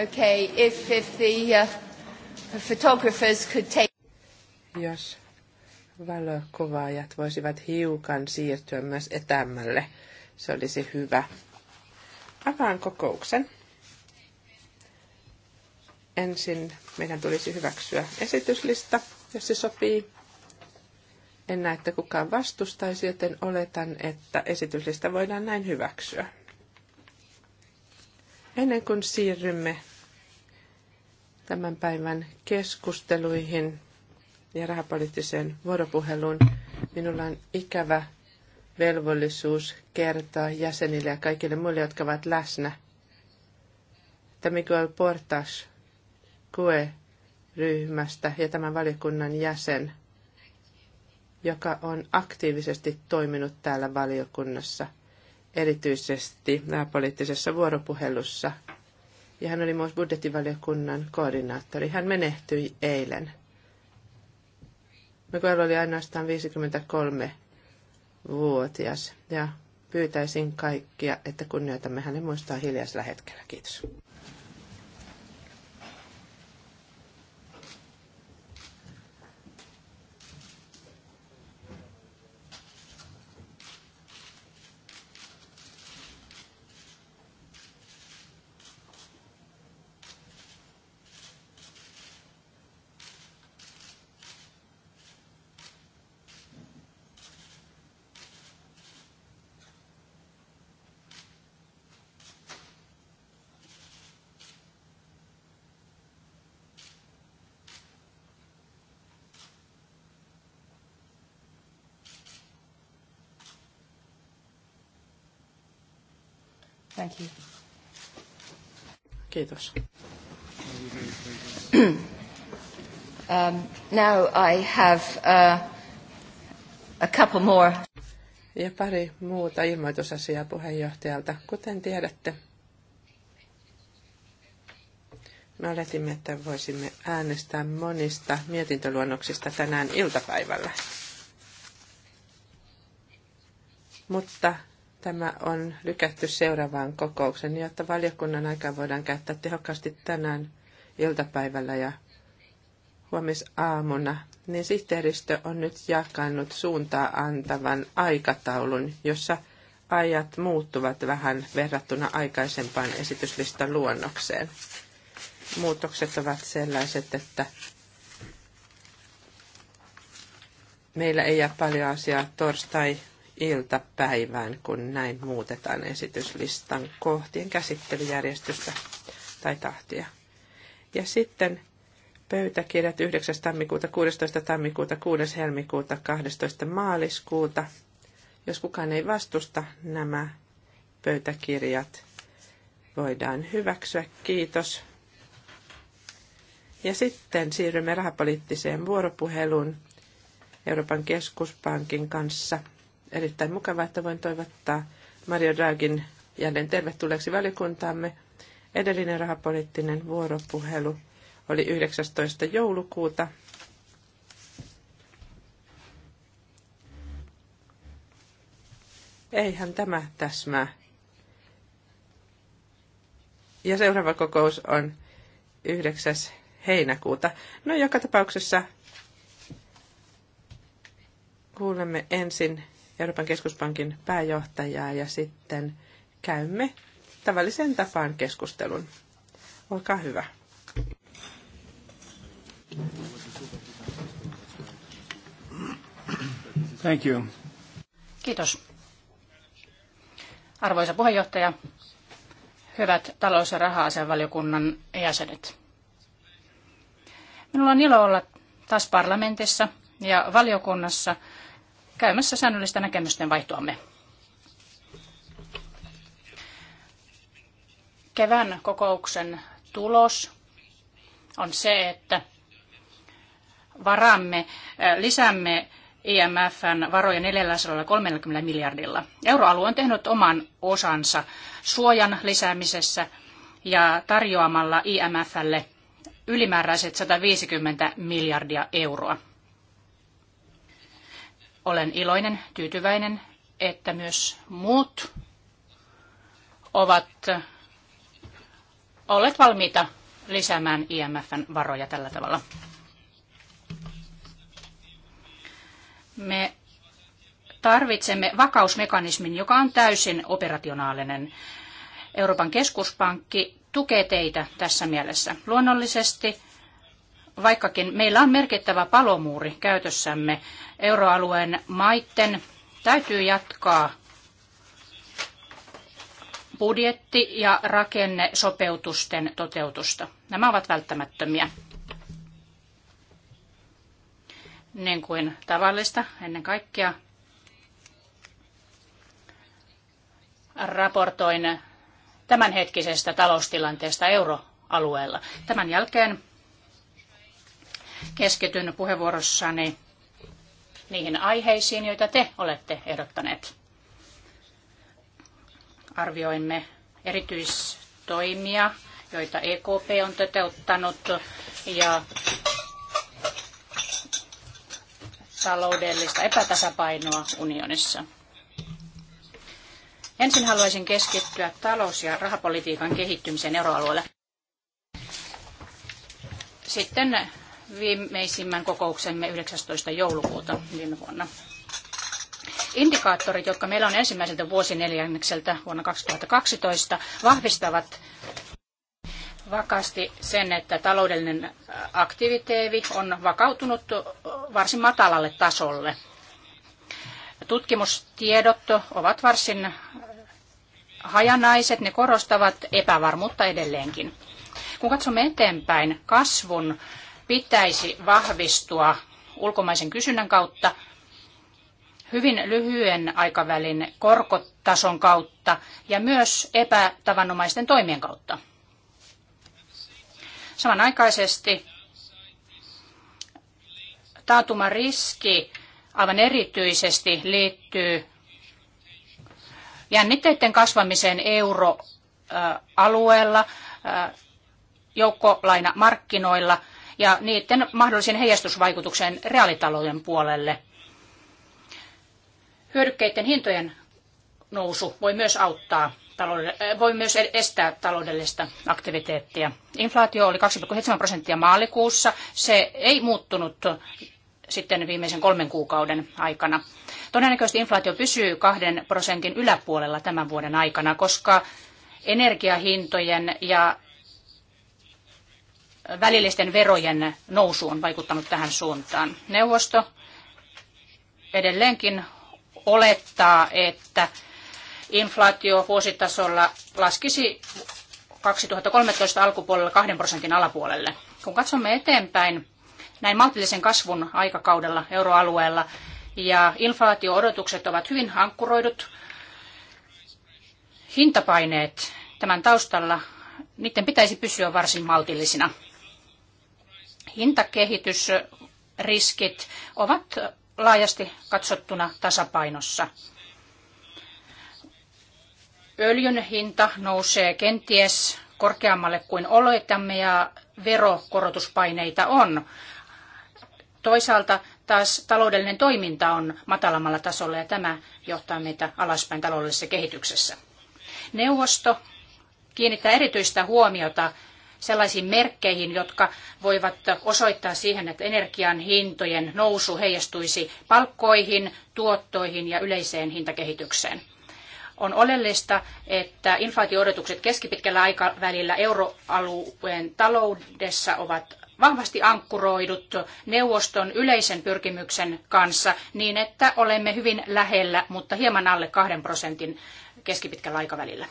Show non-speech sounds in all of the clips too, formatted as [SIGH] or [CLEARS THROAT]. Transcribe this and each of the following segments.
Okay, if, if the uh, photographers could take... Jos valokuvaajat voisivat hiukan siirtyä myös etämmälle, se olisi hyvä. Avaan kokouksen. Ensin meidän tulisi hyväksyä esityslista, jos se sopii. En näe, että kukaan vastustaisi, joten oletan, että esityslista voidaan näin hyväksyä. Ennen kuin siirrymme tämän päivän keskusteluihin ja rahapoliittiseen vuoropuheluun, minulla on ikävä velvollisuus kertoa jäsenille ja kaikille muille, jotka ovat läsnä, että Miguel Portas KUE-ryhmästä ja tämän valiokunnan jäsen, joka on aktiivisesti toiminut täällä valiokunnassa – erityisesti poliittisessa vuoropuhelussa. Ja hän oli myös budjettivaliokunnan koordinaattori. Hän menehtyi eilen. Mikael oli ainoastaan 53-vuotias ja pyytäisin kaikkia, että kunnioitamme hänen muistaa hiljaisella hetkellä. Kiitos. Kiitos. Um, now I have uh, a couple more. Ja pari muuta ilmoitusasiaa puheenjohtajalta. Kuten tiedätte, me oletimme, että voisimme äänestää monista mietintöluonnoksista tänään iltapäivällä. Mutta Tämä on lykätty seuraavaan kokoukseen, jotta valiokunnan aikaa voidaan käyttää tehokkaasti tänään iltapäivällä ja huomisaamuna, niin sihteeristö on nyt jakanut suuntaa antavan aikataulun, jossa ajat muuttuvat vähän verrattuna aikaisempaan esityslistan luonnokseen. Muutokset ovat sellaiset, että meillä ei jää paljon asiaa torstai iltapäivään, kun näin muutetaan esityslistan kohtien käsittelyjärjestystä tai tahtia. Ja sitten pöytäkirjat 9. tammikuuta, 16. tammikuuta, 6. helmikuuta, 12. maaliskuuta. Jos kukaan ei vastusta, nämä pöytäkirjat voidaan hyväksyä. Kiitos. Ja sitten siirrymme rahapoliittiseen vuoropuheluun Euroopan keskuspankin kanssa – erittäin mukavaa, että voin toivottaa Mario Dragin jälleen tervetulleeksi valiokuntaamme. Edellinen rahapoliittinen vuoropuhelu oli 19. joulukuuta. Eihän tämä täsmää. Ja seuraava kokous on 9. heinäkuuta. No joka tapauksessa kuulemme ensin Euroopan keskuspankin pääjohtajaa ja sitten käymme tavalliseen tapaan keskustelun. Olkaa hyvä. Thank you. Kiitos. Arvoisa puheenjohtaja, hyvät talous- ja raha-asianvaliokunnan jäsenet. Minulla on ilo olla taas parlamentissa ja valiokunnassa – käymässä säännöllistä näkemysten vaihtoamme. Kevään kokouksen tulos on se, että varamme, lisäämme IMFn varoja 430 miljardilla. Euroalue on tehnyt oman osansa suojan lisäämisessä ja tarjoamalla IMFlle ylimääräiset 150 miljardia euroa. Olen iloinen, tyytyväinen, että myös muut ovat olleet valmiita lisäämään IMFn varoja tällä tavalla. Me tarvitsemme vakausmekanismin, joka on täysin operationaalinen. Euroopan keskuspankki tukee teitä tässä mielessä. Luonnollisesti vaikkakin meillä on merkittävä palomuuri käytössämme, euroalueen maiden täytyy jatkaa budjetti- ja rakennesopeutusten toteutusta. Nämä ovat välttämättömiä. Niin kuin tavallista, ennen kaikkea raportoin tämänhetkisestä taloustilanteesta euroalueella. Tämän jälkeen keskityn puheenvuorossani niihin aiheisiin, joita te olette ehdottaneet. Arvioimme erityistoimia, joita EKP on toteuttanut ja taloudellista epätasapainoa unionissa. Ensin haluaisin keskittyä talous- ja rahapolitiikan kehittymiseen euroalueella. Sitten viimeisimmän kokouksemme 19. joulukuuta viime vuonna. Indikaattorit, jotka meillä on ensimmäiseltä vuosineljännekseltä vuonna 2012, vahvistavat vakaasti sen, että taloudellinen aktiviteevi on vakautunut varsin matalalle tasolle. Tutkimustiedot ovat varsin hajanaiset, ne korostavat epävarmuutta edelleenkin. Kun katsomme eteenpäin, kasvun pitäisi vahvistua ulkomaisen kysynnän kautta, hyvin lyhyen aikavälin korkotason kautta ja myös epätavanomaisten toimien kautta. Samanaikaisesti taantuman riski aivan erityisesti liittyy jännitteiden kasvamiseen euroalueella, joukkolainamarkkinoilla – ja niiden mahdollisen heijastusvaikutuksen reaalitalouden puolelle. Hyödykkeiden hintojen nousu voi myös auttaa äh, voi myös e- estää taloudellista aktiviteettia. Inflaatio oli 2,7 prosenttia maalikuussa. Se ei muuttunut sitten viimeisen kolmen kuukauden aikana. Todennäköisesti inflaatio pysyy kahden prosentin yläpuolella tämän vuoden aikana, koska energiahintojen ja välillisten verojen nousu on vaikuttanut tähän suuntaan. Neuvosto edelleenkin olettaa, että inflaatio vuositasolla laskisi 2013 alkupuolella 2 prosentin alapuolelle. Kun katsomme eteenpäin näin maltillisen kasvun aikakaudella euroalueella ja inflaatio-odotukset ovat hyvin ankkuroidut, hintapaineet tämän taustalla, niiden pitäisi pysyä varsin maltillisina hintakehitysriskit ovat laajasti katsottuna tasapainossa. Öljyn hinta nousee kenties korkeammalle kuin oletamme ja verokorotuspaineita on. Toisaalta taas taloudellinen toiminta on matalammalla tasolla ja tämä johtaa meitä alaspäin taloudellisessa kehityksessä. Neuvosto kiinnittää erityistä huomiota sellaisiin merkkeihin, jotka voivat osoittaa siihen, että energian hintojen nousu heijastuisi palkkoihin, tuottoihin ja yleiseen hintakehitykseen. On oleellista, että inflaatio-odotukset keskipitkällä aikavälillä euroalueen taloudessa ovat vahvasti ankkuroidut neuvoston yleisen pyrkimyksen kanssa niin, että olemme hyvin lähellä, mutta hieman alle kahden prosentin keskipitkällä aikavälillä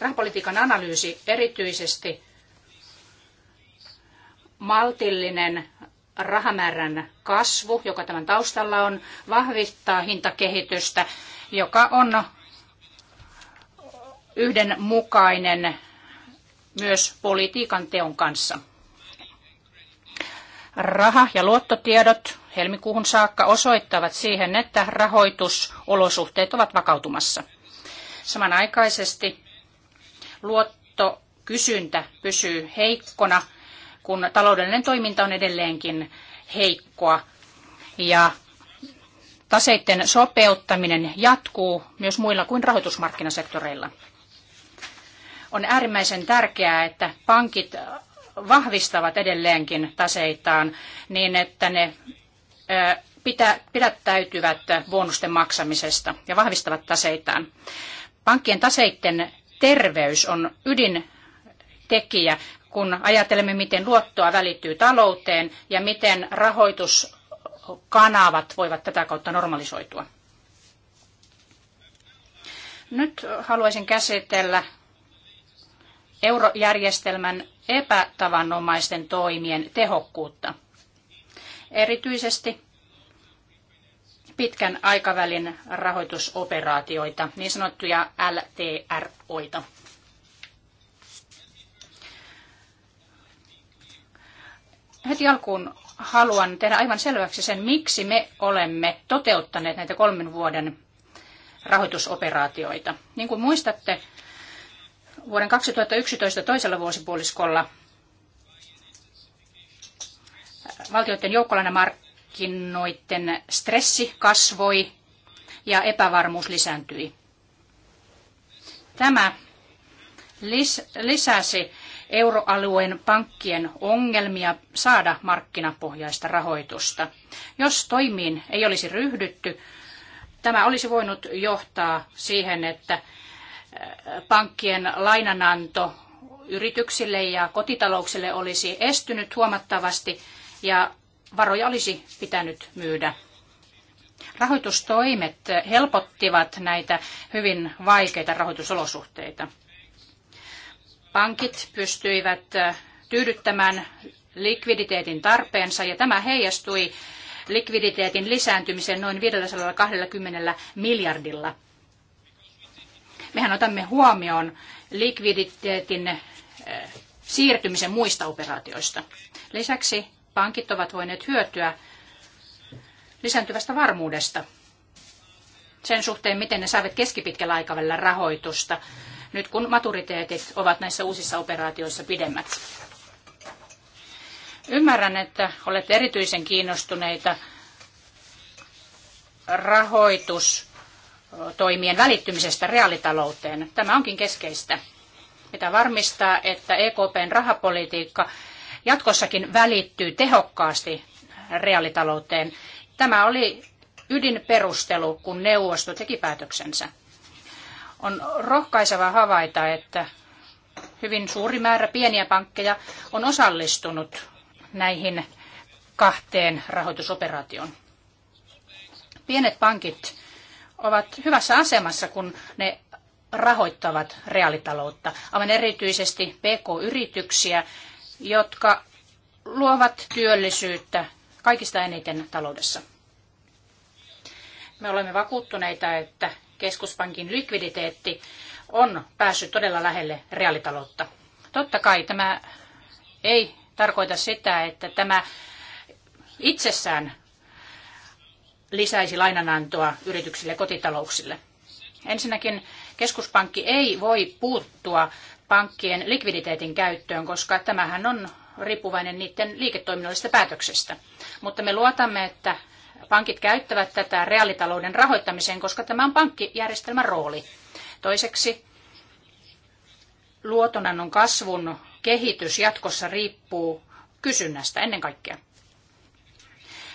rahapolitiikan analyysi erityisesti maltillinen rahamäärän kasvu, joka tämän taustalla on, vahvistaa hintakehitystä, joka on yhdenmukainen myös politiikan teon kanssa. Raha- ja luottotiedot helmikuuhun saakka osoittavat siihen, että rahoitusolosuhteet ovat vakautumassa. Samanaikaisesti luottokysyntä pysyy heikkona, kun taloudellinen toiminta on edelleenkin heikkoa. Ja taseiden sopeuttaminen jatkuu myös muilla kuin rahoitusmarkkinasektoreilla. On äärimmäisen tärkeää, että pankit vahvistavat edelleenkin taseitaan niin, että ne pitä, pidättäytyvät bonusten maksamisesta ja vahvistavat taseitaan. Pankkien taseiden terveys on ydintekijä, kun ajattelemme, miten luottoa välittyy talouteen ja miten rahoituskanavat voivat tätä kautta normalisoitua. Nyt haluaisin käsitellä eurojärjestelmän epätavanomaisten toimien tehokkuutta. Erityisesti pitkän aikavälin rahoitusoperaatioita, niin sanottuja LTR-oita. Heti alkuun haluan tehdä aivan selväksi sen, miksi me olemme toteuttaneet näitä kolmen vuoden rahoitusoperaatioita. Niin kuin muistatte, vuoden 2011 toisella vuosipuoliskolla valtioiden joukkolainamarkkinoilla markkinoiden stressi kasvoi ja epävarmuus lisääntyi. Tämä lisäsi euroalueen pankkien ongelmia saada markkinapohjaista rahoitusta. Jos toimiin ei olisi ryhdytty, tämä olisi voinut johtaa siihen, että äh, pankkien lainananto yrityksille ja kotitalouksille olisi estynyt huomattavasti ja varoja olisi pitänyt myydä. Rahoitustoimet helpottivat näitä hyvin vaikeita rahoitusolosuhteita. Pankit pystyivät äh, tyydyttämään likviditeetin tarpeensa ja tämä heijastui likviditeetin lisääntymiseen noin 520 miljardilla. Mehän otamme huomioon likviditeetin äh, siirtymisen muista operaatioista. Lisäksi pankit ovat voineet hyötyä lisääntyvästä varmuudesta sen suhteen, miten ne saavat keskipitkällä aikavälillä rahoitusta, nyt kun maturiteetit ovat näissä uusissa operaatioissa pidemmät. Ymmärrän, että olette erityisen kiinnostuneita rahoitustoimien välittymisestä reaalitalouteen. Tämä onkin keskeistä. Pitää varmistaa, että EKPn rahapolitiikka jatkossakin välittyy tehokkaasti reaalitalouteen. Tämä oli ydinperustelu, kun neuvosto teki päätöksensä. On rohkaiseva havaita, että hyvin suuri määrä pieniä pankkeja on osallistunut näihin kahteen rahoitusoperaatioon. Pienet pankit ovat hyvässä asemassa, kun ne rahoittavat reaalitaloutta, aivan erityisesti PK-yrityksiä, jotka luovat työllisyyttä kaikista eniten taloudessa. Me olemme vakuuttuneita, että keskuspankin likviditeetti on päässyt todella lähelle reaalitaloutta. Totta kai tämä ei tarkoita sitä, että tämä itsessään lisäisi lainanantoa yrityksille ja kotitalouksille. Ensinnäkin keskuspankki ei voi puuttua pankkien likviditeetin käyttöön, koska tämähän on riippuvainen niiden liiketoiminnallisesta päätöksistä. Mutta me luotamme, että pankit käyttävät tätä reaalitalouden rahoittamiseen, koska tämä on pankkijärjestelmän rooli. Toiseksi luotonannon kasvun kehitys jatkossa riippuu kysynnästä ennen kaikkea.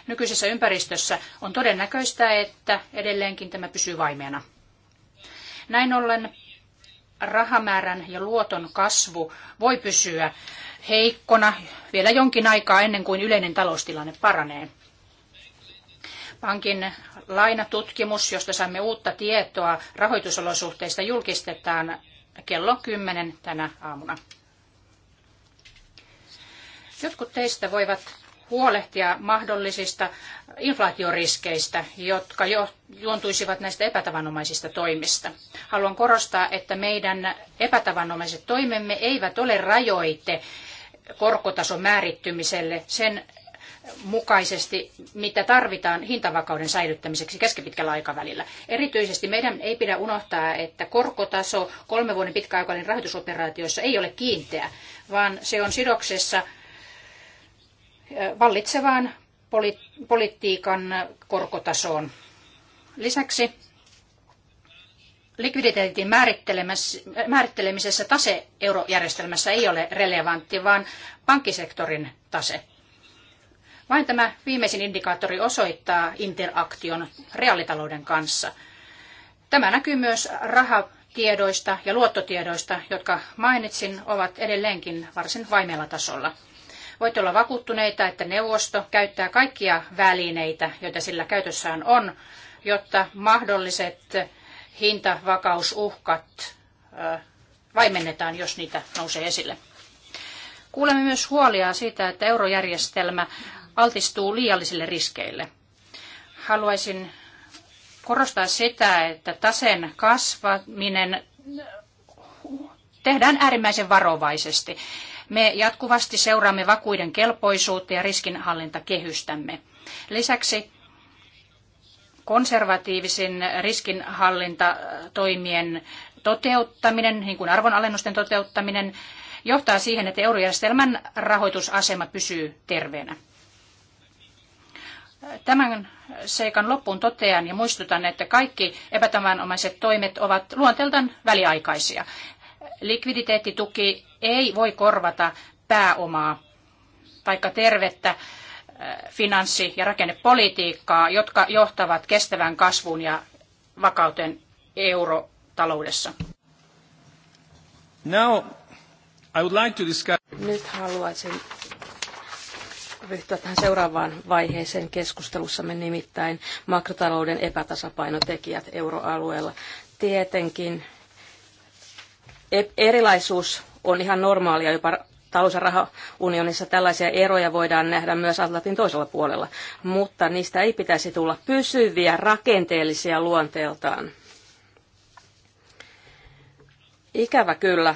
Nykyisessä ympäristössä on todennäköistä, että edelleenkin tämä pysyy vaimeana. Näin ollen rahamäärän ja luoton kasvu voi pysyä heikkona vielä jonkin aikaa ennen kuin yleinen taloustilanne paranee. Pankin lainatutkimus, josta saamme uutta tietoa rahoitusolosuhteista, julkistetaan kello 10 tänä aamuna. Jotkut teistä voivat huolehtia mahdollisista inflaatioriskeistä, jotka jo juontuisivat näistä epätavanomaisista toimista. Haluan korostaa, että meidän epätavanomaiset toimemme eivät ole rajoite korkotason määrittymiselle sen mukaisesti, mitä tarvitaan hintavakauden säilyttämiseksi keskipitkällä aikavälillä. Erityisesti meidän ei pidä unohtaa, että korkotaso kolmen vuoden pitkäaikainen rahoitusoperaatioissa ei ole kiinteä, vaan se on sidoksessa vallitsevaan politiikan korkotasoon. Lisäksi likviditeetin määrittelemisessä tase eurojärjestelmässä ei ole relevantti, vaan pankkisektorin tase. Vain tämä viimeisin indikaattori osoittaa interaktion reaalitalouden kanssa. Tämä näkyy myös rahatiedoista ja luottotiedoista, jotka mainitsin, ovat edelleenkin varsin vaimealla tasolla. Voitte olla vakuuttuneita, että neuvosto käyttää kaikkia välineitä, joita sillä käytössään on, jotta mahdolliset hintavakausuhkat vaimennetaan, jos niitä nousee esille. Kuulemme myös huolia siitä, että eurojärjestelmä altistuu liiallisille riskeille. Haluaisin korostaa sitä, että taseen kasvaminen tehdään äärimmäisen varovaisesti. Me jatkuvasti seuraamme vakuuden kelpoisuutta ja riskinhallintakehystämme. Lisäksi konservatiivisin riskinhallintatoimien toteuttaminen, niin kuin arvonalennusten toteuttaminen, johtaa siihen, että eurojärjestelmän rahoitusasema pysyy terveenä. Tämän seikan loppuun totean ja muistutan, että kaikki epätavanomaiset toimet ovat luonteeltaan väliaikaisia likviditeettituki ei voi korvata pääomaa tai tervettä äh, finanssi- ja rakennepolitiikkaa, jotka johtavat kestävään kasvuun ja vakauteen eurotaloudessa. Now, I would like to discuss... Nyt haluaisin ryhtyä tähän seuraavaan vaiheeseen keskustelussamme, nimittäin makrotalouden epätasapainotekijät euroalueella. Tietenkin erilaisuus on ihan normaalia, jopa talous- ja rahaunionissa tällaisia eroja voidaan nähdä myös Atlantin toisella puolella, mutta niistä ei pitäisi tulla pysyviä rakenteellisia luonteeltaan. Ikävä kyllä,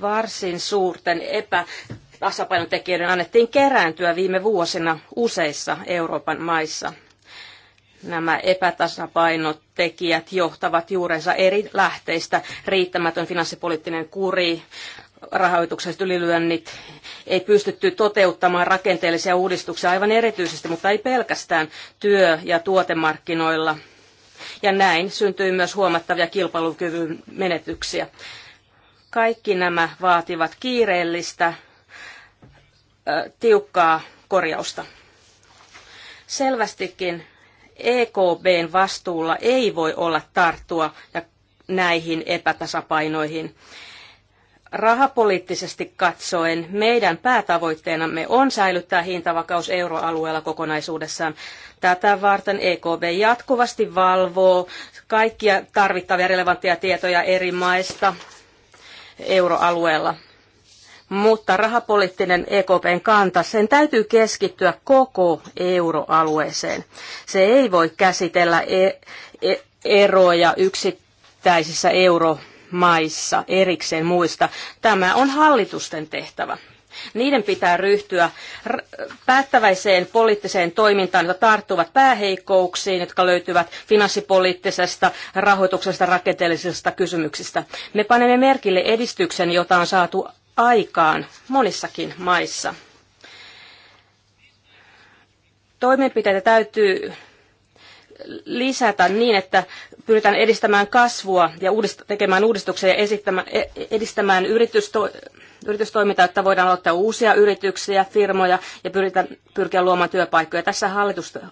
varsin suurten epätasapainotekijöiden annettiin kerääntyä viime vuosina useissa Euroopan maissa – nämä epätasapainotekijät johtavat juurensa eri lähteistä. Riittämätön finanssipoliittinen kuri, rahoitukset ylilyönnit, ei pystytty toteuttamaan rakenteellisia uudistuksia aivan erityisesti, mutta ei pelkästään työ- ja tuotemarkkinoilla. Ja näin syntyi myös huomattavia kilpailukyvyn menetyksiä. Kaikki nämä vaativat kiireellistä, tiukkaa korjausta. Selvästikin EKBn vastuulla ei voi olla tarttua näihin epätasapainoihin. Rahapoliittisesti katsoen meidän päätavoitteenamme on säilyttää hintavakaus euroalueella kokonaisuudessaan. Tätä varten EKB jatkuvasti valvoo kaikkia tarvittavia relevantteja tietoja eri maista euroalueella mutta rahapoliittinen EKPn kanta, sen täytyy keskittyä koko euroalueeseen. Se ei voi käsitellä e- e- eroja yksittäisissä euromaissa erikseen muista. Tämä on hallitusten tehtävä. Niiden pitää ryhtyä päättäväiseen poliittiseen toimintaan, jotka tarttuvat pääheikkouksiin, jotka löytyvät finanssipoliittisesta, rahoituksesta, rakenteellisista kysymyksistä. Me panemme merkille edistyksen, jota on saatu aikaan monissakin maissa. Toimenpiteitä täytyy lisätä niin, että pyritään edistämään kasvua ja uudist- tekemään uudistuksia ja e- edistämään yritystoimintaa yritystoimintaa, että voidaan aloittaa uusia yrityksiä, firmoja ja pyritään pyrkiä luomaan työpaikkoja. Tässä hallitusten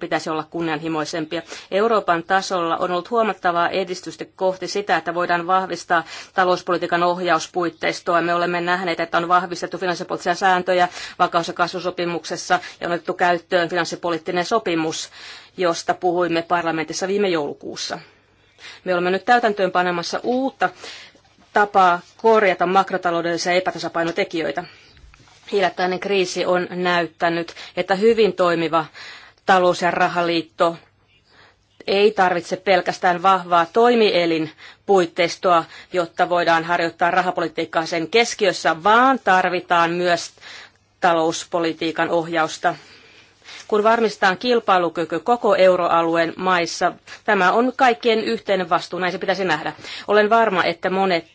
pitäisi olla kunnianhimoisempia. Euroopan tasolla on ollut huomattavaa edistystä kohti sitä, että voidaan vahvistaa talouspolitiikan ohjauspuitteistoa. Me olemme nähneet, että on vahvistettu finanssipoliittisia sääntöjä vakaus- ja kasvusopimuksessa ja on otettu käyttöön finanssipoliittinen sopimus, josta puhuimme parlamentissa viime joulukuussa. Me olemme nyt täytäntöön panemassa uutta tapaa korjata makrotaloudellisia epätasapainotekijöitä. Hiljattainen kriisi on näyttänyt, että hyvin toimiva talous- ja rahaliitto ei tarvitse pelkästään vahvaa toimielin puitteistoa, jotta voidaan harjoittaa rahapolitiikkaa sen keskiössä, vaan tarvitaan myös talouspolitiikan ohjausta kun varmistetaan kilpailukyky koko euroalueen maissa. Tämä on kaikkien yhteinen vastuu, näin se pitäisi nähdä. Olen varma, että monet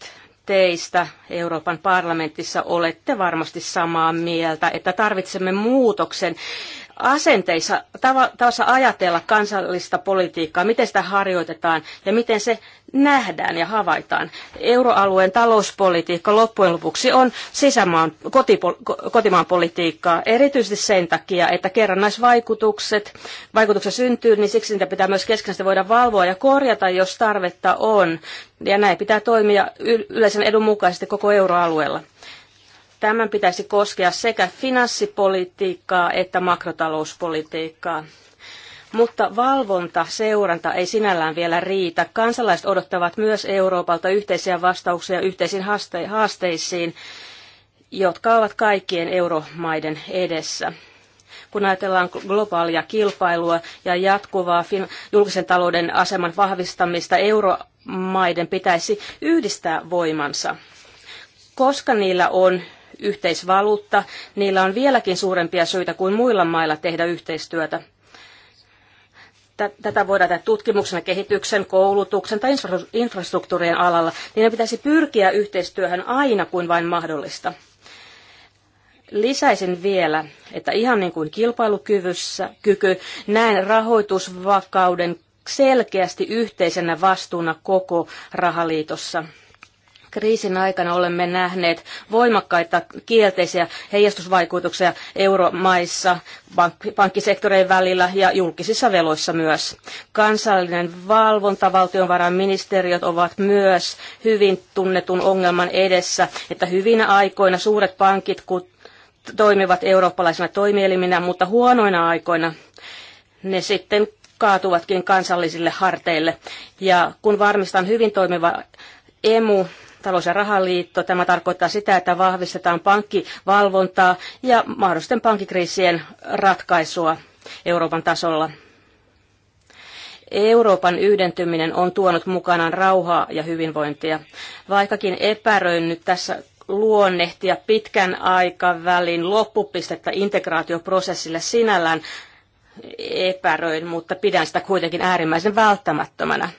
teistä Euroopan parlamentissa olette varmasti samaa mieltä, että tarvitsemme muutoksen asenteissa, tavassa ajatella kansallista politiikkaa, miten sitä harjoitetaan ja miten se nähdään ja havaitaan. Euroalueen talouspolitiikka loppujen lopuksi on sisämaan, kotipol- kotimaan politiikkaa, erityisesti sen takia, että kerrannaisvaikutukset, vaikutukset syntyy, niin siksi niitä pitää myös keskenään voida valvoa ja korjata, jos tarvetta on. Ja näin pitää toimia yleisen edun mukaisesti koko euroalueella. Tämän pitäisi koskea sekä finanssipolitiikkaa että makrotalouspolitiikkaa. Mutta valvonta, seuranta ei sinällään vielä riitä. Kansalaiset odottavat myös Euroopalta yhteisiä vastauksia yhteisiin haasteisiin, jotka ovat kaikkien euromaiden edessä. Kun ajatellaan globaalia kilpailua ja jatkuvaa julkisen talouden aseman vahvistamista, euromaiden pitäisi yhdistää voimansa. Koska niillä on yhteisvaluutta, niillä on vieläkin suurempia syitä kuin muilla mailla tehdä yhteistyötä. Tätä voidaan tehdä tutkimuksen, kehityksen, koulutuksen tai infrastruktuurien alalla. Niiden pitäisi pyrkiä yhteistyöhön aina kuin vain mahdollista. Lisäisin vielä, että ihan niin kuin kilpailukyvyssä kyky, näen rahoitusvakauden selkeästi yhteisenä vastuuna koko rahaliitossa. Kriisin aikana olemme nähneet voimakkaita kielteisiä heijastusvaikutuksia euromaissa, pankkisektoreiden välillä ja julkisissa veloissa myös. Kansallinen valvonta, valtionvarainministeriöt ovat myös hyvin tunnetun ongelman edessä, että hyvinä aikoina suuret pankit toimivat eurooppalaisina toimieliminä, mutta huonoina aikoina ne sitten kaatuvatkin kansallisille harteille. Ja kun varmistan hyvin toimiva emu, talous- ja rahaliitto. Tämä tarkoittaa sitä, että vahvistetaan pankkivalvontaa ja mahdollisten pankkikriisien ratkaisua Euroopan tasolla. Euroopan yhdentyminen on tuonut mukanaan rauhaa ja hyvinvointia. Vaikkakin epäröin nyt tässä luonnehtia pitkän aikavälin loppupistettä integraatioprosessille sinällään epäröin, mutta pidän sitä kuitenkin äärimmäisen välttämättömänä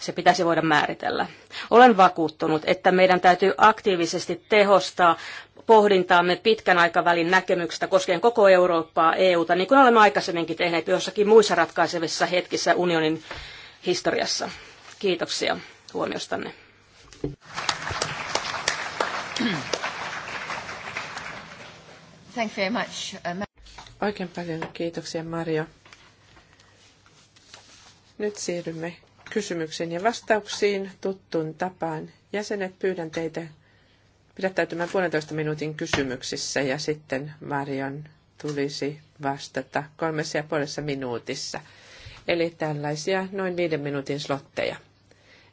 se pitäisi voida määritellä. Olen vakuuttunut, että meidän täytyy aktiivisesti tehostaa pohdintaamme pitkän aikavälin näkemyksestä koskien koko Eurooppaa, EUta, niin kuin olemme aikaisemminkin tehneet jossakin muissa ratkaisevissa hetkissä unionin historiassa. Kiitoksia huomiostanne. Thank you very much. Uh, Oikein paljon kiitoksia Maria. Nyt siirrymme kysymyksiin ja vastauksiin tuttuun tapaan. Jäsenet, pyydän teitä pidättäytymään puolentoista minuutin kysymyksissä ja sitten Marion tulisi vastata kolmessa ja puolessa minuutissa. Eli tällaisia noin viiden minuutin slotteja.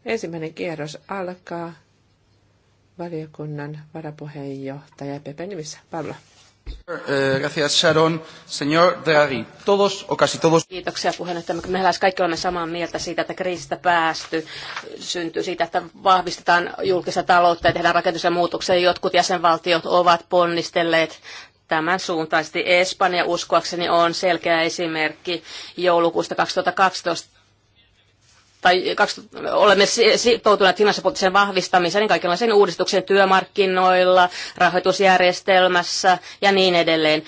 Ensimmäinen kierros alkaa valiokunnan varapuheenjohtaja Pepe nimissä. Pablo. Eh, gracias Sharon. Señor Draghi, todos o casi todos... Kiitoksia puheenjohtaja. Me lähes kaikki olemme samaa mieltä siitä, että kriisistä päästy syntyy siitä, että vahvistetaan julkista taloutta ja tehdään rakentusten muutoksia. Jotkut jäsenvaltiot ovat ponnistelleet tämän suuntaisesti. Espanja uskoakseni on selkeä esimerkki joulukuusta 2012 tai 20, olemme sitoutuneet finanssipoliittiseen vahvistamiseen, niin kaikenlaiseen uudistuksen työmarkkinoilla, rahoitusjärjestelmässä ja niin edelleen.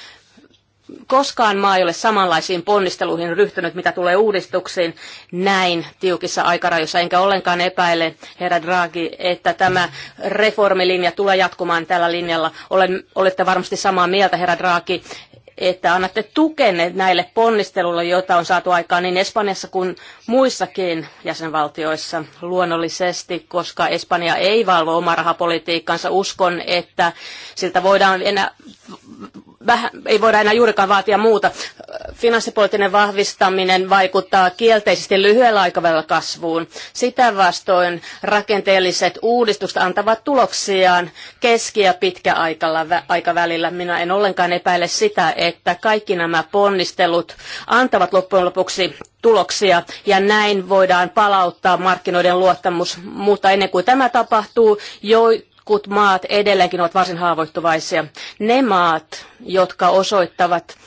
Koskaan maa ei ole samanlaisiin ponnisteluihin ryhtynyt, mitä tulee uudistuksiin näin tiukissa aikarajoissa, enkä ollenkaan epäile, herra Draghi, että tämä reformilinja tulee jatkumaan tällä linjalla. Olen, olette varmasti samaa mieltä, herra Draghi, että annatte tukenne näille ponnisteluille, joita on saatu aikaan niin Espanjassa kuin muissakin jäsenvaltioissa luonnollisesti, koska Espanja ei valvo omaa rahapolitiikkansa. Uskon, että siltä voidaan enää vähän, ei voida enää juurikaan vaatia muuta. Finanssipoliittinen vahvistaminen vaikuttaa kielteisesti lyhyellä aikavälillä kasvuun. Sitä vastoin rakenteelliset uudistukset antavat tuloksiaan keski- ja pitkäaikavälillä. Minä en ollenkaan epäile sitä, että kaikki nämä ponnistelut antavat loppujen lopuksi tuloksia ja näin voidaan palauttaa markkinoiden luottamus. Mutta ennen kuin tämä tapahtuu, jo, Jotkut maat edelleenkin ovat varsin haavoittuvaisia. Ne maat, jotka osoittavat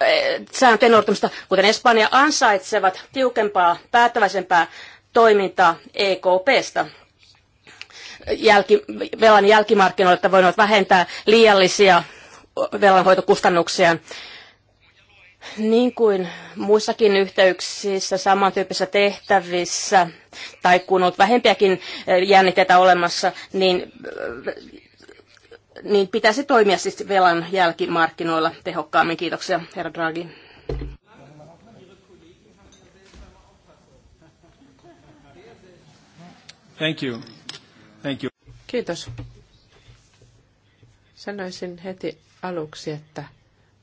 eh, sääntöjen noudattamista, kuten Espanja, ansaitsevat tiukempaa, päättäväisempää toimintaa EKPstä jälki, velan jälkimarkkinoilta voivat vähentää liiallisia velanhoitokustannuksia. Niin kuin muissakin yhteyksissä, samantyyppisissä tehtävissä, tai kun on vähempiäkin eh, jännitteitä olemassa, niin, eh, niin pitäisi toimia siis velan jälkimarkkinoilla tehokkaammin. Kiitoksia, herra Draghi. Thank you. Thank you. Kiitos. Sanoisin heti aluksi, että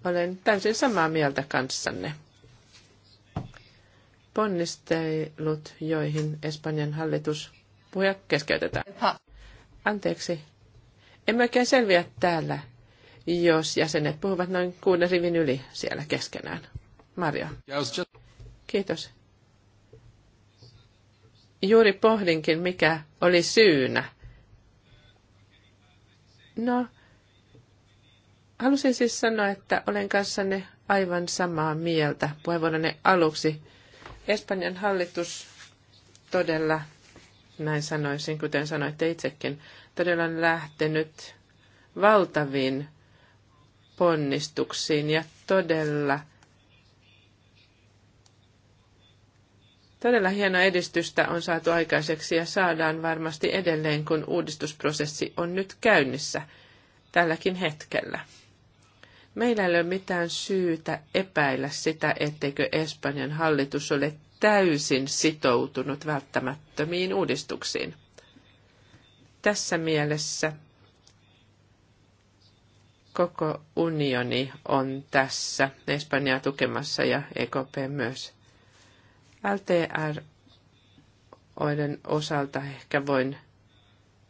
olen täysin samaa mieltä kanssanne. Ponnistelut, joihin Espanjan hallitus puhuja keskeytetään. Anteeksi. Emme oikein selviä täällä, jos jäsenet puhuvat noin kuuden rivin yli siellä keskenään. Mario. Kiitos. Juuri pohdinkin, mikä oli syynä. No, Halusin siis sanoa, että olen kanssanne aivan samaa mieltä puheenvuoronne aluksi. Espanjan hallitus todella, näin sanoisin, kuten sanoitte itsekin, todella on lähtenyt valtaviin ponnistuksiin ja todella, todella hienoa edistystä on saatu aikaiseksi ja saadaan varmasti edelleen, kun uudistusprosessi on nyt käynnissä tälläkin hetkellä. Meillä ei ole mitään syytä epäillä sitä, etteikö Espanjan hallitus ole täysin sitoutunut välttämättömiin uudistuksiin. Tässä mielessä koko unioni on tässä Espanjaa tukemassa ja EKP myös. LTR-oiden osalta ehkä voin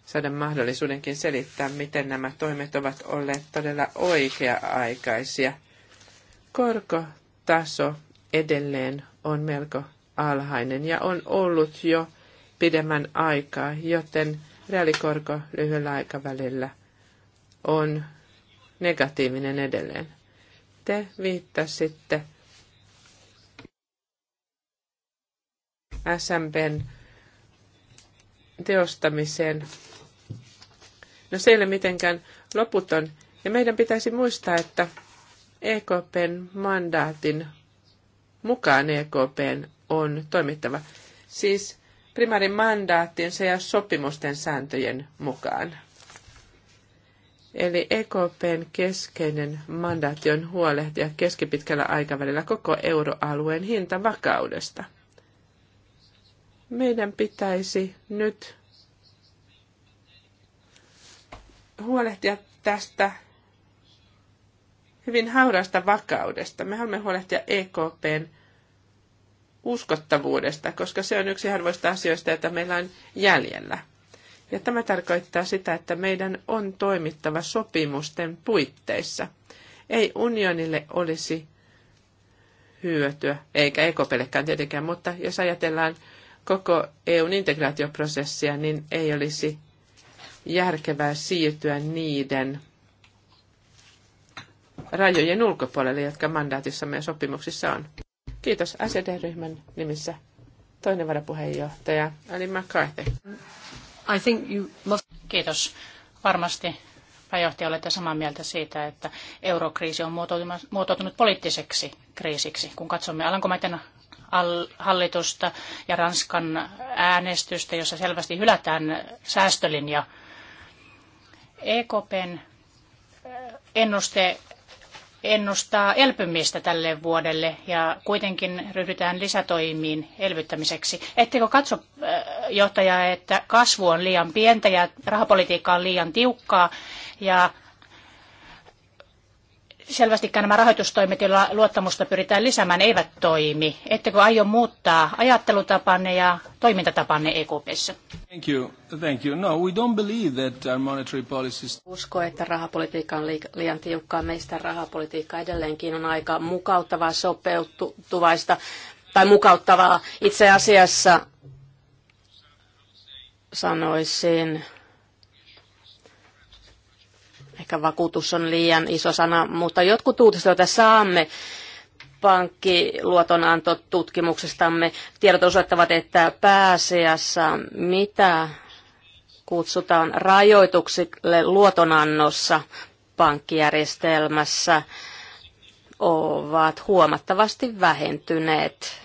saada mahdollisuudenkin selittää, miten nämä toimet ovat olleet todella oikea-aikaisia. Korkotaso edelleen on melko alhainen ja on ollut jo pidemmän aikaa, joten reaalikorko lyhyellä aikavälillä on negatiivinen edelleen. Te viittasitte SMBn teostamiseen No se ei ole mitenkään loputon. Ja meidän pitäisi muistaa, että EKPn mandaatin mukaan EKPn on toimittava. Siis primäärin mandaattinsa ja sopimusten sääntöjen mukaan. Eli EKPn keskeinen mandaatti on huolehtia keskipitkällä aikavälillä koko euroalueen hintavakaudesta. Meidän pitäisi nyt huolehtia tästä hyvin hauraasta vakaudesta. Me haluamme huolehtia EKPn uskottavuudesta, koska se on yksi harvoista asioista, joita meillä on jäljellä. Ja tämä tarkoittaa sitä, että meidän on toimittava sopimusten puitteissa. Ei unionille olisi hyötyä, eikä EKPllekään tietenkään, mutta jos ajatellaan koko EUn integraatioprosessia, niin ei olisi järkevää siirtyä niiden rajojen ulkopuolelle, jotka mandaatissamme ja sopimuksissa on. Kiitos SED-ryhmän nimissä. Toinen varapuheenjohtaja, Ali McCarthy. I think you must... Kiitos. Varmasti pääjohtaja olette samaa mieltä siitä, että eurokriisi on muotoutunut poliittiseksi kriisiksi. Kun katsomme Alankomaiden hallitusta ja Ranskan äänestystä, jossa selvästi hylätään säästölinja, EKPn eh, ennuste ennustaa elpymistä tälle vuodelle ja kuitenkin ryhdytään lisätoimiin elvyttämiseksi. Ettekö katso, eh, johtaja, että kasvu on liian pientä ja rahapolitiikka on liian tiukkaa ja selvästikään nämä rahoitustoimet, joilla luottamusta pyritään lisäämään, eivät toimi. Ettekö aio muuttaa ajattelutapanne ja toimintatapanne EKPssä? Thank you. Thank you. No, we don't believe that our monetary policies... Usko, että rahapolitiikka on liian tiukkaa. Meistä rahapolitiikka edelleenkin on aika mukauttavaa, sopeutuvaista tai mukauttavaa. Itse asiassa sanoisin, Ehkä vakuutus on liian iso sana, mutta jotkut uutiset, joita saamme, pankkiluotonantotutkimuksestamme tiedot osoittavat, että pääasiassa mitä kutsutaan rajoituksille luotonannossa pankkijärjestelmässä ovat huomattavasti vähentyneet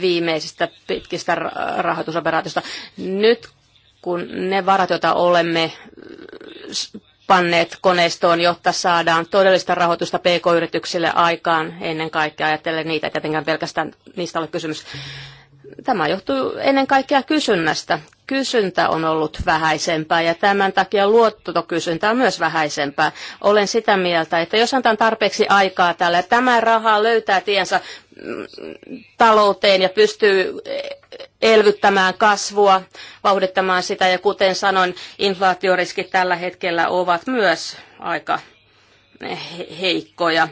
viimeisistä pitkistä rahoitusoperaatiosta. Nyt kun ne varat, joita olemme äh, panneet koneistoon, jotta saadaan todellista rahoitusta pk-yrityksille aikaan ennen kaikkea. Ajattelen niitä, että tietenkään pelkästään niistä ole kysymys. Tämä johtuu ennen kaikkea kysynnästä. Kysyntä on ollut vähäisempää ja tämän takia luottokysyntä on myös vähäisempää. Olen sitä mieltä, että jos antaa tarpeeksi aikaa tälle, tämä raha löytää tiensä mm, talouteen ja pystyy elvyttämään kasvua, vauhdittamaan sitä ja kuten sanoin, inflaatioriskit tällä hetkellä ovat myös aika heikkoja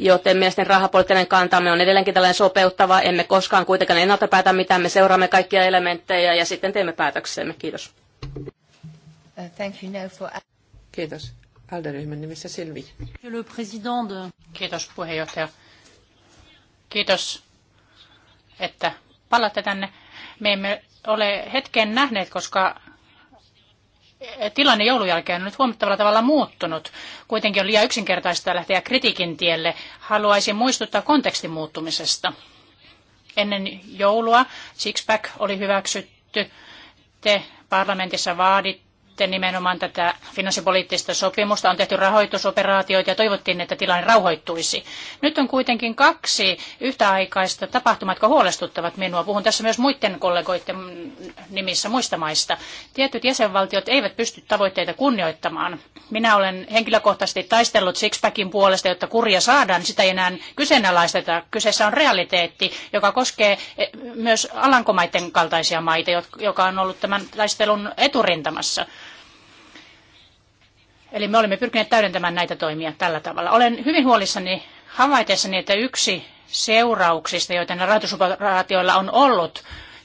joten mielestäni rahapoliittinen kantamme on edelleenkin tällainen sopeuttava. Emme koskaan kuitenkaan ennalta päätä mitään, me seuraamme kaikkia elementtejä ja sitten teemme päätöksemme. Kiitos. Uh, thank you, no, for... Kiitos. Alderyhmän nimissä Silvi. Kiitos puheenjohtaja. Kiitos, että palatte tänne. Me emme ole hetken nähneet, koska tilanne joulun jälkeen on nyt huomattavalla tavalla muuttunut. Kuitenkin on liian yksinkertaista lähteä kritiikin tielle. Haluaisin muistuttaa kontekstin muuttumisesta. Ennen joulua Sixpack oli hyväksytty. Te parlamentissa vaadit sitten nimenomaan tätä finanssipoliittista sopimusta, on tehty rahoitusoperaatioita ja toivottiin, että tilanne rauhoittuisi. Nyt on kuitenkin kaksi yhtäaikaista tapahtumaa, jotka huolestuttavat minua. Puhun tässä myös muiden kollegoiden nimissä muista maista. Tietyt jäsenvaltiot eivät pysty tavoitteita kunnioittamaan. Minä olen henkilökohtaisesti taistellut Sixpackin puolesta, jotta kurja saadaan. Sitä ei enää kyseenalaisteta. Kyseessä on realiteetti, joka koskee myös Alankomaiden kaltaisia maita, joka on ollut tämän taistelun eturintamassa. Eli me olemme pyrkineet täydentämään näitä toimia tällä tavalla. Olen hyvin huolissani havaitessani, että yksi seurauksista, joita näillä rahoitusoperaatioilla on ollut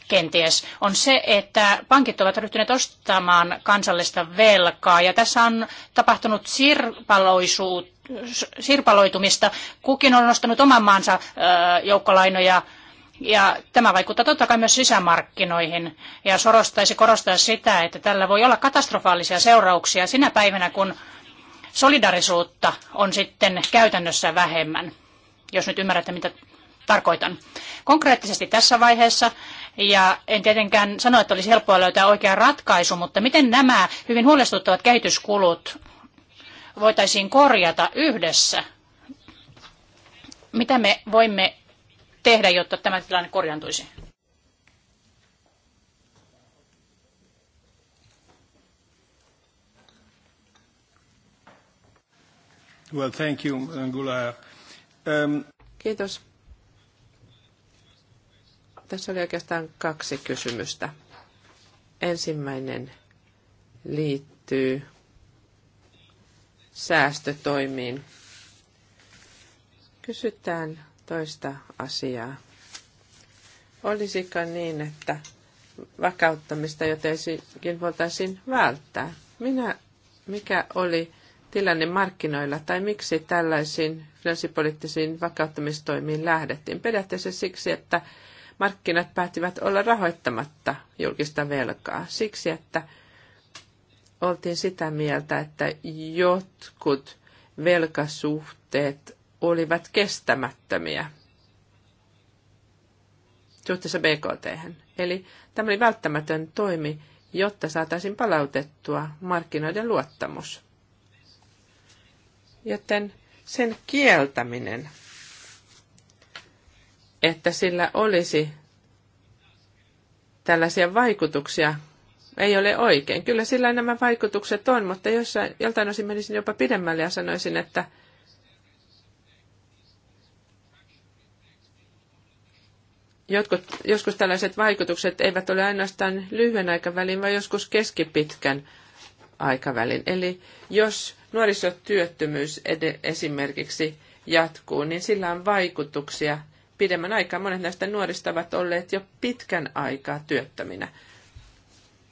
kenties, on se, että pankit ovat ryhtyneet ostamaan kansallista velkaa. Ja tässä on tapahtunut sirpaloitumista. Kukin on nostanut oman maansa joukkolainoja ja tämä vaikuttaa totta kai myös sisämarkkinoihin. Ja sorostaisi korostaa sitä, että tällä voi olla katastrofaalisia seurauksia sinä päivänä, kun solidarisuutta on sitten käytännössä vähemmän, jos nyt ymmärrätte, mitä tarkoitan. Konkreettisesti tässä vaiheessa, ja en tietenkään sano, että olisi helppoa löytää oikea ratkaisu, mutta miten nämä hyvin huolestuttavat kehityskulut voitaisiin korjata yhdessä? Mitä me voimme tehdä, jotta tämä tilanne korjantuisi. Well, thank you, Um... Kiitos. Tässä oli oikeastaan kaksi kysymystä. Ensimmäinen liittyy säästötoimiin. Kysytään toista asiaa. Olisiko niin, että vakauttamista jotenkin voitaisiin välttää? Minä, mikä oli tilanne markkinoilla tai miksi tällaisiin finanssipoliittisiin vakauttamistoimiin lähdettiin? Periaatteessa siksi, että markkinat päättivät olla rahoittamatta julkista velkaa. Siksi, että oltiin sitä mieltä, että jotkut velkasuhteet olivat kestämättömiä suhteessa BKT. -hän. Eli tämä oli välttämätön toimi, jotta saataisiin palautettua markkinoiden luottamus. Joten sen kieltäminen, että sillä olisi tällaisia vaikutuksia, ei ole oikein. Kyllä sillä nämä vaikutukset on, mutta jossain, joltain osin menisin jopa pidemmälle ja sanoisin, että – jotkut, joskus tällaiset vaikutukset eivät ole ainoastaan lyhyen aikavälin, vaan joskus keskipitkän aikavälin. Eli jos nuorisotyöttömyys esimerkiksi jatkuu, niin sillä on vaikutuksia pidemmän aikaa. Monet näistä nuorista ovat olleet jo pitkän aikaa työttöminä.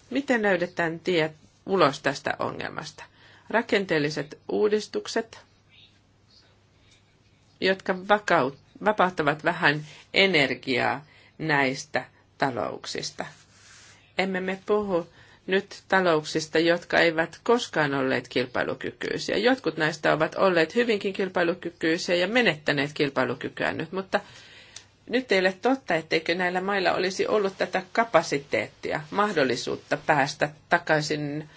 Miten löydetään tie ulos tästä ongelmasta? Rakenteelliset uudistukset, jotka vakauttavat vapauttavat vähän energiaa näistä talouksista. Emme me puhu nyt talouksista, jotka eivät koskaan olleet kilpailukykyisiä. Jotkut näistä ovat olleet hyvinkin kilpailukykyisiä ja menettäneet kilpailukykyä nyt, mutta nyt ei ole totta, etteikö näillä mailla olisi ollut tätä kapasiteettia, mahdollisuutta päästä takaisin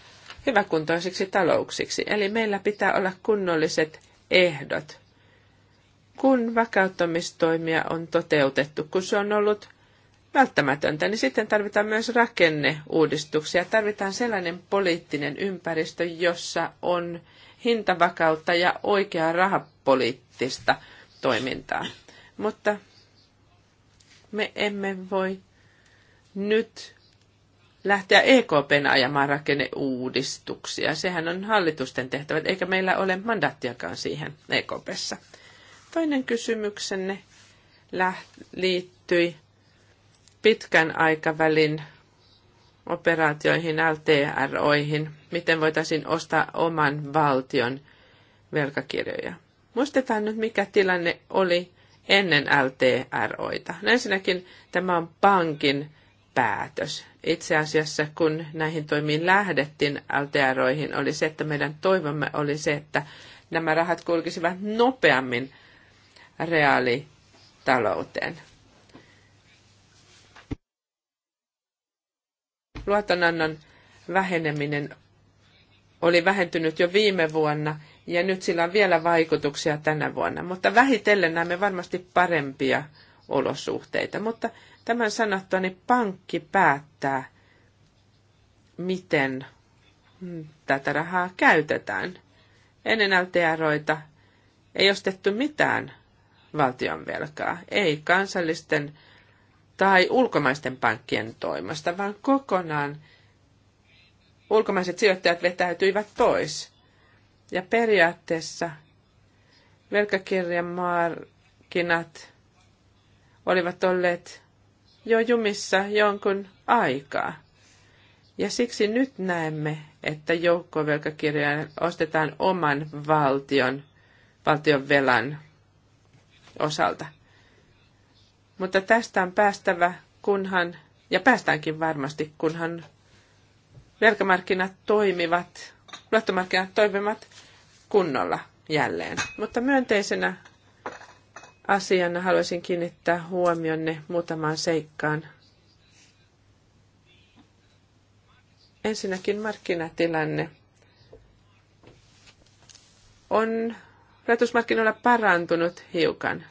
hyväkuntoisiksi talouksiksi. Eli meillä pitää olla kunnolliset ehdot kun vakauttamistoimia on toteutettu, kun se on ollut välttämätöntä, niin sitten tarvitaan myös rakenneuudistuksia. Tarvitaan sellainen poliittinen ympäristö, jossa on hintavakautta ja oikeaa rahapoliittista toimintaa. Mutta me emme voi nyt lähteä EKPn ajamaan rakenneuudistuksia. Sehän on hallitusten tehtävät, eikä meillä ole mandaattiakaan siihen EKPssä. Toinen kysymyksenne liittyi pitkän aikavälin operaatioihin, LTROihin, miten voitaisiin ostaa oman valtion velkakirjoja. Muistetaan nyt, mikä tilanne oli ennen LTROita. No ensinnäkin tämä on pankin päätös. Itse asiassa, kun näihin toimiin lähdettiin LTROihin, oli se, että meidän toivomme oli se, että nämä rahat kulkisivat nopeammin reaalitalouteen. Luotonannon väheneminen oli vähentynyt jo viime vuonna ja nyt sillä on vielä vaikutuksia tänä vuonna. Mutta vähitellen näemme varmasti parempia olosuhteita. Mutta tämän sanottua, niin pankki päättää, miten mm, tätä rahaa käytetään. Ennen LTRoita ei ostettu mitään valtion velkaa. Ei kansallisten tai ulkomaisten pankkien toimesta, vaan kokonaan ulkomaiset sijoittajat vetäytyivät pois. Ja periaatteessa velkakirjamarkkinat olivat olleet jo jumissa jonkun aikaa. Ja siksi nyt näemme, että joukkovelkakirjaan ostetaan oman valtion, valtion velan osalta. Mutta tästä on päästävä, kunhan, ja päästäänkin varmasti, kunhan velkamarkkinat toimivat, luottomarkkinat toimivat kunnolla jälleen. Mutta myönteisenä asiana haluaisin kiinnittää huomionne muutamaan seikkaan. Ensinnäkin markkinatilanne on rahoitusmarkkinoilla parantunut hiukan.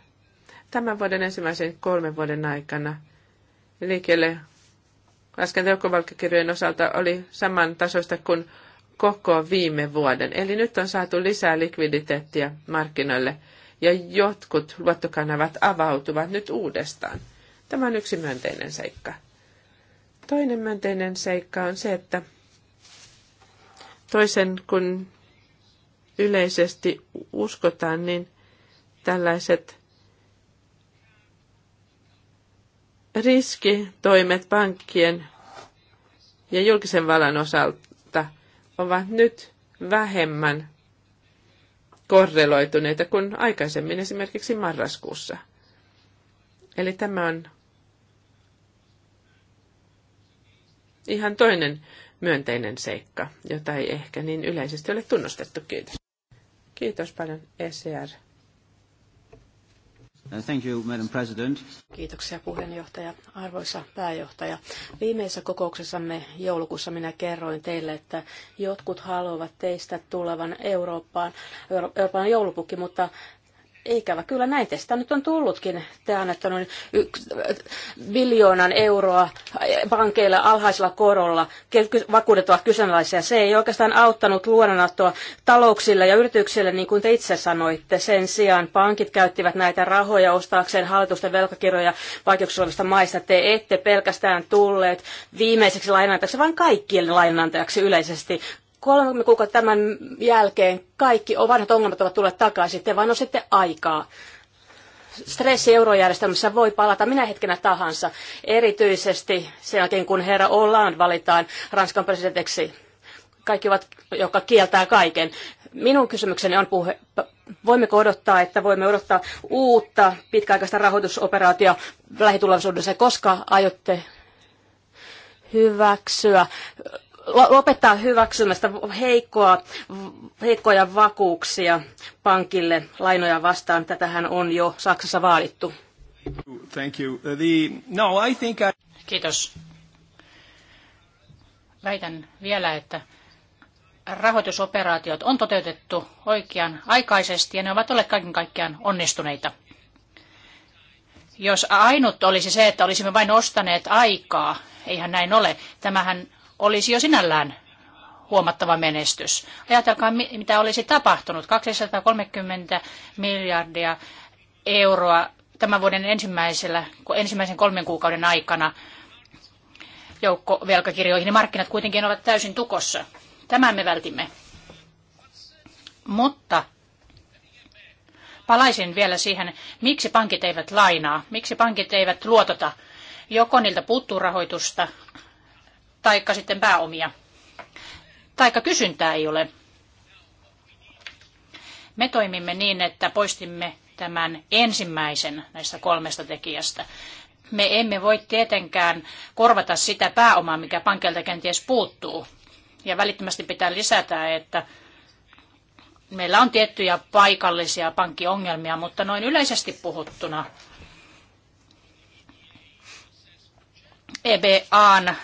Tämän vuoden ensimmäisen kolmen vuoden aikana liikkeelle laskentajoukkovalkkakirjojen osalta oli saman tasoista kuin koko viime vuoden. Eli nyt on saatu lisää likviditeettiä markkinoille ja jotkut luottokanavat avautuvat nyt uudestaan. Tämä on yksi myönteinen seikka. Toinen myönteinen seikka on se, että toisen kuin yleisesti uskotaan, niin tällaiset riskitoimet pankkien ja julkisen vallan osalta ovat nyt vähemmän korreloituneita kuin aikaisemmin esimerkiksi marraskuussa. Eli tämä on ihan toinen myönteinen seikka, jota ei ehkä niin yleisesti ole tunnustettu. Kiitos. Kiitos paljon ECR. Uh, thank you, Madam President. Kiitoksia puheenjohtaja. Arvoisa pääjohtaja, viimeisessä kokouksessamme joulukuussa minä kerroin teille, että jotkut haluavat teistä tulevan Eurooppaan, Euroopan joulupukki, mutta Ikävä kyllä näin tästä nyt on tullutkin. Tämä on annettanut äh, biljoonan euroa äh, pankeille alhaisella korolla. Vakuudet ovat kyseenalaisia. Se ei oikeastaan auttanut luonanattoa talouksille ja yrityksille, niin kuin te itse sanoitte. Sen sijaan pankit käyttivät näitä rahoja ostaakseen hallitusten velkakirjoja vaikeuksissa olevista maista. Te ette pelkästään tulleet viimeiseksi lainantajaksi, vaan kaikkien lainantajaksi yleisesti. Kolme kuukautta tämän jälkeen kaikki vanhat ongelmat ovat tulleet takaisin, te vain sitten aikaa. Stressi eurojärjestelmässä voi palata minä hetkenä tahansa, erityisesti sen jälkeen kun herra Hollande valitaan Ranskan presidentiksi. Kaikki ovat, joka kieltää kaiken. Minun kysymykseni on puhe, voimmeko odottaa, että voimme odottaa uutta pitkäaikaista rahoitusoperaatiota lähitulevaisuudessa, koska aiotte hyväksyä lopettaa hyväksymästä heikkoa, heikkoja vakuuksia pankille lainoja vastaan. Tätähän on jo Saksassa vaadittu. Thank you. Uh, the, no, I think I... Kiitos. Väitän vielä, että rahoitusoperaatiot on toteutettu oikean aikaisesti ja ne ovat olleet kaiken kaikkiaan onnistuneita. Jos ainut olisi se, että olisimme vain ostaneet aikaa, eihän näin ole. Tämähän olisi jo sinällään huomattava menestys. Ajatelkaa, mitä olisi tapahtunut. 230 miljardia euroa tämän vuoden ensimmäisellä, ensimmäisen kolmen kuukauden aikana joukkovelkakirjoihin, niin markkinat kuitenkin ovat täysin tukossa. Tämän me vältimme. Mutta palaisin vielä siihen, miksi pankit eivät lainaa, miksi pankit eivät luotota. Joko niiltä puuttuu rahoitusta taikka sitten pääomia, taikka kysyntää ei ole. Me toimimme niin, että poistimme tämän ensimmäisen näistä kolmesta tekijästä. Me emme voi tietenkään korvata sitä pääomaa, mikä pankilta kenties puuttuu. Ja välittömästi pitää lisätä, että meillä on tiettyjä paikallisia pankkiongelmia, mutta noin yleisesti puhuttuna EBAn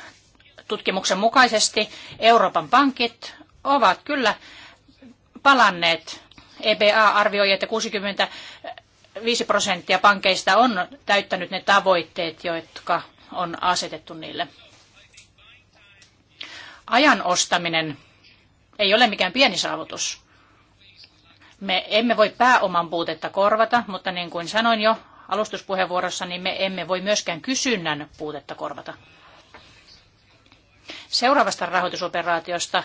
tutkimuksen mukaisesti Euroopan pankit ovat kyllä palanneet. EBA arvioi, että 65 prosenttia pankeista on täyttänyt ne tavoitteet, jotka on asetettu niille. Ajan ostaminen ei ole mikään pieni saavutus. Me emme voi pääoman puutetta korvata, mutta niin kuin sanoin jo alustuspuheenvuorossa, niin me emme voi myöskään kysynnän puutetta korvata seuraavasta rahoitusoperaatiosta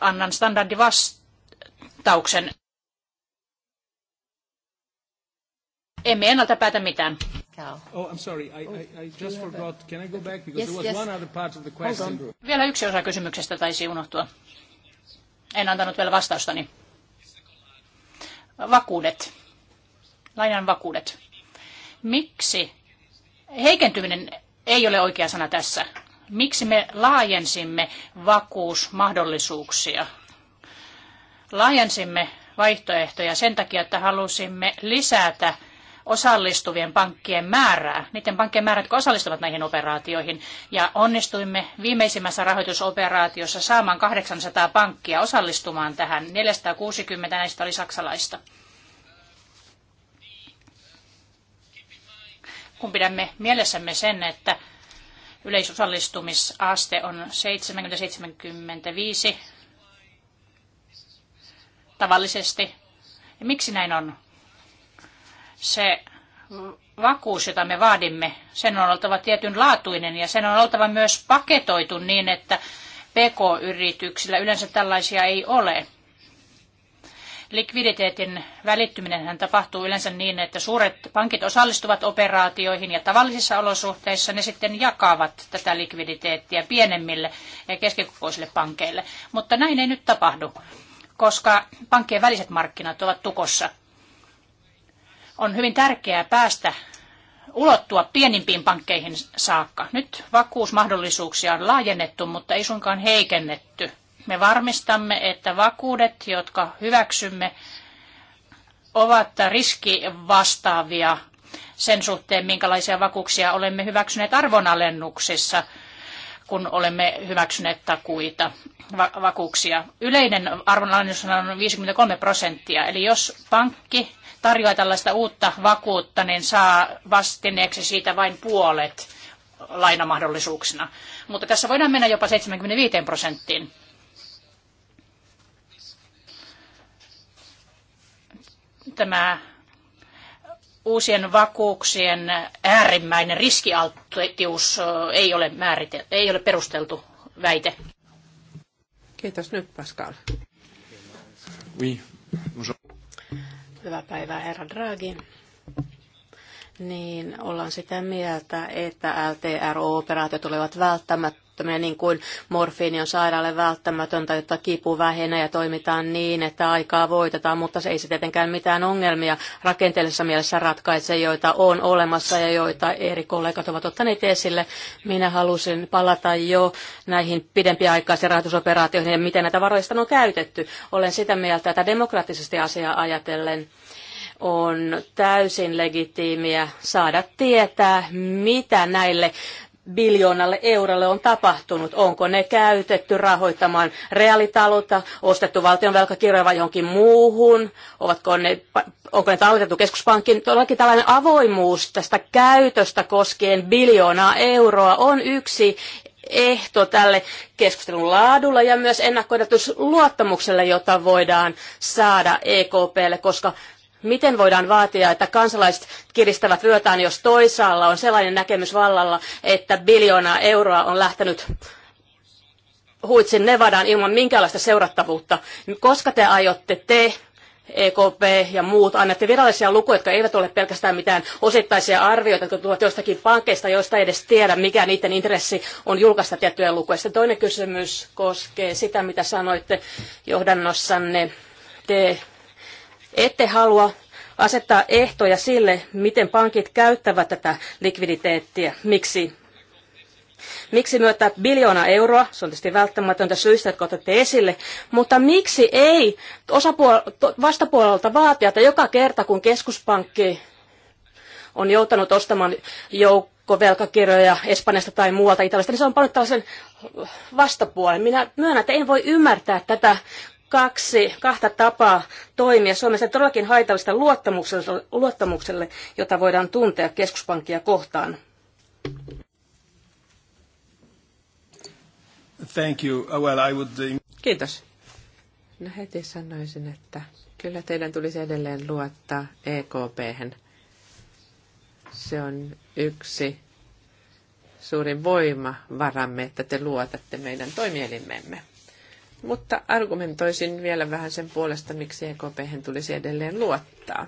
annan standardivastauksen. Emme ennalta päätä mitään. Oh, I'm sorry. I, I, I just forgot. Can I go back? Because yes, there was yes. one other part of the question. Vielä yksi osa kysymyksestä taisi unohtua. En antanut vielä vastaustani. Vakuudet. Lainan vakuudet. Miksi heikentyminen ei ole oikea sana tässä? miksi me laajensimme vakuusmahdollisuuksia. Laajensimme vaihtoehtoja sen takia, että halusimme lisätä osallistuvien pankkien määrää, niiden pankkien määrät, jotka osallistuvat näihin operaatioihin. Ja onnistuimme viimeisimmässä rahoitusoperaatiossa saamaan 800 pankkia osallistumaan tähän. 460 näistä oli saksalaista. Kun pidämme mielessämme sen, että yleisosallistumisaste on 70-75 tavallisesti. Ja miksi näin on? Se vakuus, jota me vaadimme, sen on oltava tietynlaatuinen ja sen on oltava myös paketoitu niin, että PK-yrityksillä yleensä tällaisia ei ole. Likviditeetin välittyminen tapahtuu yleensä niin, että suuret pankit osallistuvat operaatioihin ja tavallisissa olosuhteissa ne sitten jakavat tätä likviditeettiä pienemmille ja keskikokoisille pankeille. Mutta näin ei nyt tapahdu, koska pankkien väliset markkinat ovat tukossa. On hyvin tärkeää päästä ulottua pienimpiin pankkeihin saakka. Nyt vakuusmahdollisuuksia on laajennettu, mutta ei suinkaan heikennetty. Me varmistamme, että vakuudet, jotka hyväksymme, ovat riskivastaavia sen suhteen, minkälaisia vakuuksia olemme hyväksyneet arvonalennuksissa, kun olemme hyväksyneet takuita, va- vakuuksia. Yleinen arvonalennus on 53 prosenttia, eli jos pankki tarjoaa tällaista uutta vakuutta, niin saa vastineeksi siitä vain puolet lainamahdollisuuksina. Mutta tässä voidaan mennä jopa 75 prosenttiin. tämä uusien vakuuksien äärimmäinen riskialttius ei ole, määrite- ei ole perusteltu väite. Kiitos nyt, Pascal. Oui. Bonjour. Hyvää päivää, herra Draghi. Niin, ollaan sitä mieltä, että LTRO-operaatiot olivat välttämättä välttämättömiä, niin kuin morfiini on sairaalle välttämätöntä, jotta kipu vähenee ja toimitaan niin, että aikaa voitetaan, mutta se ei se tietenkään mitään ongelmia rakenteellisessa mielessä ratkaise, joita on olemassa ja joita eri kollegat ovat ottaneet esille. Minä halusin palata jo näihin pidempiaikaisiin rahoitusoperaatioihin ja miten näitä varoista on käytetty. Olen sitä mieltä, että demokraattisesti asiaa ajatellen on täysin legitiimiä saada tietää, mitä näille biljoonalle eurolle on tapahtunut? Onko ne käytetty rahoittamaan reaalitaloutta, ostettu valtion velkakirjoja vai johonkin muuhun? Ovatko ne, onko ne talletettu keskuspankin? Todellakin tällainen avoimuus tästä käytöstä koskien biljoonaa euroa on yksi ehto tälle keskustelun laadulla ja myös ennakkoidatus luottamukselle, jota voidaan saada EKPlle, koska Miten voidaan vaatia, että kansalaiset kiristävät vyötään, jos toisaalla on sellainen näkemys vallalla, että biljoonaa euroa on lähtenyt huitsin Nevadaan ilman minkäänlaista seurattavuutta. Koska te aiotte te EKP ja muut annatte virallisia lukuja, jotka eivät ole pelkästään mitään osittaisia arvioita, jotka tulevat jostakin pankeista, joista ei edes tiedä, mikä niiden intressi on julkaista tiettyjä lukuja. Sitten toinen kysymys koskee sitä, mitä sanoitte johdannossanne. Te ette halua asettaa ehtoja sille, miten pankit käyttävät tätä likviditeettiä. Miksi? Miksi myöntää biljoona euroa? Se on tietysti välttämätöntä syystä, jotka otatte esille. Mutta miksi ei osapuol- vastapuolelta vaatia, että joka kerta kun keskuspankki on joutunut ostamaan joukkovelkakirjoja Espanjasta tai muualta Italiasta, niin se on pannut tällaisen vastapuolen. Minä myönnän, että en voi ymmärtää tätä kaksi, kahta tapaa toimia. Suomessa todellakin haitallista luottamukselle, luottamukselle, jota voidaan tuntea keskuspankkia kohtaan. Thank you. Uh, well, I would... Uh, Kiitos. No heti sanoisin, että kyllä teidän tulisi edelleen luottaa ekp hen. Se on yksi suurin voimavaramme, että te luotatte meidän toimielimemme mutta argumentoisin vielä vähän sen puolesta, miksi EKP tulisi edelleen luottaa.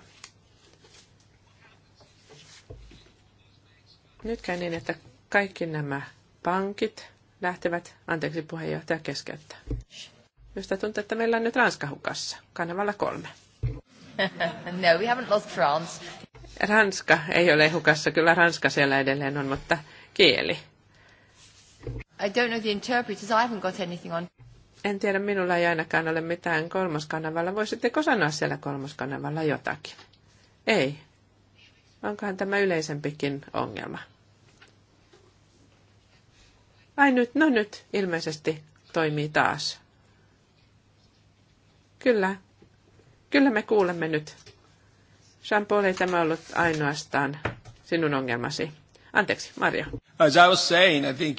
Nyt käy niin, että kaikki nämä pankit lähtevät, anteeksi puheenjohtaja keskeyttää. Mistä tuntuu, että meillä on nyt Ranska hukassa, kanavalla kolme. [LAUGHS] no, we haven't lost France. Ranska ei ole hukassa, kyllä Ranska siellä edelleen on, mutta kieli. I don't know the interpreters, I haven't got anything on. En tiedä, minulla ei ainakaan ole mitään kolmoskanavalla. Voisitteko sanoa siellä kolmoskanavalla jotakin? Ei. Onkohan tämä yleisempikin ongelma? Ai nyt, no nyt, ilmeisesti toimii taas. Kyllä, kyllä me kuulemme nyt. Jean Paul ei tämä ollut ainoastaan sinun ongelmasi. Anteeksi, Maria. As I was saying, I think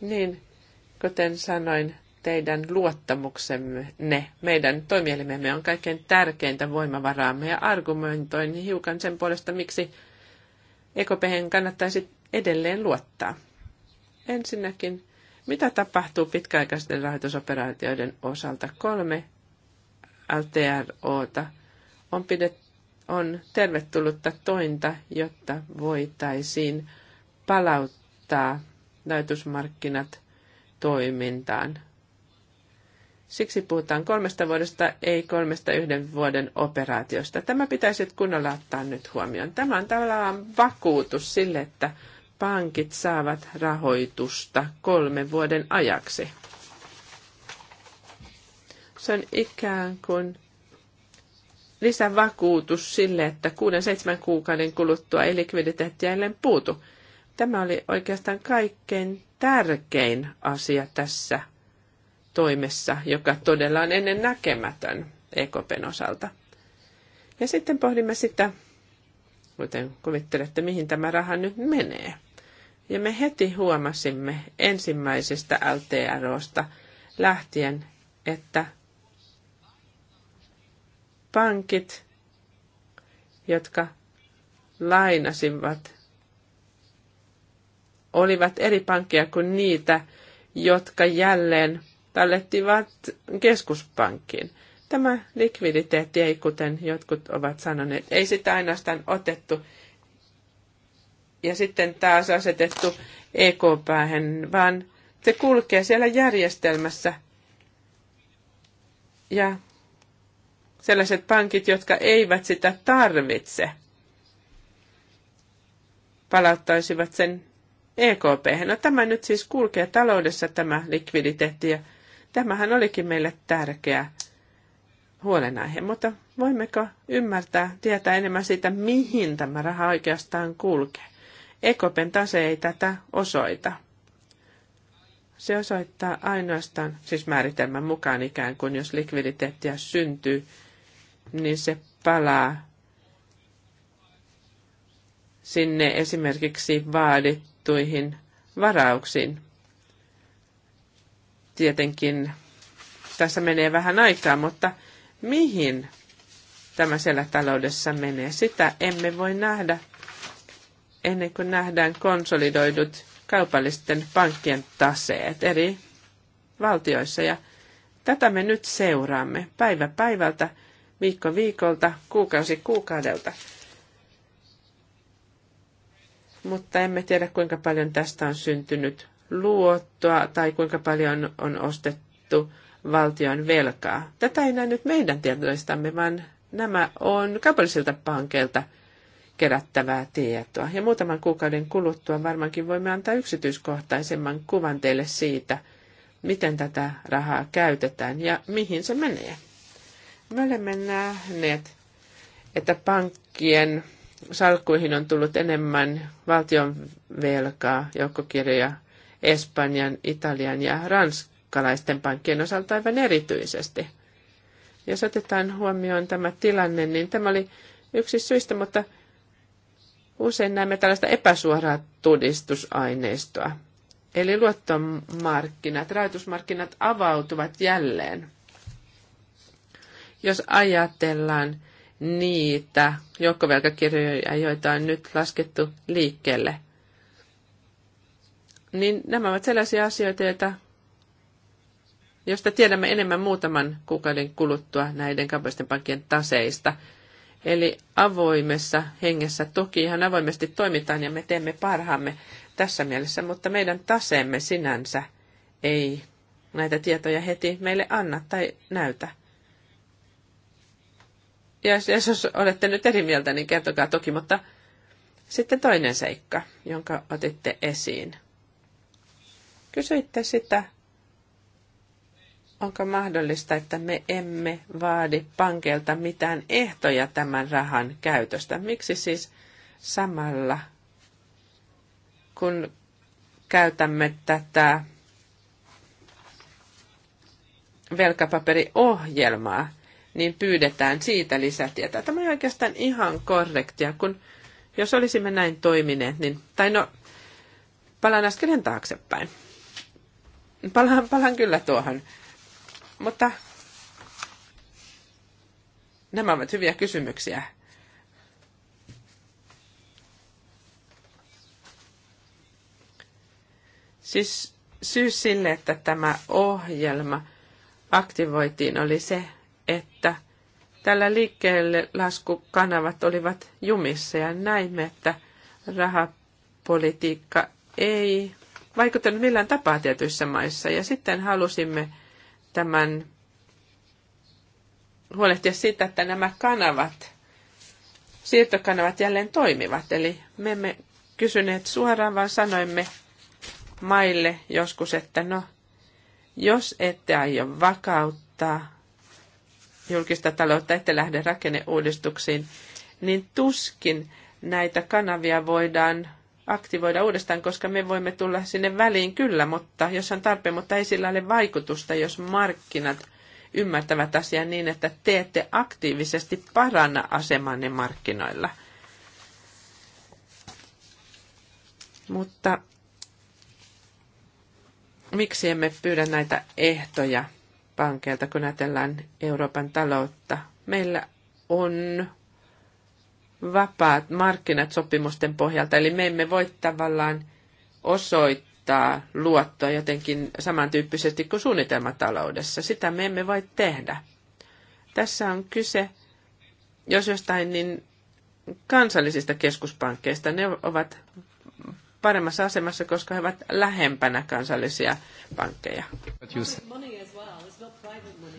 Niin, kuten sanoin, teidän luottamuksenne meidän toimielimemme on kaikkein tärkeintä voimavaraamme ja argumentoin hiukan sen puolesta, miksi EKPhen kannattaisi edelleen luottaa. Ensinnäkin, mitä tapahtuu pitkäaikaisten rahoitusoperaatioiden osalta? Kolme LTROta on, pidet, on tervetullutta tointa, jotta voitaisiin palauttaa rahoitusmarkkinat toimintaan Siksi puhutaan kolmesta vuodesta, ei kolmesta yhden vuoden operaatiosta. Tämä pitäisi kunnolla ottaa nyt huomioon. Tämä on tavallaan vakuutus sille, että pankit saavat rahoitusta kolmen vuoden ajaksi. Se on ikään kuin lisävakuutus sille, että kuuden seitsemän kuukauden kuluttua ei likviditeetti jälleen puutu. Tämä oli oikeastaan kaikkein tärkein asia tässä toimessa, joka todella on ennen näkemätön EKPn osalta. Ja sitten pohdimme sitä, kuten kuvittelette, mihin tämä raha nyt menee. Ja me heti huomasimme ensimmäisestä LTROsta lähtien, että pankit, jotka lainasivat, olivat eri pankkeja kuin niitä, jotka jälleen tallettivat keskuspankkiin. Tämä likviditeetti ei, kuten jotkut ovat sanoneet, ei sitä ainoastaan otettu ja sitten taas asetettu EK-päähän, vaan se kulkee siellä järjestelmässä. Ja sellaiset pankit, jotka eivät sitä tarvitse, palauttaisivat sen EKP. No tämä nyt siis kulkee taloudessa tämä likviditeetti ja Tämähän olikin meille tärkeä huolenaihe, mutta voimmeko ymmärtää, tietää enemmän siitä, mihin tämä raha oikeastaan kulkee? Ekopen tase ei tätä osoita. Se osoittaa ainoastaan, siis määritelmän mukaan ikään kuin, jos likviditeettiä syntyy, niin se palaa sinne esimerkiksi vaadittuihin varauksiin, Tietenkin tässä menee vähän aikaa, mutta mihin tämä siellä taloudessa menee? Sitä emme voi nähdä ennen kuin nähdään konsolidoidut kaupallisten pankkien taseet eri valtioissa. Ja tätä me nyt seuraamme päivä päivältä, viikko viikolta, kuukausi kuukaudelta. Mutta emme tiedä, kuinka paljon tästä on syntynyt luottoa tai kuinka paljon on ostettu valtion velkaa. Tätä ei näy nyt meidän tietoistamme, vaan nämä on kaupallisilta pankeilta kerättävää tietoa. Ja muutaman kuukauden kuluttua varmaankin voimme antaa yksityiskohtaisemman kuvan teille siitä, miten tätä rahaa käytetään ja mihin se menee. Me olemme nähneet, että pankkien salkkuihin on tullut enemmän valtion velkaa, joukkokirjoja, Espanjan, Italian ja ranskalaisten pankkien osalta aivan erityisesti. Jos otetaan huomioon tämä tilanne, niin tämä oli yksi syistä, mutta usein näemme tällaista epäsuoraa todistusaineistoa. Eli luottomarkkinat, rahoitusmarkkinat avautuvat jälleen. Jos ajatellaan niitä joukkovelkakirjoja, joita on nyt laskettu liikkeelle – niin nämä ovat sellaisia asioita, joita, joista tiedämme enemmän muutaman kuukauden kuluttua näiden kaupallisten pankkien taseista. Eli avoimessa hengessä toki ihan avoimesti toimitaan ja me teemme parhaamme tässä mielessä, mutta meidän taseemme sinänsä ei näitä tietoja heti meille anna tai näytä. Ja jos olette nyt eri mieltä, niin kertokaa toki, mutta sitten toinen seikka, jonka otitte esiin. Kysyitte sitä, onko mahdollista, että me emme vaadi pankilta mitään ehtoja tämän rahan käytöstä. Miksi siis samalla, kun käytämme tätä velkapaperiohjelmaa, niin pyydetään siitä lisätietoa. Tämä on oikeastaan ihan korrektia, kun jos olisimme näin toimineet, niin, tai no, palaan äsken taaksepäin. Palaan, palaan kyllä tuohon. Mutta nämä ovat hyviä kysymyksiä. Siis syy sille, että tämä ohjelma aktivoitiin, oli se, että tällä liikkeelle laskukanavat olivat jumissa ja näimme, että rahapolitiikka ei vaikuttanut millään tapaa tietyissä maissa. Ja sitten halusimme tämän huolehtia siitä, että nämä kanavat, siirtokanavat jälleen toimivat. Eli me emme kysyneet suoraan, vaan sanoimme maille joskus, että no, jos ette aio vakauttaa julkista taloutta, ette lähde rakenneuudistuksiin, niin tuskin näitä kanavia voidaan aktivoida uudestaan, koska me voimme tulla sinne väliin kyllä, mutta jos on tarpeen, mutta ei sillä ole vaikutusta, jos markkinat ymmärtävät asian niin, että ette aktiivisesti paranna asemanne markkinoilla. Mutta miksi emme pyydä näitä ehtoja pankeilta, kun ajatellaan Euroopan taloutta? Meillä on vapaat markkinat sopimusten pohjalta, eli me emme voi tavallaan osoittaa luottoa jotenkin samantyyppisesti kuin suunnitelmataloudessa. Sitä me emme voi tehdä. Tässä on kyse, jos jostain, niin kansallisista keskuspankkeista. Ne ovat paremmassa asemassa, koska he ovat lähempänä kansallisia pankkeja.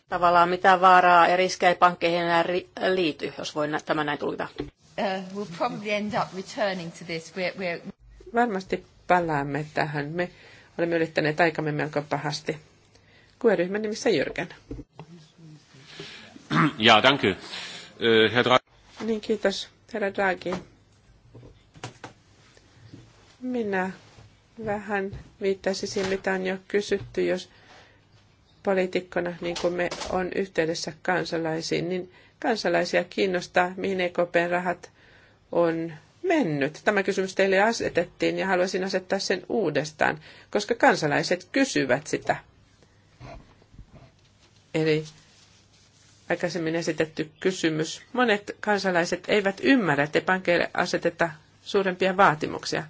Tavallaan mitään vaaraa ja riskejä pankkeihin enää liity, jos voi tämän näin tulkita. Uh, we'll probably end up returning to this. We're, we're... Varmasti palaamme tähän. Me olemme yrittäneet aikamme melko pahasti. qe nimissä Jyrken. [CLEARS THROAT] Ja, danke. Uh, Herr Draghi. Niin, kiitos, herra Draghi. Minä vähän viittaisin siihen, mitä on jo kysytty, jos poliitikkona, niin kuin me on yhteydessä kansalaisiin, niin kansalaisia kiinnostaa, mihin EKPn rahat on mennyt? Tämä kysymys teille asetettiin ja haluaisin asettaa sen uudestaan, koska kansalaiset kysyvät sitä. Eli aikaisemmin esitetty kysymys. Monet kansalaiset eivät ymmärrä, että pankeille aseteta suurempia vaatimuksia.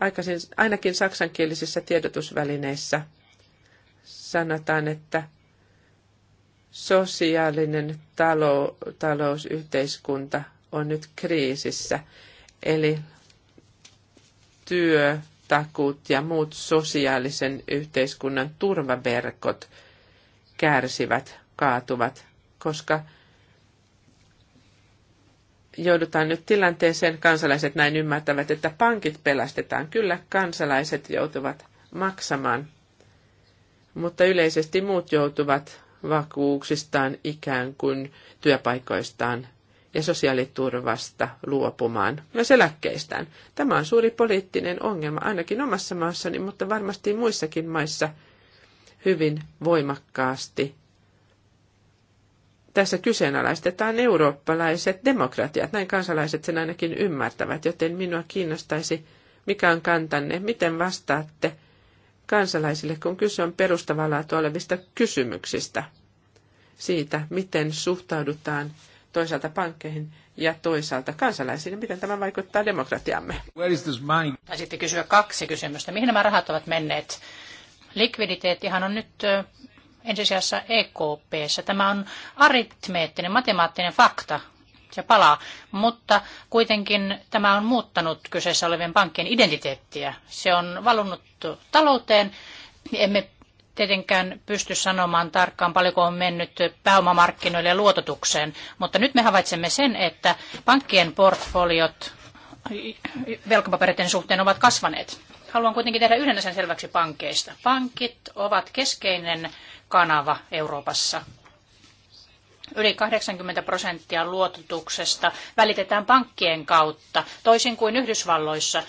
Aikaisin, ainakin saksankielisissä tiedotusvälineissä sanotaan, että sosiaalinen talo, talousyhteiskunta on nyt kriisissä. Eli työtakut ja muut sosiaalisen yhteiskunnan turvaverkot kärsivät, kaatuvat, koska joudutaan nyt tilanteeseen, kansalaiset näin ymmärtävät, että pankit pelastetaan. Kyllä kansalaiset joutuvat maksamaan, mutta yleisesti muut joutuvat vakuuksistaan ikään kuin työpaikoistaan ja sosiaaliturvasta luopumaan, myös eläkkeistään. Tämä on suuri poliittinen ongelma ainakin omassa maassani, mutta varmasti muissakin maissa hyvin voimakkaasti. Tässä kyseenalaistetaan eurooppalaiset demokratiat, näin kansalaiset sen ainakin ymmärtävät, joten minua kiinnostaisi, mikä on kantanne, miten vastaatte kansalaisille, kun kyse on perustavaa olevista kysymyksistä siitä, miten suhtaudutaan toisaalta pankkeihin ja toisaalta kansalaisiin, miten tämä vaikuttaa demokratiamme. Where Sitten kysyä kaksi kysymystä. Mihin nämä rahat ovat menneet? Likviditeettihan on nyt ensisijassa EKPssä. Tämä on aritmeettinen, matemaattinen fakta se palaa. Mutta kuitenkin tämä on muuttanut kyseessä olevien pankkien identiteettiä. Se on valunut talouteen. Emme tietenkään pysty sanomaan tarkkaan paljonko on mennyt pääomamarkkinoille ja luototukseen, mutta nyt me havaitsemme sen, että pankkien portfoliot velkapapereiden suhteen ovat kasvaneet. Haluan kuitenkin tehdä yhden asian selväksi pankeista. Pankit ovat keskeinen kanava Euroopassa Yli 80 prosenttia luototuksesta välitetään pankkien kautta, toisin kuin Yhdysvalloissa,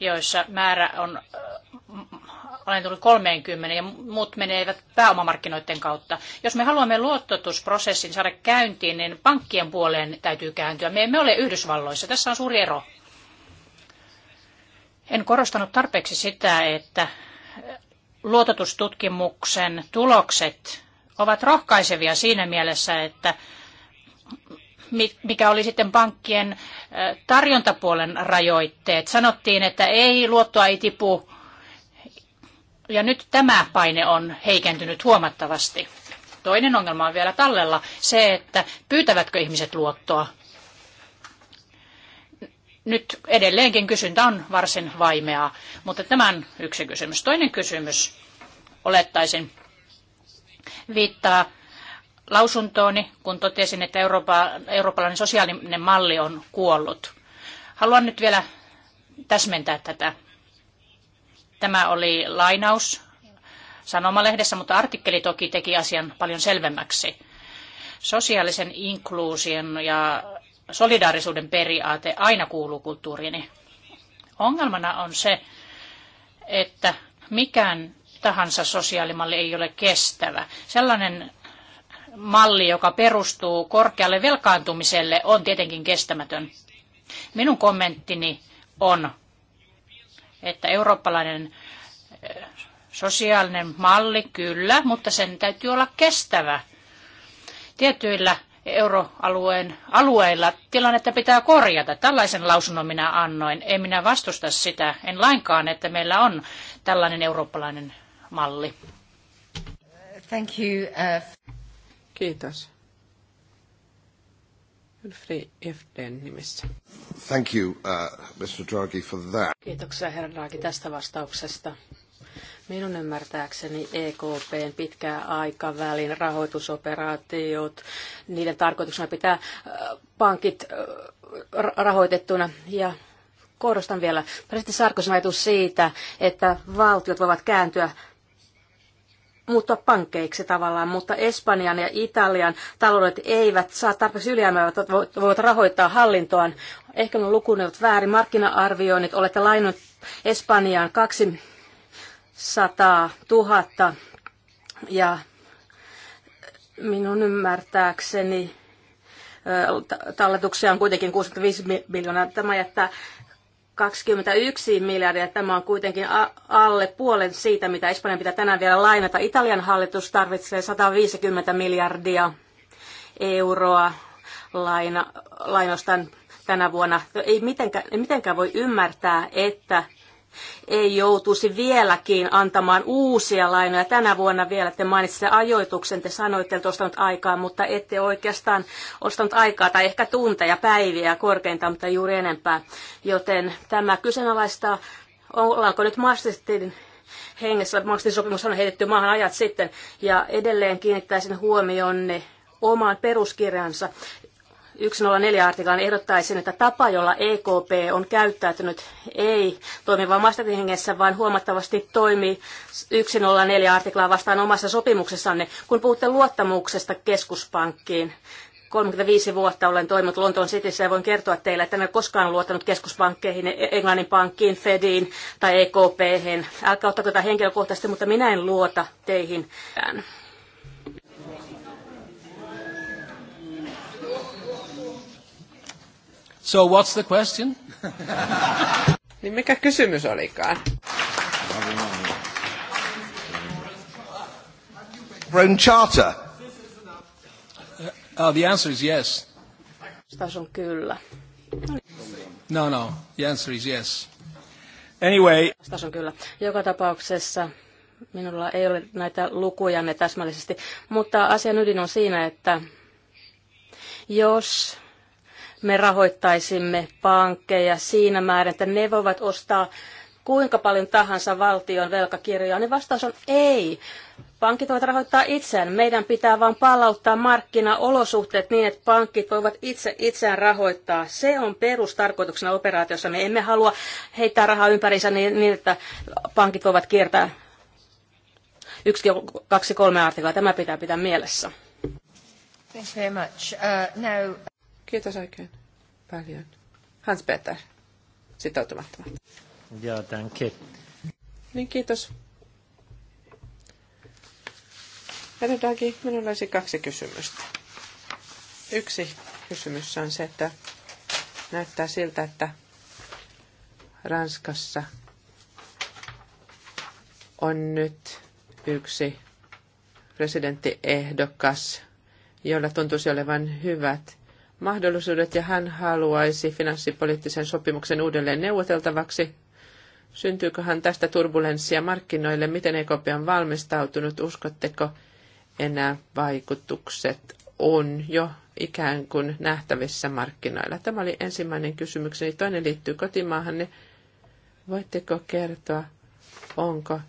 joissa määrä on äh, alentunut 30 ja muut menevät pääomamarkkinoiden kautta. Jos me haluamme luottotusprosessin saada käyntiin, niin pankkien puoleen täytyy kääntyä. Me emme ole Yhdysvalloissa. Tässä on suuri ero. En korostanut tarpeeksi sitä, että luototustutkimuksen tulokset ovat rohkaisevia siinä mielessä, että mikä oli sitten pankkien tarjontapuolen rajoitteet. Sanottiin, että ei, luottoa ei tipu. Ja nyt tämä paine on heikentynyt huomattavasti. Toinen ongelma on vielä tallella se, että pyytävätkö ihmiset luottoa. Nyt edelleenkin kysyntä on varsin vaimeaa, mutta tämän yksi kysymys. Toinen kysymys, olettaisin, viittaa lausuntooni, kun totesin, että Eurooppa, eurooppalainen sosiaalinen malli on kuollut. Haluan nyt vielä täsmentää tätä. Tämä oli lainaus Sanomalehdessä, mutta artikkeli toki teki asian paljon selvemmäksi. Sosiaalisen inkluusion ja solidaarisuuden periaate aina kuuluu kulttuuriini. Ongelmana on se, että mikään tahansa sosiaalimalli ei ole kestävä. Sellainen malli, joka perustuu korkealle velkaantumiselle, on tietenkin kestämätön. Minun kommenttini on, että eurooppalainen eh, sosiaalinen malli kyllä, mutta sen täytyy olla kestävä. Tietyillä euroalueen alueilla tilannetta pitää korjata. Tällaisen lausunnon minä annoin. En minä vastusta sitä, en lainkaan, että meillä on tällainen eurooppalainen malli. Thank you. Uh... Kiitos. nimissä. Thank you, uh, Mr. Draghi, for that. Kiitoksia, herra Draghi, tästä vastauksesta. Minun ymmärtääkseni EKPn pitkää aikavälin rahoitusoperaatiot, niiden tarkoituksena pitää uh, pankit uh, rahoitettuna ja korostan vielä presidentti Sarkozy siitä, että valtiot voivat kääntyä muuttua pankkeiksi tavallaan, mutta Espanjan ja Italian taloudet eivät saa tarpeeksi ylijäämää, voivat rahoittaa hallintoaan. Ehkä ne lukuneet väärin markkina-arvioinnit. Olette lainut Espanjaan 200 000 ja minun ymmärtääkseni talletuksia on kuitenkin 65 miljoonaa. Tämä jättää 21 miljardia. Tämä on kuitenkin alle puolen siitä, mitä Espanjan pitää tänään vielä lainata. Italian hallitus tarvitsee 150 miljardia euroa laina, lainostaan tänä vuonna. Ei mitenkään, ei mitenkään voi ymmärtää, että ei joutuisi vieläkin antamaan uusia lainoja. Tänä vuonna vielä te mainitsitte ajoituksen, te sanoitte, että ostanut aikaa, mutta ette oikeastaan ostanut aikaa tai ehkä tunteja, päiviä korkeinta, mutta juuri enempää. Joten tämä kyseenalaistaa, ollaanko nyt Maastrichtin hengessä, maksin sopimus on heitetty maahan ajat sitten, ja edelleen kiinnittäisin huomionne omaan peruskirjansa, 104 artiklaan ehdottaisin, että tapa, jolla EKP on käyttäytynyt, ei toimi vain Maastrichtin hengessä, vaan huomattavasti toimii 104 artiklaa vastaan omassa sopimuksessanne, kun puhutte luottamuksesta keskuspankkiin. 35 vuotta olen toiminut Lontoon Cityssä ja voin kertoa teille, että en ole koskaan luottanut keskuspankkeihin, Englannin pankkiin, Fediin tai EKP:hen. Älkää ottako tätä henkilökohtaisesti, mutta minä en luota teihin. So what's the question? [LAUGHS] niin mikä kysymys olikaan? Rome Charter. Uh, uh, the answer is yes. Vastaus on kyllä. No, no. The answer is yes. Anyway. Vastaus on kyllä. Joka tapauksessa minulla ei ole näitä lukuja ne täsmällisesti, mutta asian ydin on siinä, että jos me rahoittaisimme pankkeja siinä määrin, että ne voivat ostaa kuinka paljon tahansa valtion velkakirjoja, niin vastaus on ei. Pankit voivat rahoittaa itseään. Meidän pitää vain palauttaa markkinaolosuhteet niin, että pankit voivat itse itseään rahoittaa. Se on perustarkoituksena operaatiossa. Me emme halua heittää rahaa ympärinsä niin, niin että pankit voivat kiertää yksi, kaksi, kolme artiklaa. Tämä pitää pitää mielessä. Thanks very much. Uh, now... Kiitos oikein paljon. Hans Peter, sitoutumattomat. Ja danke. Niin, kiitos. Herra Dagi, minulla olisi kaksi kysymystä. Yksi kysymys on se, että näyttää siltä, että Ranskassa on nyt yksi presidenttiehdokas, jolla tuntuisi olevan hyvät mahdollisuudet ja hän haluaisi finanssipoliittisen sopimuksen uudelleen neuvoteltavaksi. Syntyyköhän tästä turbulenssia markkinoille? Miten EKP on valmistautunut? Uskotteko enää vaikutukset on jo ikään kuin nähtävissä markkinoilla? Tämä oli ensimmäinen kysymykseni. Toinen liittyy kotimaahan. Voitteko kertoa, onko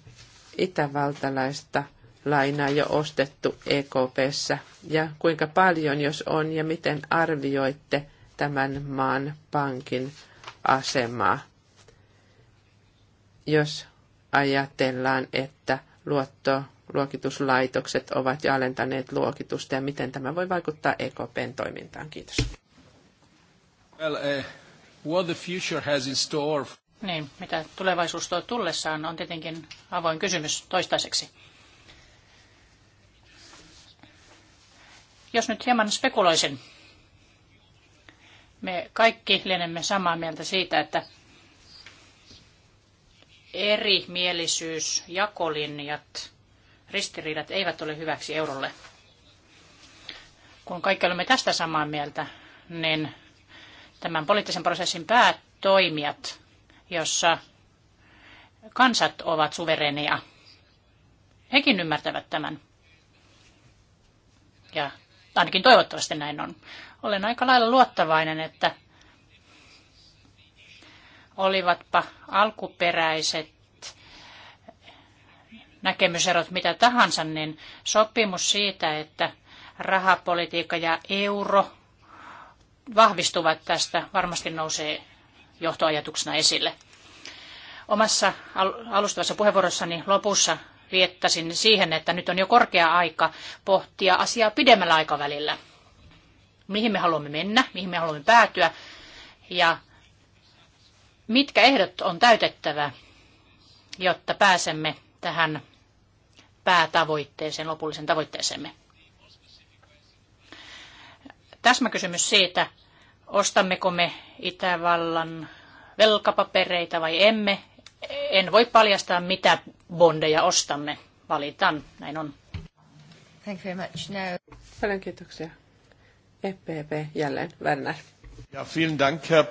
itävaltalaista lainaa jo ostettu EKPssä ja kuinka paljon jos on ja miten arvioitte tämän maan pankin asemaa, jos ajatellaan, että luotto luokituslaitokset ovat jo alentaneet luokitusta ja miten tämä voi vaikuttaa EKPn toimintaan. Kiitos. Well, uh, what the future has in store. Niin, mitä tulevaisuus tuo tullessaan on tietenkin avoin kysymys toistaiseksi. Jos nyt hieman spekuloisin, me kaikki lienemme samaa mieltä siitä, että mielisyys, jakolinjat, ristiriidat eivät ole hyväksi eurolle. Kun kaikki olemme tästä samaa mieltä, niin tämän poliittisen prosessin päätoimijat, jossa kansat ovat suvereneja, hekin ymmärtävät tämän. Ja Ainakin toivottavasti näin on. Olen aika lailla luottavainen, että olivatpa alkuperäiset näkemyserot mitä tahansa, niin sopimus siitä, että rahapolitiikka ja euro vahvistuvat tästä, varmasti nousee johtoajatuksena esille. Omassa alustavassa puheenvuorossani lopussa viettäisin siihen, että nyt on jo korkea aika pohtia asiaa pidemmällä aikavälillä. Mihin me haluamme mennä, mihin me haluamme päätyä ja mitkä ehdot on täytettävä, jotta pääsemme tähän päätavoitteeseen, lopullisen tavoitteeseemme. Täsmäkysymys siitä, ostammeko me Itävallan velkapapereita vai emme. En voi paljastaa, mitä bondeja ostamme. Valitan, näin on. Thank you very much. No. Paljon kiitoksia. EPP jälleen, Werner. Ja, vielen Dank, Herr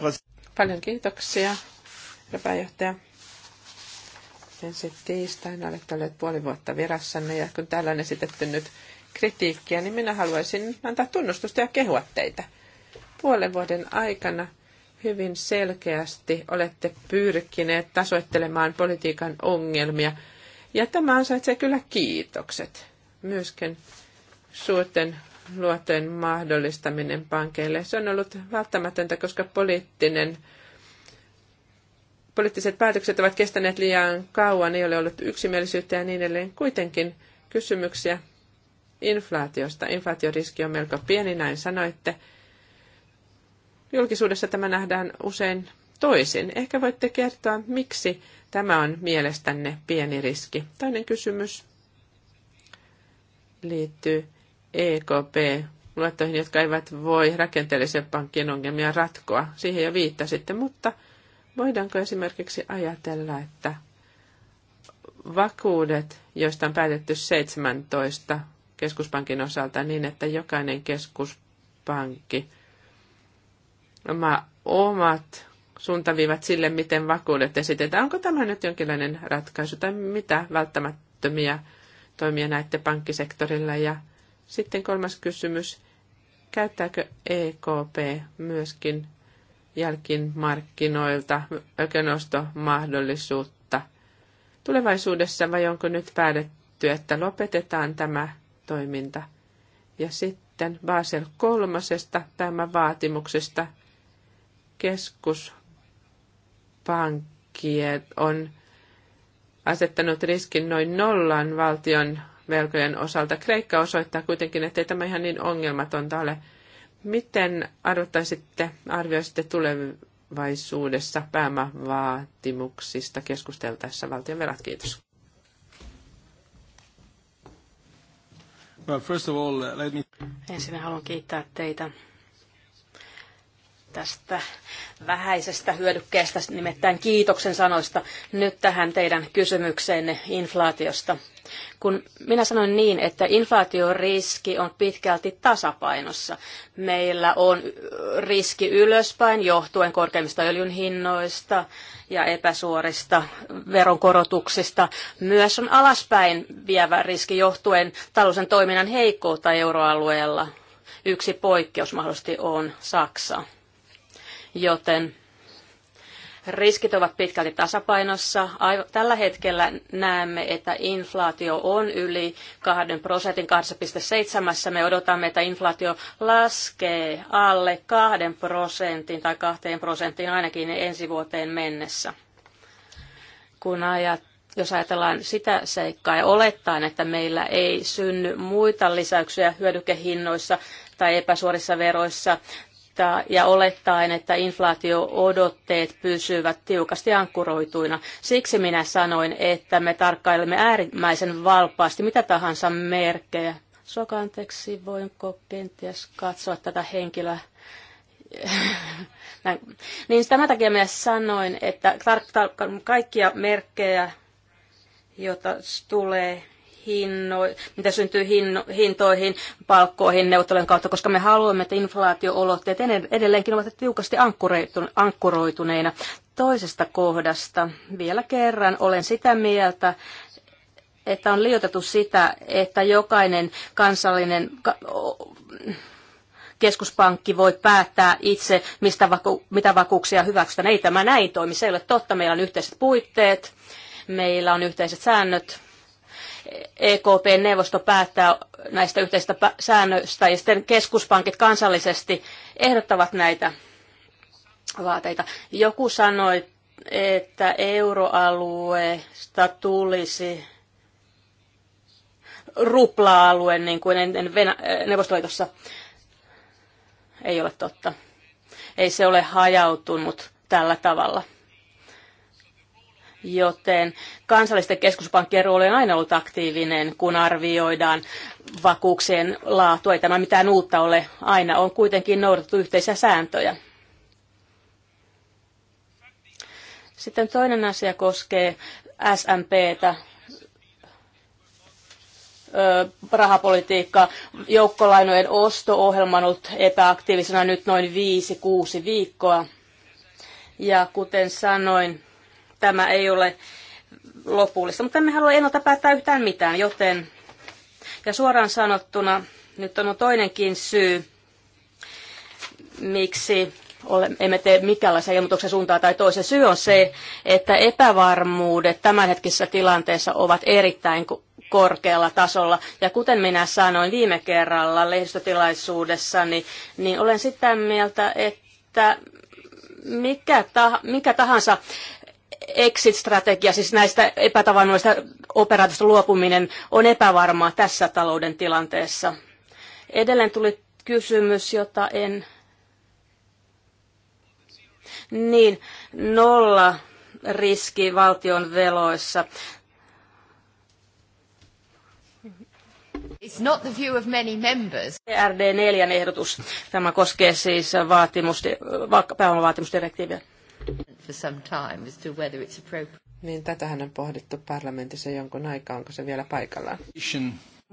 Paljon kiitoksia, herra pääjohtaja. Ensi tiistaina olette olleet puoli vuotta virassanne ja kun täällä on esitetty nyt kritiikkiä, niin minä haluaisin antaa tunnustusta ja kehua teitä. Puolen vuoden aikana hyvin selkeästi olette pyrkineet tasoittelemaan politiikan ongelmia – ja tämä ansaitsee kyllä kiitokset. Myöskin suurten luotojen mahdollistaminen pankeille. Se on ollut välttämätöntä, koska poliittinen poliittiset päätökset ovat kestäneet liian kauan, ei ole ollut yksimielisyyttä ja niin edelleen. Kuitenkin kysymyksiä inflaatiosta. Inflaatioriski on melko pieni, näin sanoitte. Julkisuudessa tämä nähdään usein toisin. Ehkä voitte kertoa, miksi tämä on mielestänne pieni riski. Toinen kysymys liittyy EKP-luottoihin, jotka eivät voi rakenteellisen pankkien ongelmia ratkoa. Siihen jo viittasitte, mutta voidaanko esimerkiksi ajatella, että vakuudet, joista on päätetty 17 keskuspankin osalta niin, että jokainen keskuspankki oma, omat suuntaviivat sille, miten vakuudet esitetään. Onko tämä nyt jonkinlainen ratkaisu tai mitä välttämättömiä toimia näette pankkisektorilla? Ja sitten kolmas kysymys, käyttääkö EKP myöskin jälkimarkkinoilta ökönostomahdollisuutta tulevaisuudessa vai onko nyt päätetty, että lopetetaan tämä toiminta? Ja sitten Basel kolmasesta tämä vaatimuksesta keskus pankkiet on asettanut riskin noin nollan valtion velkojen osalta. Kreikka osoittaa kuitenkin, että ei tämä ihan niin ongelmatonta ole. Miten arvottaisitte, arvioisitte tulevaisuudessa pääomavaatimuksista keskusteltaessa valtion velat? Kiitos. Well, first of all, uh, let me... Ensin haluan kiittää teitä tästä vähäisestä hyödykkeestä, nimittäin kiitoksen sanoista, nyt tähän teidän kysymykseenne inflaatiosta. Kun minä sanoin niin, että inflaatioriski on pitkälti tasapainossa. Meillä on riski ylöspäin johtuen korkeimmista öljyn hinnoista ja epäsuorista veronkorotuksista. Myös on alaspäin vievä riski johtuen talousen toiminnan heikkoutta euroalueella. Yksi poikkeus mahdollisesti on Saksa joten riskit ovat pitkälti tasapainossa. Tällä hetkellä näemme, että inflaatio on yli 2 prosentin 2,7. Me odotamme, että inflaatio laskee alle 2 prosentin tai 2 prosenttiin ainakin ensi vuoteen mennessä. Kun ajat, jos ajatellaan sitä seikkaa ja olettaen, että meillä ei synny muita lisäyksiä hyödykehinnoissa tai epäsuorissa veroissa odottaa ja olettaen, että inflaatio-odotteet pysyvät tiukasti ankkuroituina. Siksi minä sanoin, että me tarkkailemme äärimmäisen valpaasti mitä tahansa merkkejä. Sokanteksi voinko kenties katsoa tätä henkilöä? [LAUGHS] niin tämän takia minä sanoin, että kaikkia merkkejä, joita tulee hinno, mitä syntyy hinno, hintoihin, palkkoihin, neuvottelujen kautta, koska me haluamme, että inflaatioolotteet edelleenkin ovat tiukasti ankkuroituneina. Toisesta kohdasta vielä kerran olen sitä mieltä, että on liioiteltu sitä, että jokainen kansallinen keskuspankki voi päättää itse, mistä vaku- mitä vakuuksia hyväksytään. Ei tämä näin toimi, se ei ole totta. Meillä on yhteiset puitteet, meillä on yhteiset säännöt, EKP-neuvosto päättää näistä yhteisistä säännöistä ja sitten keskuspankit kansallisesti ehdottavat näitä vaateita. Joku sanoi, että euroalueesta tulisi rupla-alue, niin kuin ennen Venä- äh, Neuvostoliitossa. Ei ole totta. Ei se ole hajautunut tällä tavalla joten kansallisten keskuspankkien rooli on aina ollut aktiivinen, kun arvioidaan vakuuksien laatua. Ei tämä mitään uutta ole, aina on kuitenkin noudatettu yhteisiä sääntöjä. Sitten toinen asia koskee SMPtä, rahapolitiikka. Joukkolainojen osto-ohjelma on ollut epäaktiivisena nyt noin 5-6 viikkoa. Ja kuten sanoin, tämä ei ole lopullista, mutta emme halua ennalta päättää yhtään mitään, joten ja suoraan sanottuna nyt on toinenkin syy, miksi emme tee mikäänlaisia ilmoituksen suuntaa tai toisen. Syy on se, että epävarmuudet tämänhetkisessä tilanteessa ovat erittäin korkealla tasolla. Ja kuten minä sanoin viime kerralla lehdistötilaisuudessani, niin olen sitä mieltä, että mikä, ta, mikä tahansa exit-strategia, siis näistä epätavannoista operaatioista luopuminen on epävarmaa tässä talouden tilanteessa. Edelleen tuli kysymys, jota en... Niin, nolla riski valtion veloissa. It's not the view of many members. E rd 4 ehdotus. Tämä koskee siis vaatimusti pääomavaatimusdirektiiviä. For some time as to whether it's appropriate. Niin tätähän on pohdittu parlamentissa jonkun aikaa, onko se vielä paikallaan?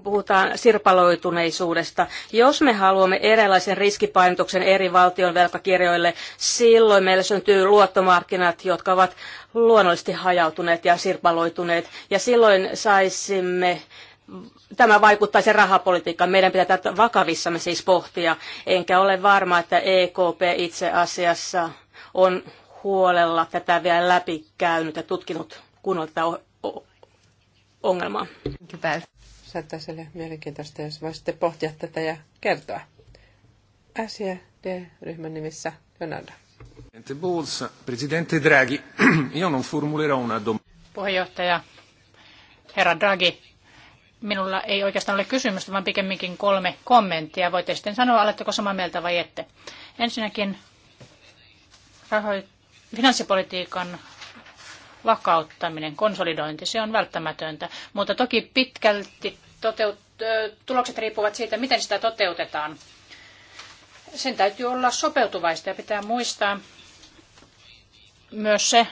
Puhutaan sirpaloituneisuudesta. Jos me haluamme erilaisen riskipainotuksen eri valtion velkakirjoille, silloin meille syntyy luottomarkkinat, jotka ovat luonnollisesti hajautuneet ja sirpaloituneet. Ja silloin saisimme tämä vaikuttaa rahapolitiikkaan. Meidän pitää tätä vakavissamme siis pohtia. Enkä ole varma, että EKP itse asiassa on huolella tätä vielä läpi käynyt ja tutkinut kunnolla tätä ongelmaa. Saattaisi olla mielenkiintoista, jos voisitte pohtia tätä ja kertoa. d ryhmän nimissä Leonardo. Presidente Draghi, [CLEARS THROAT] io non formulerò una Puheenjohtaja, herra Draghi, minulla ei oikeastaan ole kysymystä, vaan pikemminkin kolme kommenttia. Voitte sitten sanoa, oletteko samaa mieltä vai ette. Ensinnäkin rahoit Finanssipolitiikan vakauttaminen, konsolidointi, se on välttämätöntä, mutta toki pitkälti toteut- tulokset riippuvat siitä, miten sitä toteutetaan. Sen täytyy olla sopeutuvaista ja pitää muistaa myös se,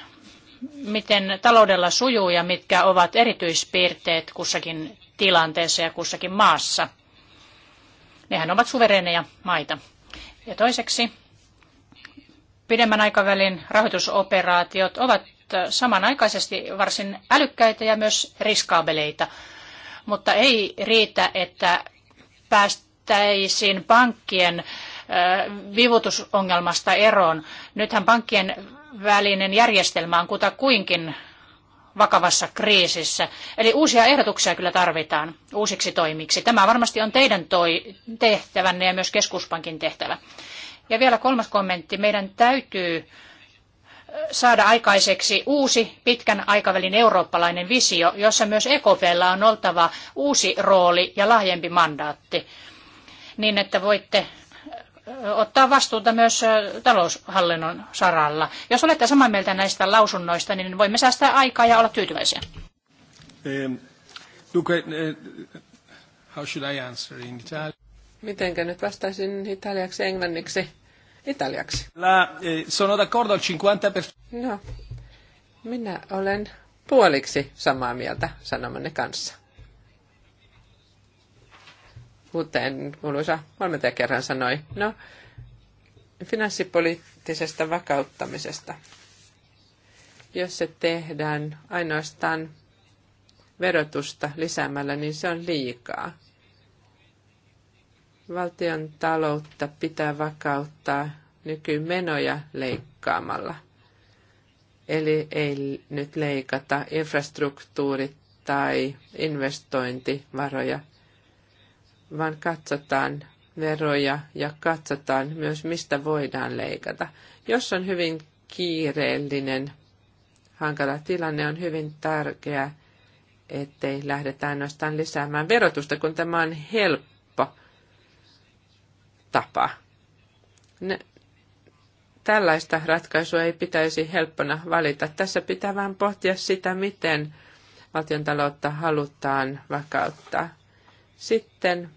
miten taloudella sujuu ja mitkä ovat erityispiirteet kussakin tilanteessa ja kussakin maassa. Nehän ovat suvereneja maita. Ja toiseksi pidemmän aikavälin rahoitusoperaatiot ovat samanaikaisesti varsin älykkäitä ja myös riskaabeleita. Mutta ei riitä, että päästäisiin pankkien vivutusongelmasta eroon. Nythän pankkien välinen järjestelmä on kutakuinkin vakavassa kriisissä. Eli uusia ehdotuksia kyllä tarvitaan uusiksi toimiksi. Tämä varmasti on teidän toi, tehtävänne ja myös keskuspankin tehtävä. Ja vielä kolmas kommentti. Meidän täytyy saada aikaiseksi uusi pitkän aikavälin eurooppalainen visio, jossa myös EKPllä on oltava uusi rooli ja laajempi mandaatti, niin että voitte ottaa vastuuta myös taloushallinnon saralla. Jos olette samaa mieltä näistä lausunnoista, niin voimme säästää aikaa ja olla tyytyväisiä. Eh, Mitenkä nyt vastaisin italiaksi englanniksi? italiaksi. La, eh, sono d'accordo al 50 No, minä olen puoliksi samaa mieltä sanomanne kanssa. Kuten kuuluisa valmentaja kerran sanoi, no, finanssipoliittisesta vakauttamisesta. Jos se tehdään ainoastaan verotusta lisäämällä, niin se on liikaa. Valtion taloutta pitää vakauttaa nykymenoja leikkaamalla. Eli ei nyt leikata infrastruktuuri- tai investointivaroja, vaan katsotaan veroja ja katsotaan myös, mistä voidaan leikata. Jos on hyvin kiireellinen, hankala tilanne, on hyvin tärkeää, ettei lähdetään nostamaan lisäämään verotusta, kun tämä on helppo tapa. Ne, tällaista ratkaisua ei pitäisi helppona valita. Tässä pitää vain pohtia sitä, miten valtion taloutta halutaan vakauttaa. Sitten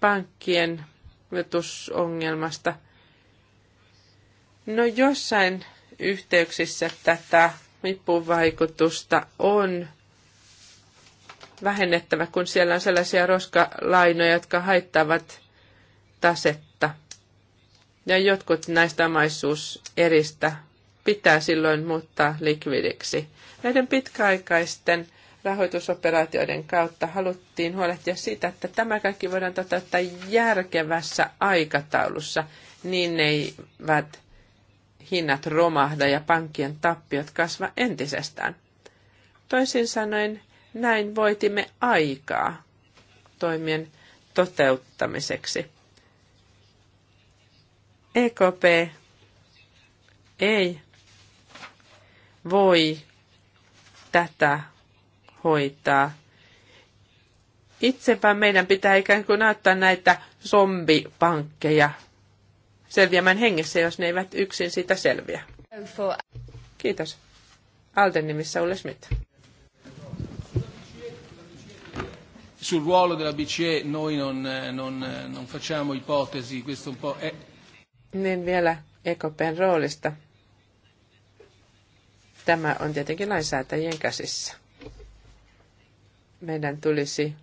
pankkien vetusongelmasta. No jossain yhteyksissä tätä vipuvaikutusta on vähennettävä, kun siellä on sellaisia roskalainoja, jotka haittavat tasetta. Ja jotkut näistä omaisuuseristä pitää silloin muuttaa likvidiksi. Näiden pitkäaikaisten rahoitusoperaatioiden kautta haluttiin huolehtia siitä, että tämä kaikki voidaan toteuttaa järkevässä aikataulussa, niin eivät hinnat romahda ja pankkien tappiot kasva entisestään. Toisin sanoen, näin voitimme aikaa toimien toteuttamiseksi. EKP ei voi tätä hoitaa. Itsepä meidän pitää ikään kuin näyttää näitä zombipankkeja selviämään hengessä, jos ne eivät yksin sitä selviä. Kiitos. Alden nimissä Ulle Schmidt. Sul ruolo della BCE noi non, eh, non, eh, non facciamo ipotesi, questo un po' è... Niin vielä EKPn roolista. Tämä on tietenkin lainsäätäjien käsissä. Meidän tulisi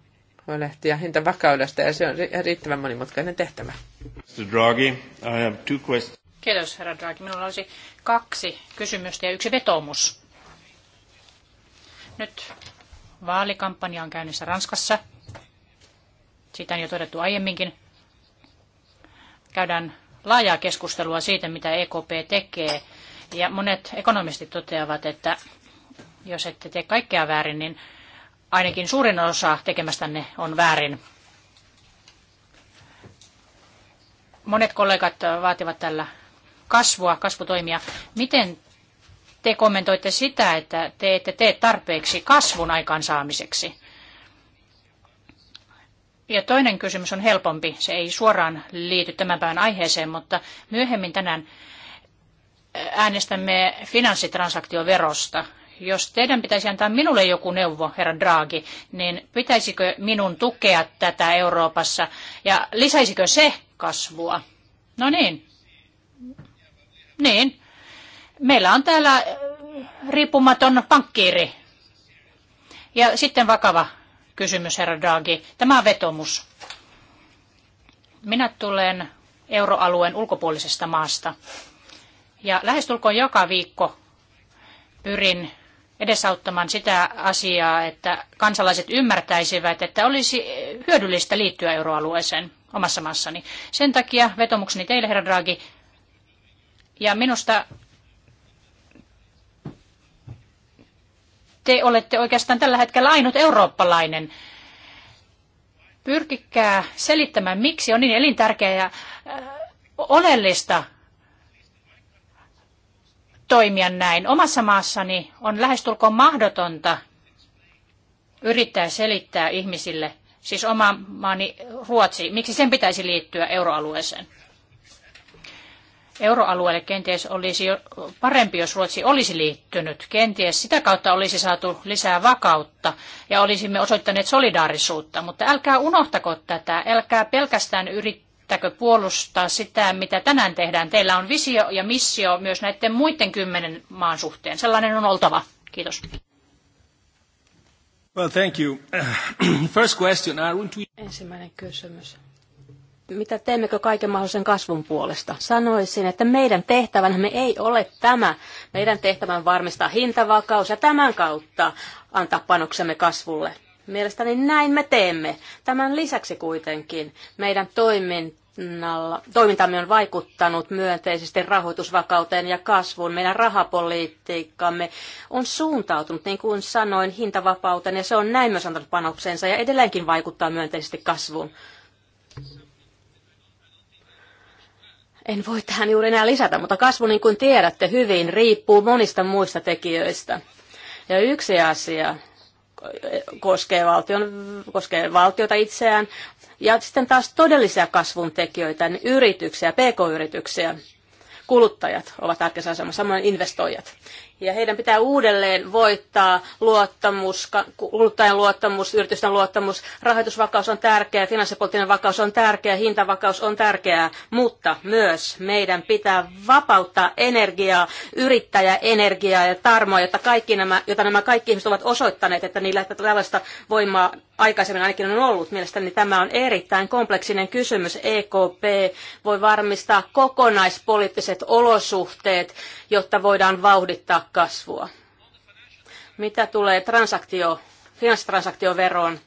huolehtia hintavakaudesta ja se on riittävän monimutkainen tehtävä. Mr. Draghi, I have two questions. Kiitos, herra Draghi. Minulla olisi kaksi kysymystä ja yksi vetomus. Nyt Vaalikampanja on käynnissä Ranskassa. Siitä on jo todettu aiemminkin. Käydään laajaa keskustelua siitä, mitä EKP tekee. Ja monet ekonomistit toteavat, että jos ette tee kaikkea väärin, niin ainakin suurin osa tekemästänne on väärin. Monet kollegat vaativat tällä kasvua, kasvutoimia. Miten te kommentoitte sitä, että te ette tee tarpeeksi kasvun aikaansaamiseksi. Ja toinen kysymys on helpompi. Se ei suoraan liity tämän päivän aiheeseen, mutta myöhemmin tänään äänestämme finanssitransaktioverosta. Jos teidän pitäisi antaa minulle joku neuvo, herra Draghi, niin pitäisikö minun tukea tätä Euroopassa ja lisäisikö se kasvua? No niin. Niin. Meillä on täällä äh, riippumaton pankkiiri. Ja sitten vakava kysymys, herra Draghi. Tämä on vetomus. Minä tulen euroalueen ulkopuolisesta maasta. Ja lähestulkoon joka viikko pyrin edesauttamaan sitä asiaa, että kansalaiset ymmärtäisivät, että olisi hyödyllistä liittyä euroalueeseen omassa maassani. Sen takia vetomukseni teille, herra Draghi, ja minusta te olette oikeastaan tällä hetkellä ainut eurooppalainen. Pyrkikää selittämään, miksi on niin elintärkeää ja äh, oleellista toimia näin. Omassa maassani on lähestulkoon mahdotonta yrittää selittää ihmisille, siis oma maani Ruotsi, miksi sen pitäisi liittyä euroalueeseen euroalueelle kenties olisi parempi, jos Ruotsi olisi liittynyt. Kenties sitä kautta olisi saatu lisää vakautta ja olisimme osoittaneet solidaarisuutta. Mutta älkää unohtako tätä, älkää pelkästään yrittäkö puolustaa sitä, mitä tänään tehdään. Teillä on visio ja missio myös näiden muiden kymmenen maan suhteen. Sellainen on oltava. Kiitos. Well, thank you. [CLEARS THROAT] First question, Ensimmäinen kysymys mitä teemmekö kaiken mahdollisen kasvun puolesta? Sanoisin, että meidän tehtävänämme ei ole tämä. Meidän tehtävän varmistaa hintavakaus ja tämän kautta antaa panoksemme kasvulle. Mielestäni näin me teemme. Tämän lisäksi kuitenkin meidän toimintamme on vaikuttanut myönteisesti rahoitusvakauteen ja kasvuun. Meidän rahapolitiikkamme on suuntautunut, niin kuin sanoin, hintavapauteen ja se on näin myös antanut panoksensa ja edelleenkin vaikuttaa myönteisesti kasvuun. En voi tähän juuri enää lisätä, mutta kasvu, niin kuin tiedätte hyvin, riippuu monista muista tekijöistä. Ja yksi asia koskee, valtion, koskee valtiota itseään, ja sitten taas todellisia kasvun tekijöitä, niin yrityksiä, pk-yrityksiä, kuluttajat ovat tärkeässä asemassa, samoin investoijat. Ja heidän pitää uudelleen voittaa luottamus, kuluttajan luottamus, yritysten luottamus. Rahoitusvakaus on tärkeää, finanssipoliittinen vakaus on tärkeää, hintavakaus on tärkeää, mutta myös meidän pitää vapauttaa energiaa, yrittäjäenergiaa ja tarmoa, jotta, kaikki nämä, jota nämä kaikki ihmiset ovat osoittaneet, että niillä että tällaista voimaa aikaisemmin ainakin on ollut. Mielestäni tämä on erittäin kompleksinen kysymys. EKP voi varmistaa kokonaispoliittiset olosuhteet, jotta voidaan vauhdittaa kasvua. Mitä tulee transaktio, finanssitransaktioveroon,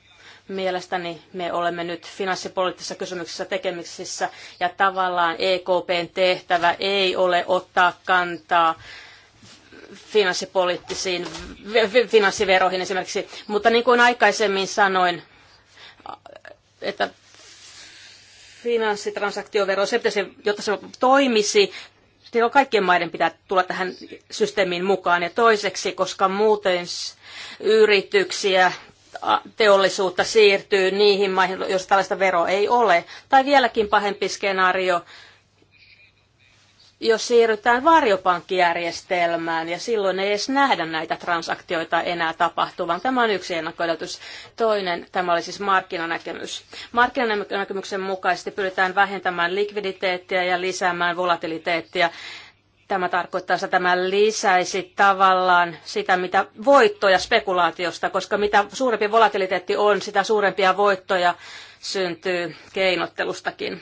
mielestäni me olemme nyt finanssipoliittisissa kysymyksissä tekemisissä ja tavallaan EKPn tehtävä ei ole ottaa kantaa finanssipoliittisiin finanssiveroihin esimerkiksi, mutta niin kuin aikaisemmin sanoin, että finanssitransaktiovero, se pitäisi, jotta se toimisi, niin kaikkien maiden pitää tulla tähän systeemiin mukaan. Ja toiseksi, koska muuten yrityksiä, teollisuutta siirtyy niihin maihin, jos tällaista veroa ei ole. Tai vieläkin pahempi skenaario, jos siirrytään varjopankkijärjestelmään ja silloin ei edes nähdä näitä transaktioita enää tapahtuvan. Tämä on yksi ennakkoidotus. Toinen, tämä oli siis markkinanäkemys. Markkinanäkemyksen mukaisesti pyritään vähentämään likviditeettiä ja lisäämään volatiliteettia. Tämä tarkoittaa, että tämä lisäisi tavallaan sitä, mitä voittoja spekulaatiosta, koska mitä suurempi volatiliteetti on, sitä suurempia voittoja syntyy keinottelustakin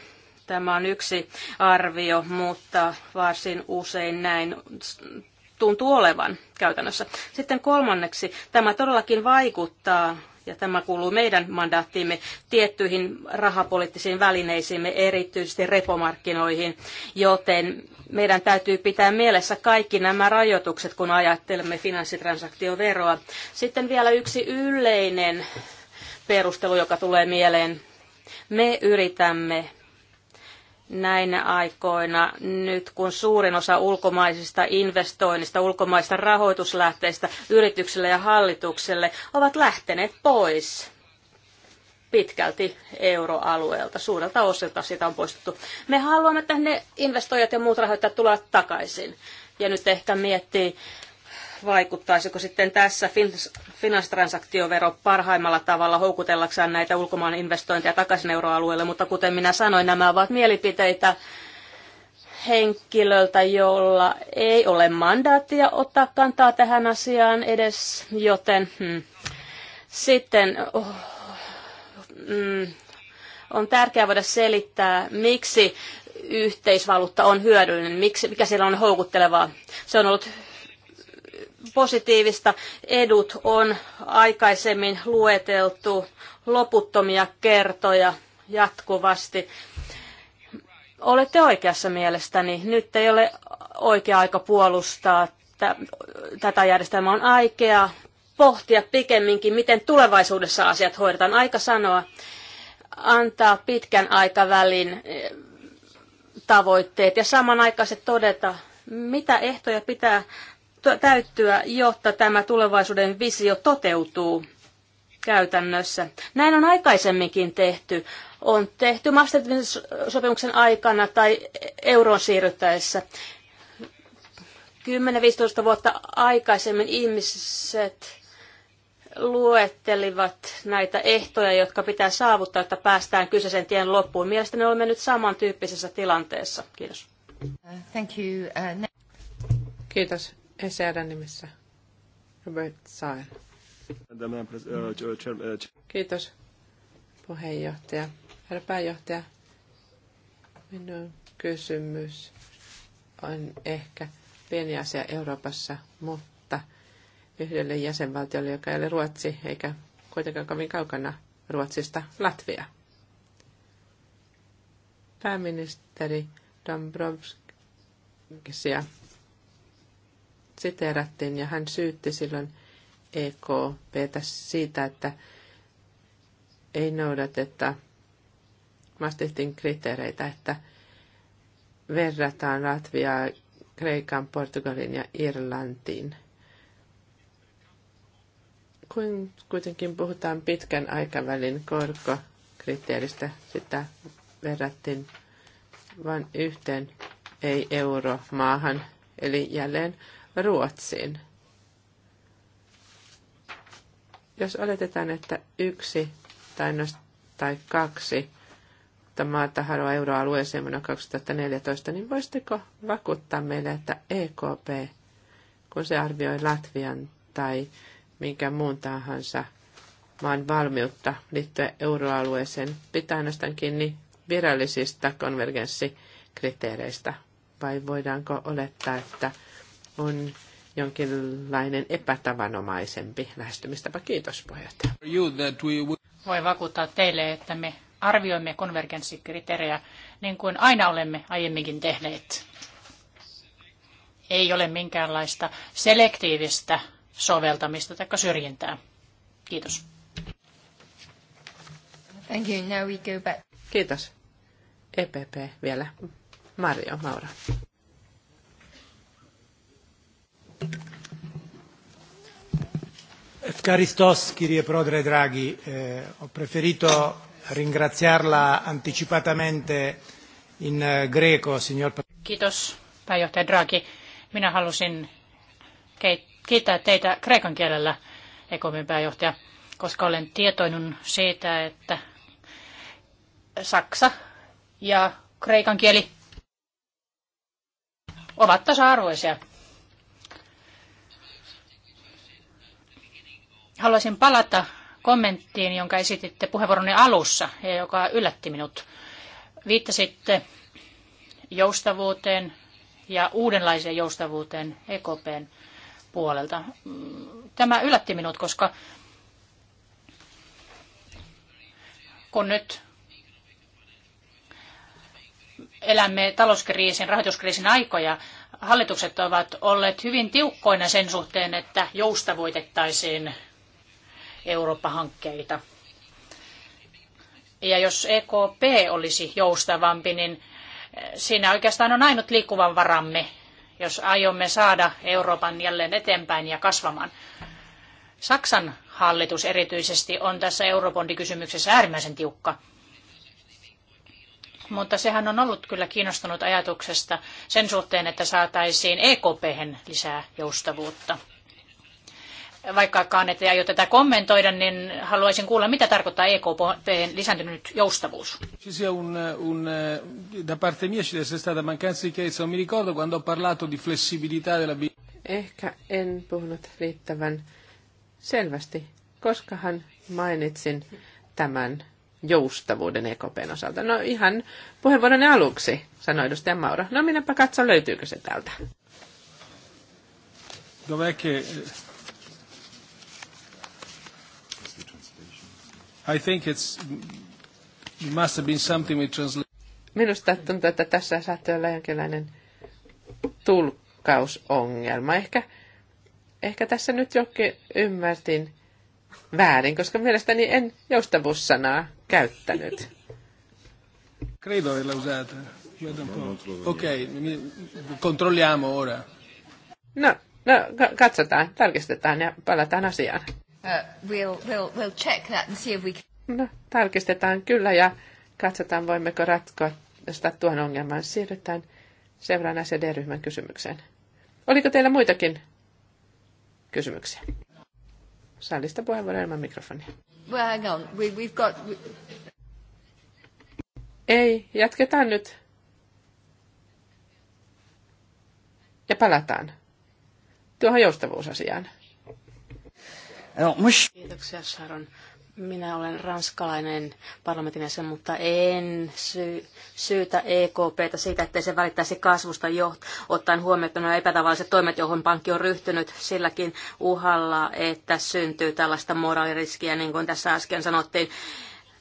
Tämä on yksi arvio, mutta varsin usein näin tuntuu olevan käytännössä. Sitten kolmanneksi, tämä todellakin vaikuttaa ja tämä kuuluu meidän mandaattiimme tiettyihin rahapoliittisiin välineisiimme, erityisesti repomarkkinoihin, joten meidän täytyy pitää mielessä kaikki nämä rajoitukset, kun ajattelemme finanssitransaktioveroa. Sitten vielä yksi yleinen perustelu, joka tulee mieleen. Me yritämme näinä aikoina, nyt kun suurin osa ulkomaisista investoinnista, ulkomaista rahoituslähteistä yrityksille ja hallitukselle ovat lähteneet pois pitkälti euroalueelta. Suurelta osilta sitä on poistettu. Me haluamme, että ne investoijat ja muut rahoittajat tulevat takaisin. Ja nyt ehkä miettii, vaikuttaisiko sitten tässä finanssitransaktiovero parhaimmalla tavalla houkutellakseen näitä ulkomaan investointeja takaisin euroalueelle, mutta kuten minä sanoin, nämä ovat mielipiteitä henkilöltä, jolla ei ole mandaattia ottaa kantaa tähän asiaan edes, joten hmm. sitten oh, hmm, on tärkeää voida selittää, miksi yhteisvaluutta on hyödyllinen, miksi, mikä siellä on houkuttelevaa. Se on ollut positiivista edut on aikaisemmin lueteltu loputtomia kertoja jatkuvasti. Olette oikeassa mielestäni. Nyt ei ole oikea aika puolustaa tätä järjestelmää. On aikea pohtia pikemminkin, miten tulevaisuudessa asiat hoidetaan. Aika sanoa, antaa pitkän aikavälin e, tavoitteet ja samanaikaisesti todeta, mitä ehtoja pitää täyttyä, jotta tämä tulevaisuuden visio toteutuu käytännössä. Näin on aikaisemminkin tehty. On tehty Maastrichtin aikana tai euron siirryttäessä. 10-15 vuotta aikaisemmin ihmiset luettelivat näitä ehtoja, jotka pitää saavuttaa, että päästään kyseisen tien loppuun. Mielestäni olemme nyt samantyyppisessä tilanteessa. Kiitos. Thank you. Uh, Kiitos. ECRn nimissä Robert Sain. Kiitos puheenjohtaja. Herra pääjohtaja, minun kysymys on ehkä pieni asia Euroopassa, mutta yhdelle jäsenvaltiolle, joka ei ole Ruotsi eikä kuitenkaan kovin kaukana Ruotsista, Latvia. Pääministeri Dombrovskisia siteerattiin ja hän syytti silloin EKPtä siitä, että ei noudateta Maastrichtin kriteereitä, että verrataan Latviaa Kreikan, Portugalin ja Irlantiin. Kun kuitenkin puhutaan pitkän aikavälin korkokriteeristä, sitä verrattiin vain yhteen ei-euromaahan, eli jälleen Ruotsiin. Jos oletetaan, että yksi tai, no, tai kaksi maata haluaa euroalueeseen vuonna 2014, niin voisitteko vakuuttaa meille, että EKP, kun se arvioi Latvian tai minkä muun tahansa maan valmiutta liittyä euroalueeseen, pitää ainoastaan kiinni virallisista konvergenssikriteereistä? Vai voidaanko olettaa, että on jonkinlainen epätavanomaisempi lähestymistapa. Kiitos puheenjohtaja. Voi vakuuttaa teille, että me arvioimme konvergenssikriteerejä niin kuin aina olemme aiemminkin tehneet. Ei ole minkäänlaista selektiivistä soveltamista tai syrjintää. Kiitos. Thank you. Now we go back. Kiitos. EPP vielä. Mario Maura. Efkaristos, Kirie Prodre Draghi. Eh, ho preferito ringraziarla anticipatamente in eh, greco, signor Kiitos, pääjohtaja Draghi. Minä halusin kiittää teitä kreikan kielellä, EKOMin pääjohtaja, koska olen tietoinen siitä, että saksa ja kreikan kieli ovat tasa-arvoisia. Haluaisin palata kommenttiin, jonka esititte puheenvuoronne alussa ja joka yllätti minut. Viittasitte joustavuuteen ja uudenlaiseen joustavuuteen EKPn puolelta. Tämä yllätti minut, koska kun nyt elämme talouskriisin, rahoituskriisin aikoja, hallitukset ovat olleet hyvin tiukkoina sen suhteen, että joustavoitettaisiin Eurooppa-hankkeita. Ja jos EKP olisi joustavampi, niin siinä oikeastaan on ainut liikkuvan varamme, jos aiomme saada Euroopan jälleen eteenpäin ja kasvamaan. Saksan hallitus erityisesti on tässä eurobondikysymyksessä äärimmäisen tiukka. Mutta sehän on ollut kyllä kiinnostunut ajatuksesta sen suhteen, että saataisiin EKP lisää joustavuutta vaikkakaan ette aio tätä kommentoida, niin haluaisin kuulla, mitä tarkoittaa EKPn lisääntynyt joustavuus. Ci sia un, un, eh, da parte mia ci stata mancanza di chiarezza. mi ricordo quando ho parlato di flessibilità della Ehkä en puhunut riittävän selvästi, koskahan mainitsin tämän joustavuuden EKPn osalta. No ihan puheenvuoronne aluksi, sanoi edustaja Mauro. No minäpä katson, löytyykö se täältä. Dov'è che eh, I think it's, it must have been something Minusta tuntuu, että tässä saattaa olla jonkinlainen tulkkausongelma. Ehkä, ehkä tässä nyt jokin ymmärtin väärin, koska mielestäni en joustavuussanaa käyttänyt. Credo che l'ha usata. No, Okei, controlliamo ora. No, no, katsotaan, tarkistetaan ja palataan asiaan. Uh, we'll, we'll, we'll check that and see if we can... No, tarkistetaan kyllä ja katsotaan, voimmeko ratkaista tuon ongelman. Siirrytään seuraan SED-ryhmän kysymykseen. Oliko teillä muitakin kysymyksiä? Sallista puheenvuoron ilman mikrofonia. Well, hang on. We, we've got... We... Ei, jatketaan nyt. Ja palataan tuohon joustavuusasiaan. Kiitoksia Sharon. Minä olen ranskalainen parlamentin jäsen, mutta en sy- syytä EKPtä siitä, ettei se välittäisi kasvusta jo, ottaen huomioon että nämä epätavalliset toimet, johon pankki on ryhtynyt silläkin uhalla, että syntyy tällaista moraaliriskiä, niin kuin tässä äsken sanottiin.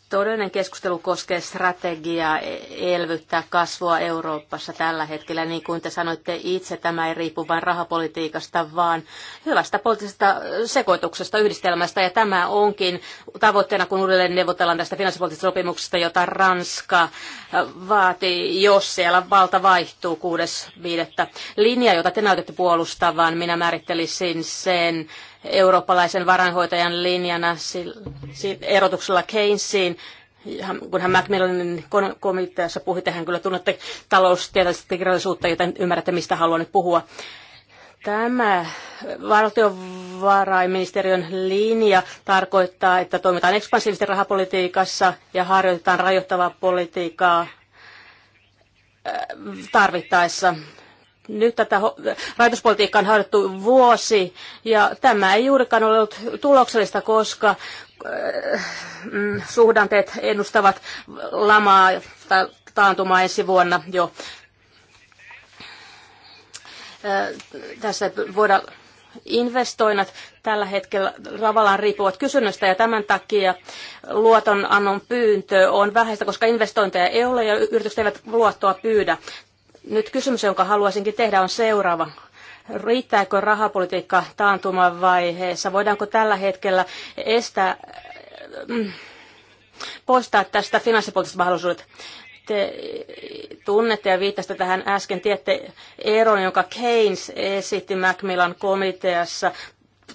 Todellinen keskustelu koskee strategiaa elvyttää kasvua Euroopassa tällä hetkellä. Niin kuin te sanoitte itse, tämä ei riipu vain rahapolitiikasta, vaan hyvästä poliittisesta sekoituksesta, yhdistelmästä. Ja tämä onkin tavoitteena, kun uudelleen neuvotellaan tästä finanssipoliittisesta sopimuksesta, jota Ranska äh, vaatii, jos siellä valta vaihtuu 6.5. Linja, jota te näytätte puolustavan, minä määrittelisin sen eurooppalaisen varainhoitajan linjana erotuksella Keynesiin, kun hän Macmillanin komiteassa puhui, tähän kyllä tunnette taloustieteellistä kirjallisuutta, joten ymmärrätte, mistä haluan nyt puhua. Tämä valtiovarainministeriön linja tarkoittaa, että toimitaan ekspansiivisesti rahapolitiikassa ja harjoitetaan rajoittavaa politiikkaa äh, tarvittaessa nyt tätä rajoituspolitiikkaa on harjoittu vuosi ja tämä ei juurikaan ole ollut tuloksellista, koska äh, mm, suhdanteet ennustavat lamaa tai taantumaa ensi vuonna jo. Äh, tässä voidaan investoinnat tällä hetkellä ravallaan riippuvat kysynnöstä ja tämän takia luotonannon pyyntö on vähäistä, koska investointeja ei ole ja yritykset eivät luottoa pyydä. Nyt kysymys, jonka haluaisinkin tehdä, on seuraava. Riittääkö rahapolitiikka taantuman vaiheessa? Voidaanko tällä hetkellä estää, mm, poistaa tästä finanssipoliittiset mahdollisuudet? te tunnette ja viittasitte tähän äsken, tiedätte eron, jonka Keynes esitti Macmillan komiteassa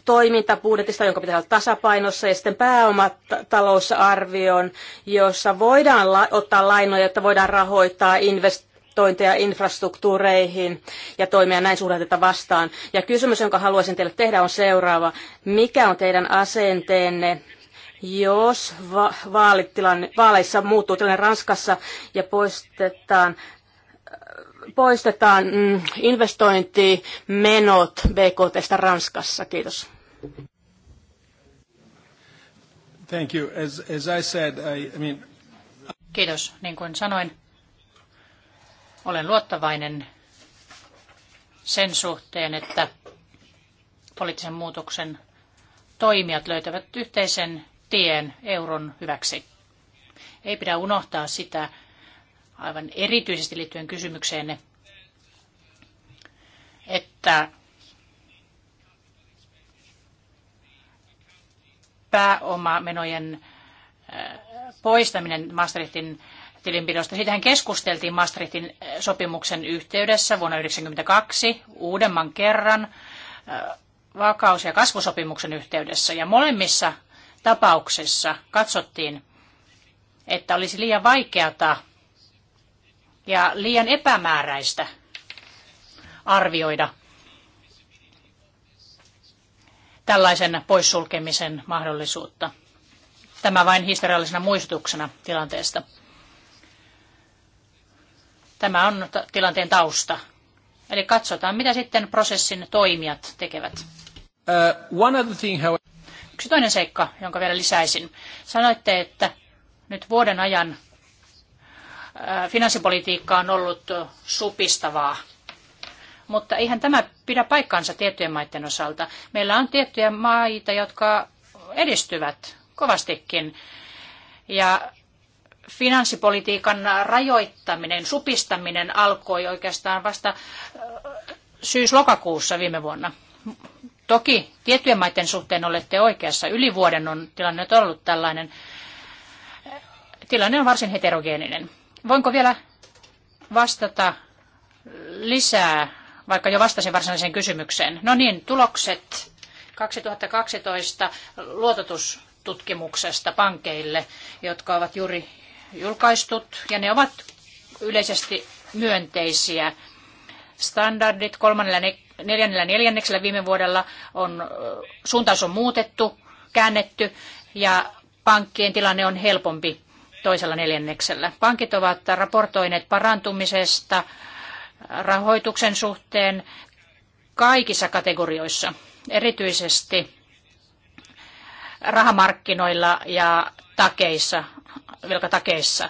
toimintabudjetista, jonka pitää olla tasapainossa, ja sitten pääomatalousarvion, jossa voidaan la- ottaa lainoja, jotta voidaan rahoittaa invest- investointeja infrastruktuureihin ja toimia näin suhdanteita vastaan. Ja kysymys, jonka haluaisin teille tehdä, on seuraava. Mikä on teidän asenteenne jos va- vaaleissa muuttuu tilanne Ranskassa ja poistetaan poistetaan mm, investointimenot BKTstä Ranskassa. Kiitos. Thank you. As, as I said, I, I mean... Kiitos. Niin kuin sanoin, olen luottavainen sen suhteen, että poliittisen muutoksen toimijat löytävät yhteisen tien euron hyväksi. Ei pidä unohtaa sitä aivan erityisesti liittyen kysymykseenne, että pääomamenojen poistaminen Maastrichtin tilinpidosta. Siitähän keskusteltiin Maastrichtin eh, sopimuksen yhteydessä vuonna 1992 uudemman kerran eh, vakaus- ja kasvusopimuksen yhteydessä. Ja molemmissa tapauksissa katsottiin, että olisi liian vaikeata ja liian epämääräistä arvioida tällaisen poissulkemisen mahdollisuutta. Tämä vain historiallisena muistutuksena tilanteesta. Tämä on tilanteen tausta. Eli katsotaan, mitä sitten prosessin toimijat tekevät. Uh, one other thing, how... Yksi toinen seikka, jonka vielä lisäisin. Sanoitte, että nyt vuoden ajan uh, finanssipolitiikka on ollut supistavaa. Mutta eihän tämä pidä paikkaansa tiettyjen maiden osalta. Meillä on tiettyjä maita, jotka edistyvät kovastikin. Ja finanssipolitiikan rajoittaminen, supistaminen alkoi oikeastaan vasta äh, syys-lokakuussa viime vuonna. Toki tiettyjen maiden suhteen olette oikeassa. Yli vuoden on tilanne ollut tällainen. Tilanne on varsin heterogeeninen. Voinko vielä vastata lisää, vaikka jo vastasin varsinaiseen kysymykseen? No niin, tulokset 2012 luototustutkimuksesta pankeille, jotka ovat juuri julkaistut ja ne ovat yleisesti myönteisiä. Standardit kolmannella neljännellä neljänneksellä viime vuodella on, suuntaus on muutettu, käännetty ja pankkien tilanne on helpompi toisella neljänneksellä. Pankit ovat raportoineet parantumisesta rahoituksen suhteen kaikissa kategorioissa, erityisesti rahamarkkinoilla ja takeissa velkatakeissa.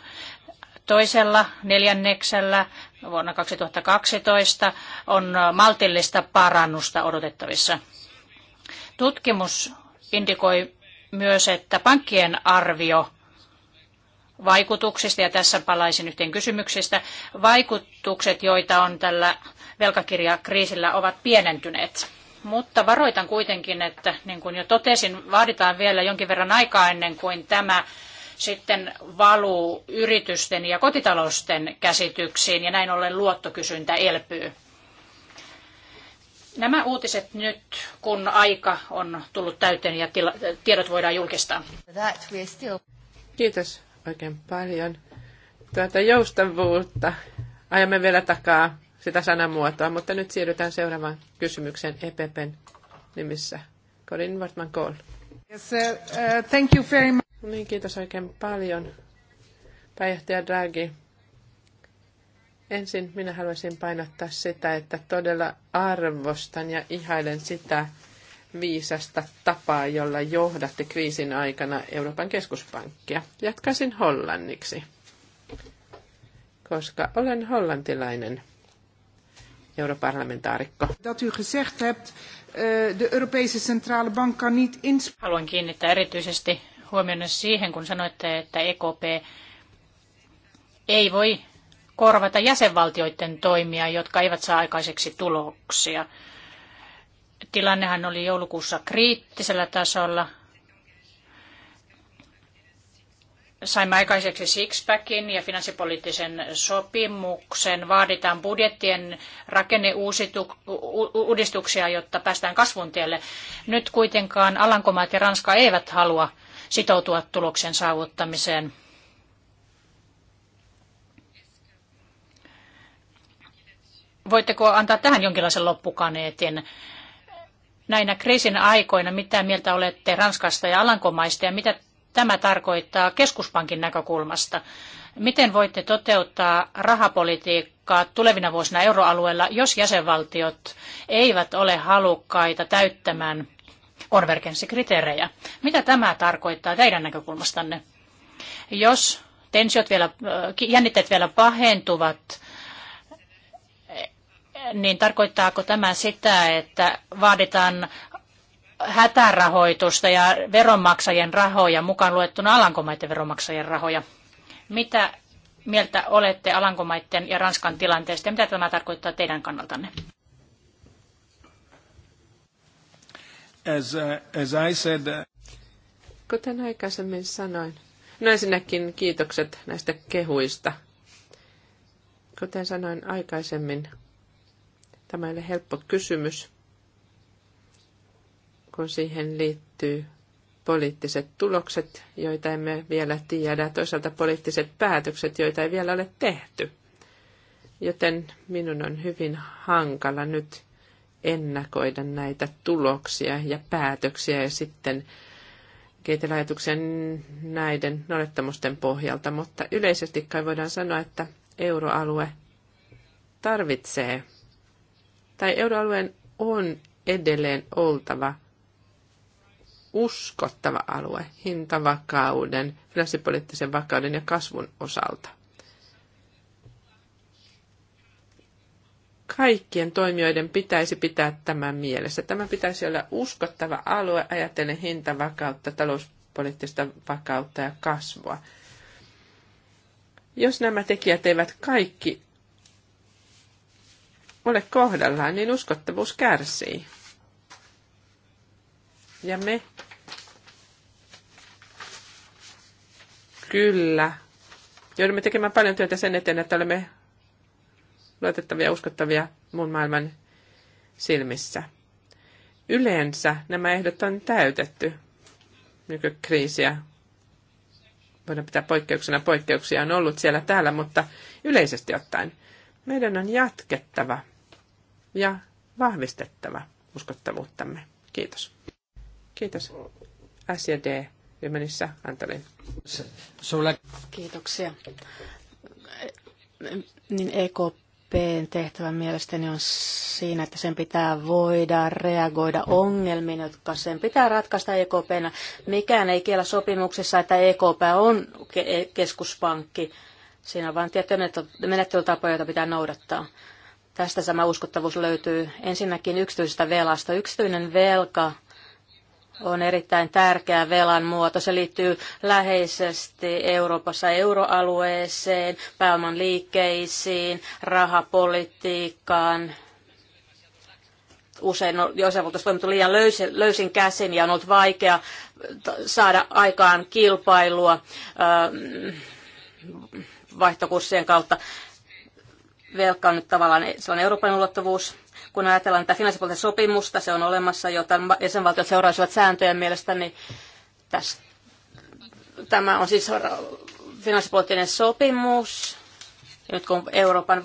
Toisella neljänneksellä vuonna 2012 on maltillista parannusta odotettavissa. Tutkimus indikoi myös, että pankkien arvio vaikutuksista, ja tässä palaisin yhteen kysymyksistä, vaikutukset, joita on tällä velkakirjakriisillä, ovat pienentyneet. Mutta varoitan kuitenkin, että niin kuin jo totesin, vaaditaan vielä jonkin verran aikaa ennen kuin tämä sitten valuu yritysten ja kotitalousten käsityksiin ja näin ollen luottokysyntä elpyy. Nämä uutiset nyt, kun aika on tullut täyteen ja tiedot voidaan julkistaa. Kiitos oikein paljon. Tuota joustavuutta ajamme vielä takaa sitä sanamuotoa, mutta nyt siirrytään seuraavaan kysymykseen EPPn nimissä. Corinne Wortman Kohl. Yes, uh, thank you very much. No niin, kiitos oikein paljon, pääjohtaja Draghi. Ensin minä haluaisin painottaa sitä, että todella arvostan ja ihailen sitä viisasta tapaa, jolla johdatte kriisin aikana Euroopan keskuspankkia. Jatkaisin hollanniksi, koska olen hollantilainen europarlamentaarikko. Dat u gezegd hebt, eh, de Europese Centrale Bank kan niet Haluan kiinnittää erityisesti huomionne siihen, kun sanoitte, että EKP ei voi korvata jäsenvaltioiden toimia, jotka eivät saa aikaiseksi tuloksia. Tilannehan oli joulukuussa kriittisellä tasolla. Saimme aikaiseksi Sixpackin ja finanssipoliittisen sopimuksen. Vaaditaan budjettien rakenneuudistuksia, jotta päästään kasvun tielle. Nyt kuitenkaan Alankomaat ja Ranska eivät halua sitoutua tuloksen saavuttamiseen. Voitteko antaa tähän jonkinlaisen loppukaneetin? Näinä kriisin aikoina, mitä mieltä olette Ranskasta ja Alankomaista ja mitä tämä tarkoittaa keskuspankin näkökulmasta? Miten voitte toteuttaa rahapolitiikkaa tulevina vuosina euroalueella, jos jäsenvaltiot eivät ole halukkaita täyttämään konvergenssikriteerejä. Mitä tämä tarkoittaa teidän näkökulmastanne? Jos tensiot vielä, äh, jännitteet vielä pahentuvat, niin tarkoittaako tämä sitä, että vaaditaan hätärahoitusta ja veronmaksajien rahoja, mukaan luettuna Alankomaiden veronmaksajien rahoja? Mitä mieltä olette Alankomaiden ja Ranskan tilanteesta ja mitä tämä tarkoittaa teidän kannaltanne? As, uh, as I said, uh... Kuten aikaisemmin sanoin. No ensinnäkin kiitokset näistä kehuista. Kuten sanoin aikaisemmin, tämä ei ole helppo kysymys, kun siihen liittyy poliittiset tulokset, joita emme vielä tiedä, toisaalta poliittiset päätökset, joita ei vielä ole tehty. Joten minun on hyvin hankala nyt ennakoida näitä tuloksia ja päätöksiä ja sitten keitellä ajatuksia näiden noudattamusten pohjalta, mutta yleisesti kai voidaan sanoa, että euroalue tarvitsee, tai euroalueen on edelleen oltava uskottava alue hintavakauden, finanssipoliittisen vakauden ja kasvun osalta – Kaikkien toimijoiden pitäisi pitää tämän mielessä. Tämä pitäisi olla uskottava alue ajatellen hintavakautta, talouspoliittista vakautta ja kasvua. Jos nämä tekijät eivät kaikki ole kohdallaan, niin uskottavuus kärsii. Ja me kyllä joudumme tekemään paljon työtä sen eteen, että olemme luotettavia, uskottavia mun maailman silmissä. Yleensä nämä ehdot on täytetty nykykriisiä. Voidaan pitää poikkeuksena. Poikkeuksia on ollut siellä täällä, mutta yleisesti ottaen meidän on jatkettava ja vahvistettava uskottavuuttamme. Kiitos. Kiitos. SD Ymenissä Antolin. Sulle. Kiitoksia. Niin EKP EKP:n tehtävä mielestäni on siinä, että sen pitää voida reagoida ongelmiin, jotka sen pitää ratkaista EKPnä. Mikään ei kiellä sopimuksessa, että EKP on e, keskuspankki. Siinä on vain tiettyjä menettelytapoja, joita pitää noudattaa. Tästä sama uskottavuus löytyy ensinnäkin yksityisestä velasta. Yksityinen velka on erittäin tärkeä velan muoto. Se liittyy läheisesti Euroopassa euroalueeseen, pääoman liikkeisiin, rahapolitiikkaan. Usein jäsenvaltiossa on toimittu liian löysin, löysin käsin ja on ollut vaikea saada aikaan kilpailua ähm, vaihtokurssien kautta. Velka on nyt tavallaan, se on Euroopan ulottuvuus, kun ajatellaan tätä finanssipuolta sopimusta, se on olemassa, jota jäsenvaltiot seuraisivat sääntöjen mielestä, niin tässä, tämä on siis finanssipoliittinen sopimus. Ja nyt kun Euroopan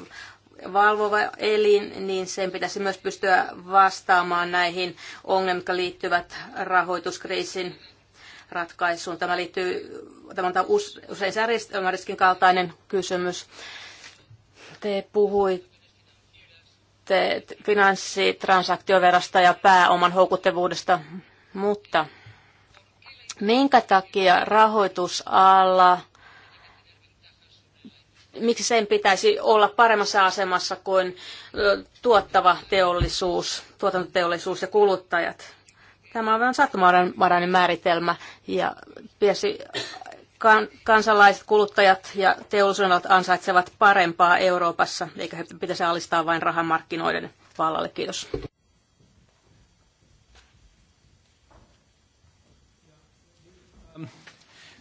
valvova elin, niin sen pitäisi myös pystyä vastaamaan näihin ongelmiin, jotka liittyvät rahoituskriisin ratkaisuun. Tämä, liittyy, tämä on usein riskin kaltainen kysymys. Te puhuitte finanssitransaktioverosta ja pääoman houkuttavuudesta, mutta minkä takia rahoitusala, miksi sen pitäisi olla paremmassa asemassa kuin tuottava teollisuus, tuotantoteollisuus ja kuluttajat? Tämä on vähän sattumanvarainen määritelmä ja pitäisi kansalaiset, kuluttajat ja teollisuudet ansaitsevat parempaa Euroopassa, eikä he pitäisi alistaa vain rahamarkkinoiden vallalle. Kiitos.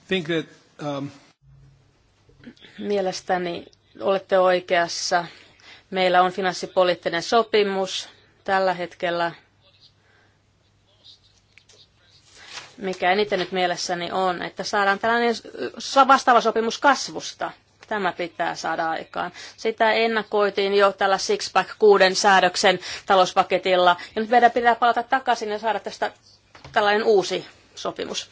Think that, um... Mielestäni olette oikeassa. Meillä on finanssipoliittinen sopimus tällä hetkellä – mikä eniten nyt mielessäni on, että saadaan tällainen vastaava sopimus kasvusta. Tämä pitää saada aikaan. Sitä ennakoitiin jo tällä Sixpack kuuden säädöksen talouspaketilla. Ja nyt meidän pitää palata takaisin ja saada tästä tällainen uusi sopimus.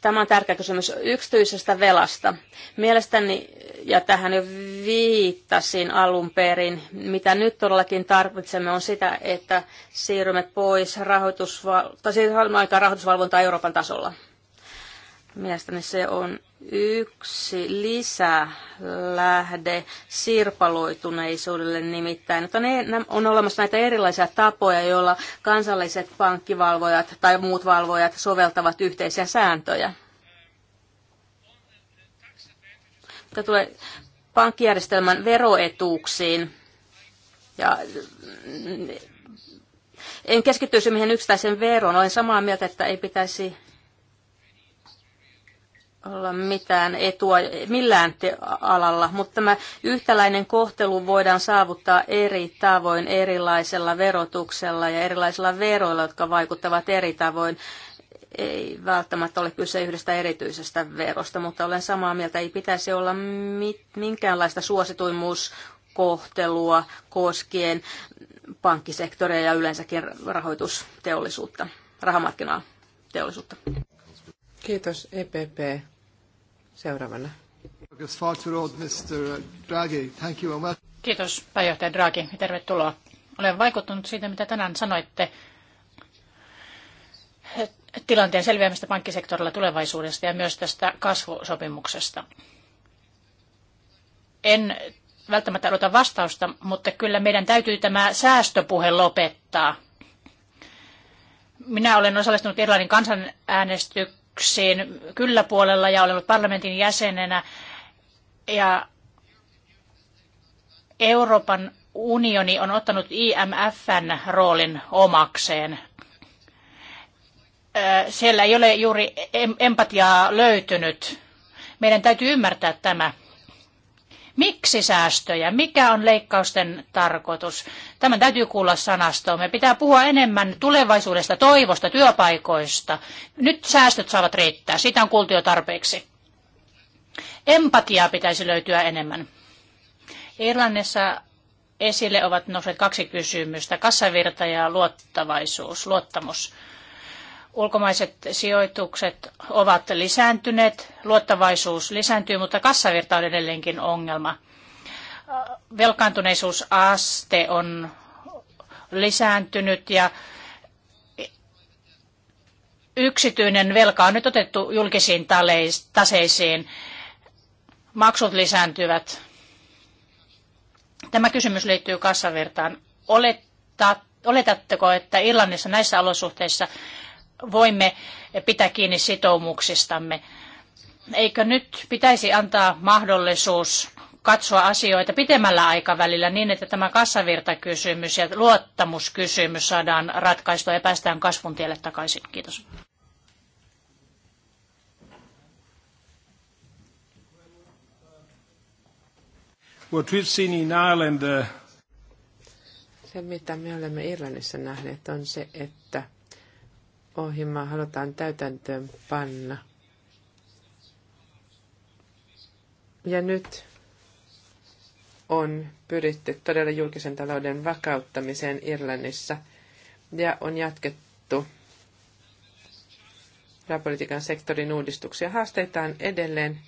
Tämä on tärkeä kysymys yksityisestä velasta. Mielestäni, ja tähän jo viittasin alun perin, mitä nyt todellakin tarvitsemme on sitä, että siirrymme pois rahoitusval- tai siirrymme aikaan rahoitusvalvontaa Euroopan tasolla. Mielestäni se on yksi lisälähde sirpaloituneisuudelle nimittäin. Että ne, on olemassa näitä erilaisia tapoja, joilla kansalliset pankkivalvojat tai muut valvojat soveltavat yhteisiä sääntöjä. Mitä tulee pankkijärjestelmän veroetuuksiin ja en keskittyisi mihin yksittäisen veroon. Olen samaa mieltä, että ei pitäisi olla mitään etua millään alalla, mutta tämä yhtäläinen kohtelu voidaan saavuttaa eri tavoin erilaisella verotuksella ja erilaisilla veroilla, jotka vaikuttavat eri tavoin. Ei välttämättä ole kyse yhdestä erityisestä verosta, mutta olen samaa mieltä, ei pitäisi olla mit minkäänlaista suosituimmuuskohtelua koskien pankkisektoria ja yleensäkin rahoitusteollisuutta, rahamarkkinaa teollisuutta. Kiitos EPP. Seuraavana. Kiitos pääjohtaja Draghi ja tervetuloa. Olen vaikuttunut siitä, mitä tänään sanoitte tilanteen selviämistä pankkisektorilla tulevaisuudesta ja myös tästä kasvusopimuksesta. En välttämättä odota vastausta, mutta kyllä meidän täytyy tämä säästöpuhe lopettaa. Minä olen osallistunut Irlannin kansanäänestykseen äänestyksiin kyllä puolella ja olen ollut parlamentin jäsenenä. Ja Euroopan unioni on ottanut IMFn roolin omakseen. Siellä ei ole juuri empatiaa löytynyt. Meidän täytyy ymmärtää tämä. Miksi säästöjä? Mikä on leikkausten tarkoitus? Tämän täytyy kuulla sanastoon. Me pitää puhua enemmän tulevaisuudesta, toivosta, työpaikoista. Nyt säästöt saavat riittää. Sitä on kuultu jo tarpeeksi. Empatiaa pitäisi löytyä enemmän. Irlannissa esille ovat nousseet kaksi kysymystä, kassavirta ja luottavaisuus, luottamus ulkomaiset sijoitukset ovat lisääntyneet, luottavaisuus lisääntyy, mutta kassavirta on edelleenkin ongelma. Velkaantuneisuusaste on lisääntynyt ja yksityinen velka on nyt otettu julkisiin taseisiin. Maksut lisääntyvät. Tämä kysymys liittyy kassavirtaan. Oletatteko, että Irlannissa näissä olosuhteissa voimme pitää kiinni sitoumuksistamme. Eikö nyt pitäisi antaa mahdollisuus katsoa asioita pitemmällä aikavälillä niin, että tämä kassavirtakysymys ja luottamuskysymys saadaan ratkaistua ja päästään kasvun tielle takaisin. Kiitos. What we've seen in Ireland, uh... Se, mitä me olemme Irlannissa nähneet, on se, että ohjelma halutaan täytäntöön panna. Ja nyt on pyritty todella julkisen talouden vakauttamiseen Irlannissa ja on jatkettu rahapolitiikan sektorin uudistuksia. Haasteita on edelleen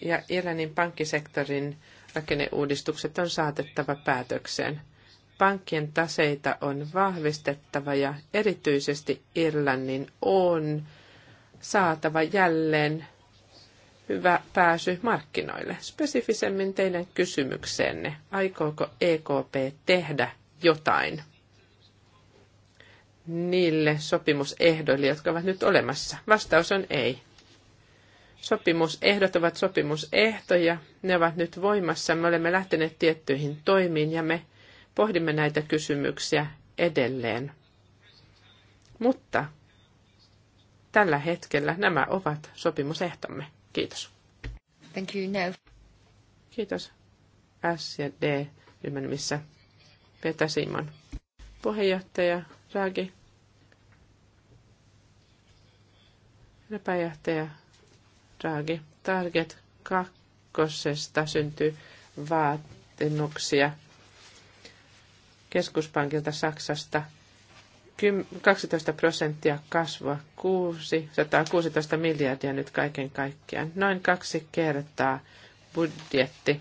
ja Irlannin pankkisektorin rakenneuudistukset on saatettava päätökseen – pankkien taseita on vahvistettava ja erityisesti Irlannin on saatava jälleen hyvä pääsy markkinoille. Spesifisemmin teidän kysymykseenne, aikooko EKP tehdä jotain niille sopimusehdoille, jotka ovat nyt olemassa? Vastaus on ei. Sopimusehdot ovat sopimusehtoja, ne ovat nyt voimassa, me olemme lähteneet tiettyihin toimiin ja me pohdimme näitä kysymyksiä edelleen. Mutta tällä hetkellä nämä ovat sopimusehtomme. Kiitos. Thank you, no. Kiitos. S ja D ryhmän Petä Simon. Puheenjohtaja Raagi. Pääjohtaja Raagi. Target kakkosesta syntyy vaatimuksia keskuspankilta Saksasta 12 prosenttia kasvua, 616 miljardia nyt kaiken kaikkiaan. Noin kaksi kertaa budjetti,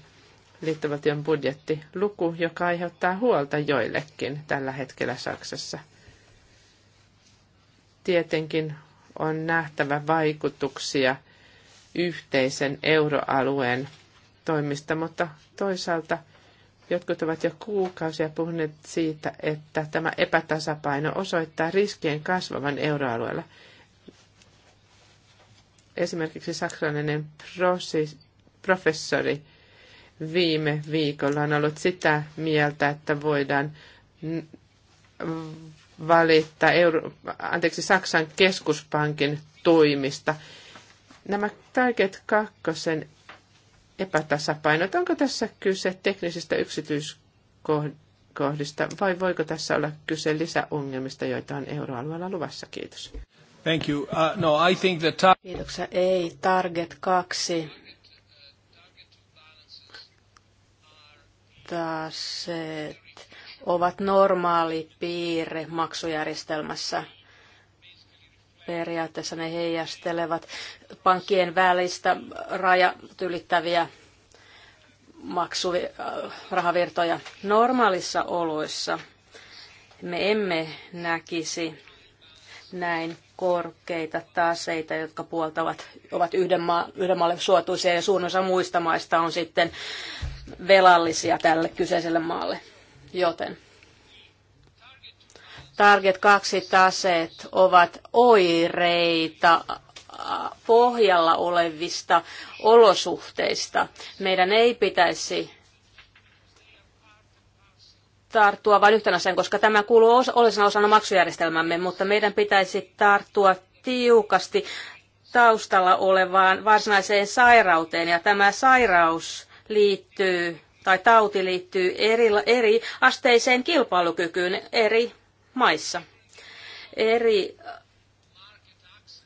liittovaltion budjetti, luku, joka aiheuttaa huolta joillekin tällä hetkellä Saksassa. Tietenkin on nähtävä vaikutuksia yhteisen euroalueen toimista, mutta toisaalta – Jotkut ovat jo kuukausia puhuneet siitä, että tämä epätasapaino osoittaa riskien kasvavan euroalueella. Esimerkiksi saksalainen professori viime viikolla on ollut sitä mieltä, että voidaan valittaa Euro- anteeksi, Saksan keskuspankin toimista. Nämä target kakkosen epätasapainot. Onko tässä kyse teknisistä yksityiskohdista vai voiko tässä olla kyse lisäongelmista, joita on euroalueella luvassa? Kiitos. Thank you. Uh, no, I think that tar- Kiitoksia. Ei, target kaksi. Taset ovat normaali piirre maksujärjestelmässä Periaatteessa ne heijastelevat pankkien välistä rajat ylittäviä maksurahavirtoja normaalissa oloissa. Me emme näkisi näin korkeita taseita, jotka puoltavat, ovat yhden, maa, yhden maalle suotuisia ja suurin osa muista maista on sitten velallisia tälle kyseiselle maalle. Joten Target 2 taseet ovat oireita pohjalla olevista olosuhteista. Meidän ei pitäisi tarttua vain yhtenä sen, koska tämä kuuluu olisena osana maksujärjestelmämme, mutta meidän pitäisi tarttua tiukasti taustalla olevaan varsinaiseen sairauteen, ja tämä sairaus liittyy tai tauti liittyy eri, eri asteiseen kilpailukykyyn eri maissa. Eri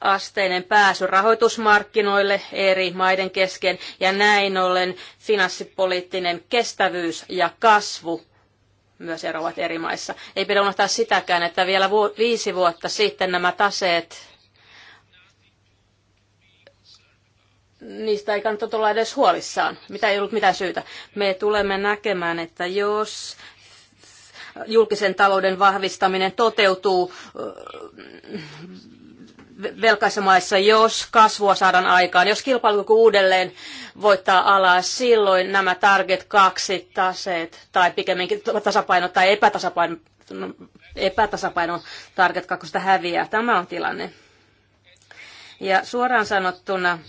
asteinen pääsy rahoitusmarkkinoille eri maiden kesken ja näin ollen finanssipoliittinen kestävyys ja kasvu myös eroavat eri maissa. Ei pidä unohtaa sitäkään, että vielä viisi vuotta sitten nämä taseet, niistä ei kannata olla edes huolissaan, mitä ei ollut mitään syytä. Me tulemme näkemään, että jos julkisen talouden vahvistaminen toteutuu velkaisissa maissa, jos kasvua saadaan aikaan, jos kilpailukyky uudelleen voittaa alas, silloin nämä target kaksi taseet, tai pikemminkin tasapaino tai epätasapaino, no, epätasapaino target kakkosta häviää. Tämä on tilanne. Ja suoraan sanottuna,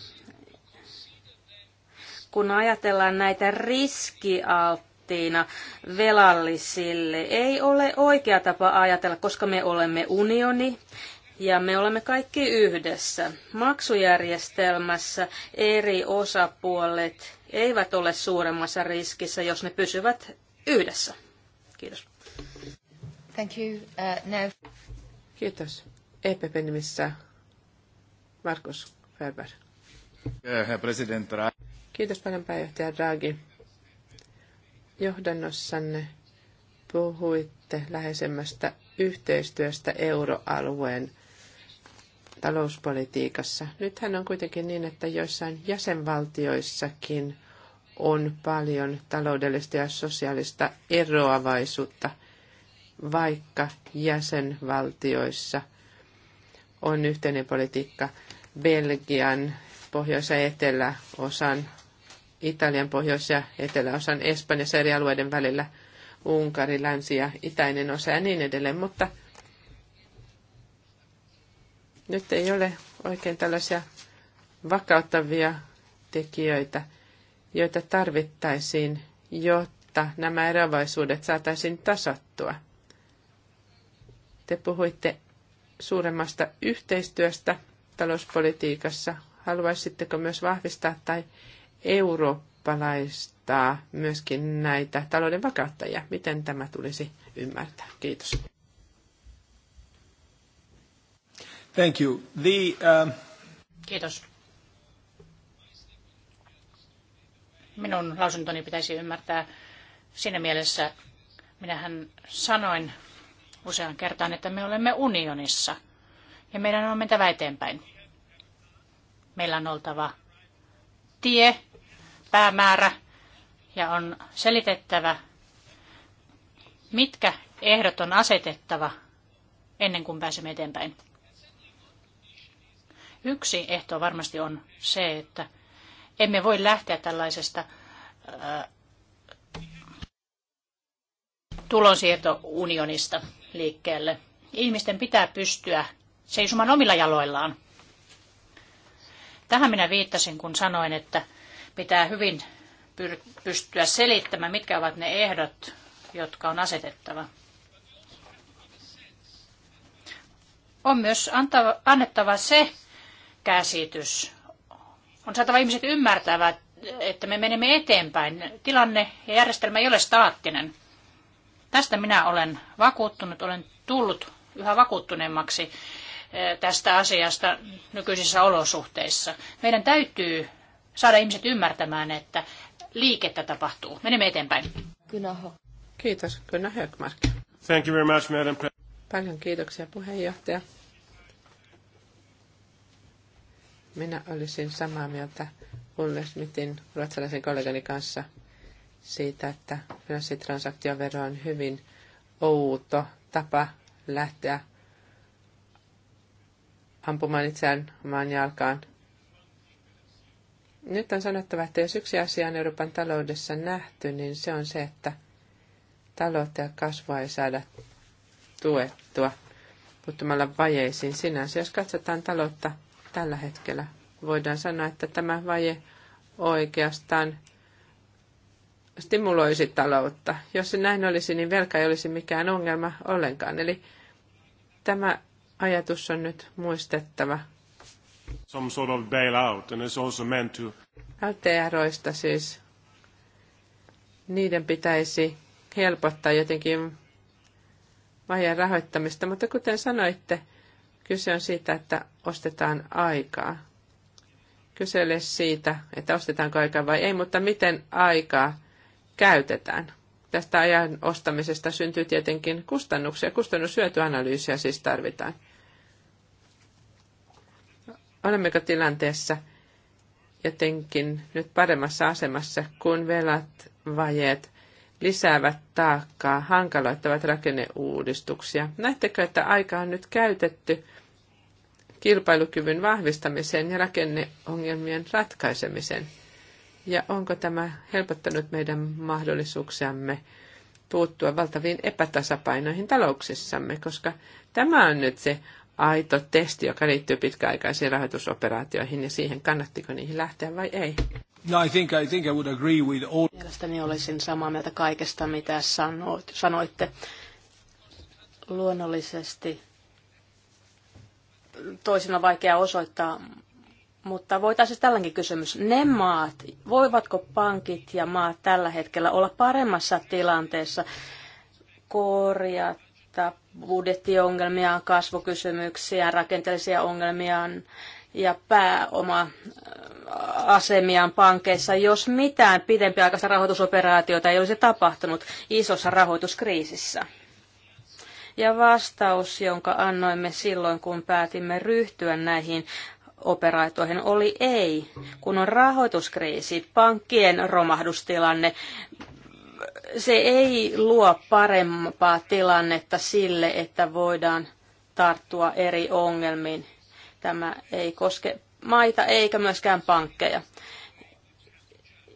kun ajatellaan näitä riskialttiita, alttiina velallisille ei ole oikea tapa ajatella, koska me olemme unioni ja me olemme kaikki yhdessä. Maksujärjestelmässä eri osapuolet eivät ole suuremmassa riskissä, jos ne pysyvät yhdessä. Kiitos. Thank you. Uh, now... Kiitos. EPP-nimissä Markus Ferber. Kiitos paljon pääjohtaja Draghi. Johdannossanne puhuitte läheisemmästä yhteistyöstä euroalueen talouspolitiikassa. Nythän on kuitenkin niin, että joissain jäsenvaltioissakin on paljon taloudellista ja sosiaalista eroavaisuutta, vaikka jäsenvaltioissa on yhteinen politiikka Belgian pohjois- ja eteläosan Italian pohjois- ja eteläosan Espanjassa eri alueiden välillä, Unkari, länsi ja itäinen osa ja niin edelleen, mutta nyt ei ole oikein tällaisia vakauttavia tekijöitä, joita tarvittaisiin, jotta nämä eroavaisuudet saataisiin tasattua. Te puhuitte suuremmasta yhteistyöstä talouspolitiikassa. Haluaisitteko myös vahvistaa tai eurooppalaistaa myöskin näitä talouden vakauttajia. Miten tämä tulisi ymmärtää? Kiitos. Thank you. The, uh... Kiitos. Minun lausuntoni pitäisi ymmärtää siinä mielessä, minähän sanoin usean kertaan, että me olemme unionissa ja meidän on mentävä eteenpäin. Meillä on oltava tie, päämäärä ja on selitettävä, mitkä ehdot on asetettava ennen kuin pääsemme eteenpäin. Yksi ehto varmasti on se, että emme voi lähteä tällaisesta äh, tulonsiirtounionista liikkeelle. Ihmisten pitää pystyä seisomaan omilla jaloillaan. Tähän minä viittasin, kun sanoin, että pitää hyvin pystyä selittämään, mitkä ovat ne ehdot, jotka on asetettava. On myös antava, annettava se käsitys, on saatava ihmiset ymmärtävät, että me menemme eteenpäin. Tilanne ja järjestelmä ei ole staattinen. Tästä minä olen vakuuttunut, olen tullut yhä vakuuttuneemmaksi eh, tästä asiasta nykyisissä olosuhteissa. Meidän täytyy saada ihmiset ymmärtämään, että liikettä tapahtuu. Menemme eteenpäin. Kynaho. Kiitos, Kynna Högmark. Thank you very much, Madam Paljon kiitoksia, puheenjohtaja. Minä olisin samaa mieltä Ulle Smithin ruotsalaisen kollegani kanssa siitä, että finanssitransaktiovero on hyvin outo tapa lähteä ampumaan itseään maan jalkaan nyt on sanottava, että jos yksi asia on Euroopan taloudessa nähty, niin se on se, että taloutta ja kasvua ei saada tuettua puuttumalla vajeisiin sinänsä. Jos katsotaan taloutta tällä hetkellä, voidaan sanoa, että tämä vaje oikeastaan stimuloisi taloutta. Jos se näin olisi, niin velka ei olisi mikään ongelma ollenkaan. Eli tämä ajatus on nyt muistettava, Some sort of bailout, and it's also meant to... LTRoista siis, niiden pitäisi helpottaa jotenkin vajan rahoittamista, mutta kuten sanoitte, kyse on siitä, että ostetaan aikaa. Kyse ei siitä, että ostetaanko aikaa vai ei, mutta miten aikaa käytetään. Tästä ajan ostamisesta syntyy tietenkin kustannuksia. Kustannushyötyanalyysiä siis tarvitaan olemmeko tilanteessa jotenkin nyt paremmassa asemassa, kun velat, vajeet lisäävät taakkaa, hankaloittavat rakenneuudistuksia. Näettekö, että aika on nyt käytetty kilpailukyvyn vahvistamiseen ja rakenneongelmien ratkaisemiseen? Ja onko tämä helpottanut meidän mahdollisuuksiamme puuttua valtaviin epätasapainoihin talouksissamme, koska tämä on nyt se aito testi, joka liittyy pitkäaikaisiin rahoitusoperaatioihin ja siihen, kannattiko niihin lähteä vai ei. No, I think, I think I would agree with all... Mielestäni olisin samaa mieltä kaikesta, mitä sanoit, sanoitte. Luonnollisesti on vaikea osoittaa, mutta voitaisiin siis tälläkin kysymys. Ne maat, voivatko pankit ja maat tällä hetkellä olla paremmassa tilanteessa korjata budjettiongelmia, kasvukysymyksiä, rakenteellisia ongelmiaan ja pääoma-asemiaan äh, pankeissa, jos mitään pidempiaikaista rahoitusoperaatiota ei olisi tapahtunut isossa rahoituskriisissä. Ja vastaus, jonka annoimme silloin, kun päätimme ryhtyä näihin operaatioihin, oli ei. Kun on rahoituskriisi, pankkien romahdustilanne, se ei luo parempaa tilannetta sille, että voidaan tarttua eri ongelmiin. Tämä ei koske maita eikä myöskään pankkeja.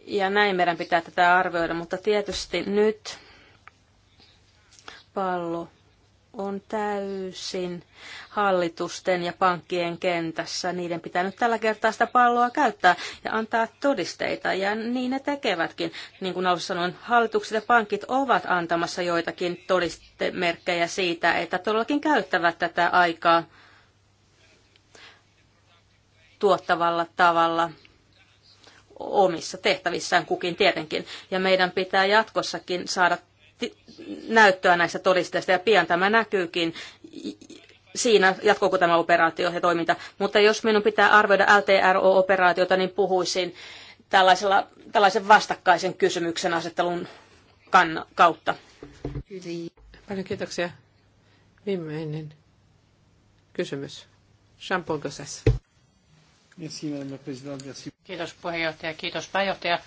Ja näin meidän pitää tätä arvioida, mutta tietysti nyt pallo on täysin hallitusten ja pankkien kentässä. Niiden pitää nyt tällä kertaa sitä palloa käyttää ja antaa todisteita, ja niin ne tekevätkin. Niin kuin alussa sanoin, hallitukset ja pankit ovat antamassa joitakin todistemerkkejä siitä, että todellakin käyttävät tätä aikaa tuottavalla tavalla omissa tehtävissään kukin tietenkin. Ja meidän pitää jatkossakin saada näyttöä näistä todisteista ja pian tämä näkyykin siinä, jatkuuko tämä operaatio ja toiminta. Mutta jos minun pitää arvioida LTRO-operaatiota, niin puhuisin tällaisella, tällaisen vastakkaisen kysymyksen asettelun kann- kautta. Paljon kiitoksia. Viimeinen kysymys. Jean-Paul Gosses. Kiitos puheenjohtaja, kiitos pääjohtaja.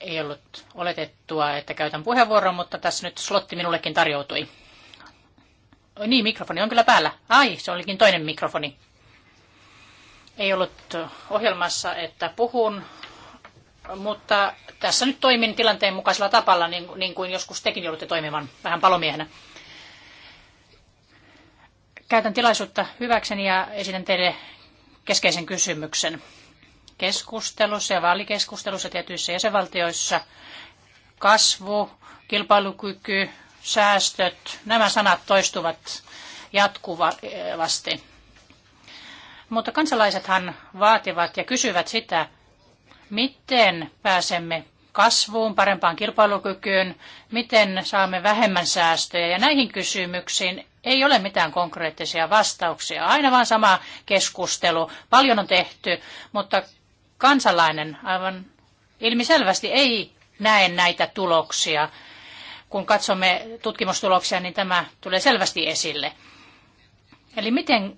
Ei ollut oletettua, että käytän puheenvuoron, mutta tässä nyt slotti minullekin tarjoutui. Oh, niin, mikrofoni on kyllä päällä. Ai, se olikin toinen mikrofoni. Ei ollut ohjelmassa, että puhun, mutta tässä nyt toimin tilanteen mukaisella tapalla, niin, niin kuin joskus tekin joudutte toimimaan vähän palomiehenä. Käytän tilaisuutta hyväkseni ja esitän teille keskeisen kysymyksen keskustelussa ja vaalikeskustelussa tietyissä jäsenvaltioissa kasvu, kilpailukyky, säästöt, nämä sanat toistuvat jatkuvasti. Mutta kansalaisethan vaativat ja kysyvät sitä, miten pääsemme kasvuun, parempaan kilpailukykyyn, miten saamme vähemmän säästöjä. Ja näihin kysymyksiin ei ole mitään konkreettisia vastauksia. Aina vaan sama keskustelu. Paljon on tehty, mutta kansalainen aivan ilmiselvästi ei näe näitä tuloksia. Kun katsomme tutkimustuloksia, niin tämä tulee selvästi esille. Eli miten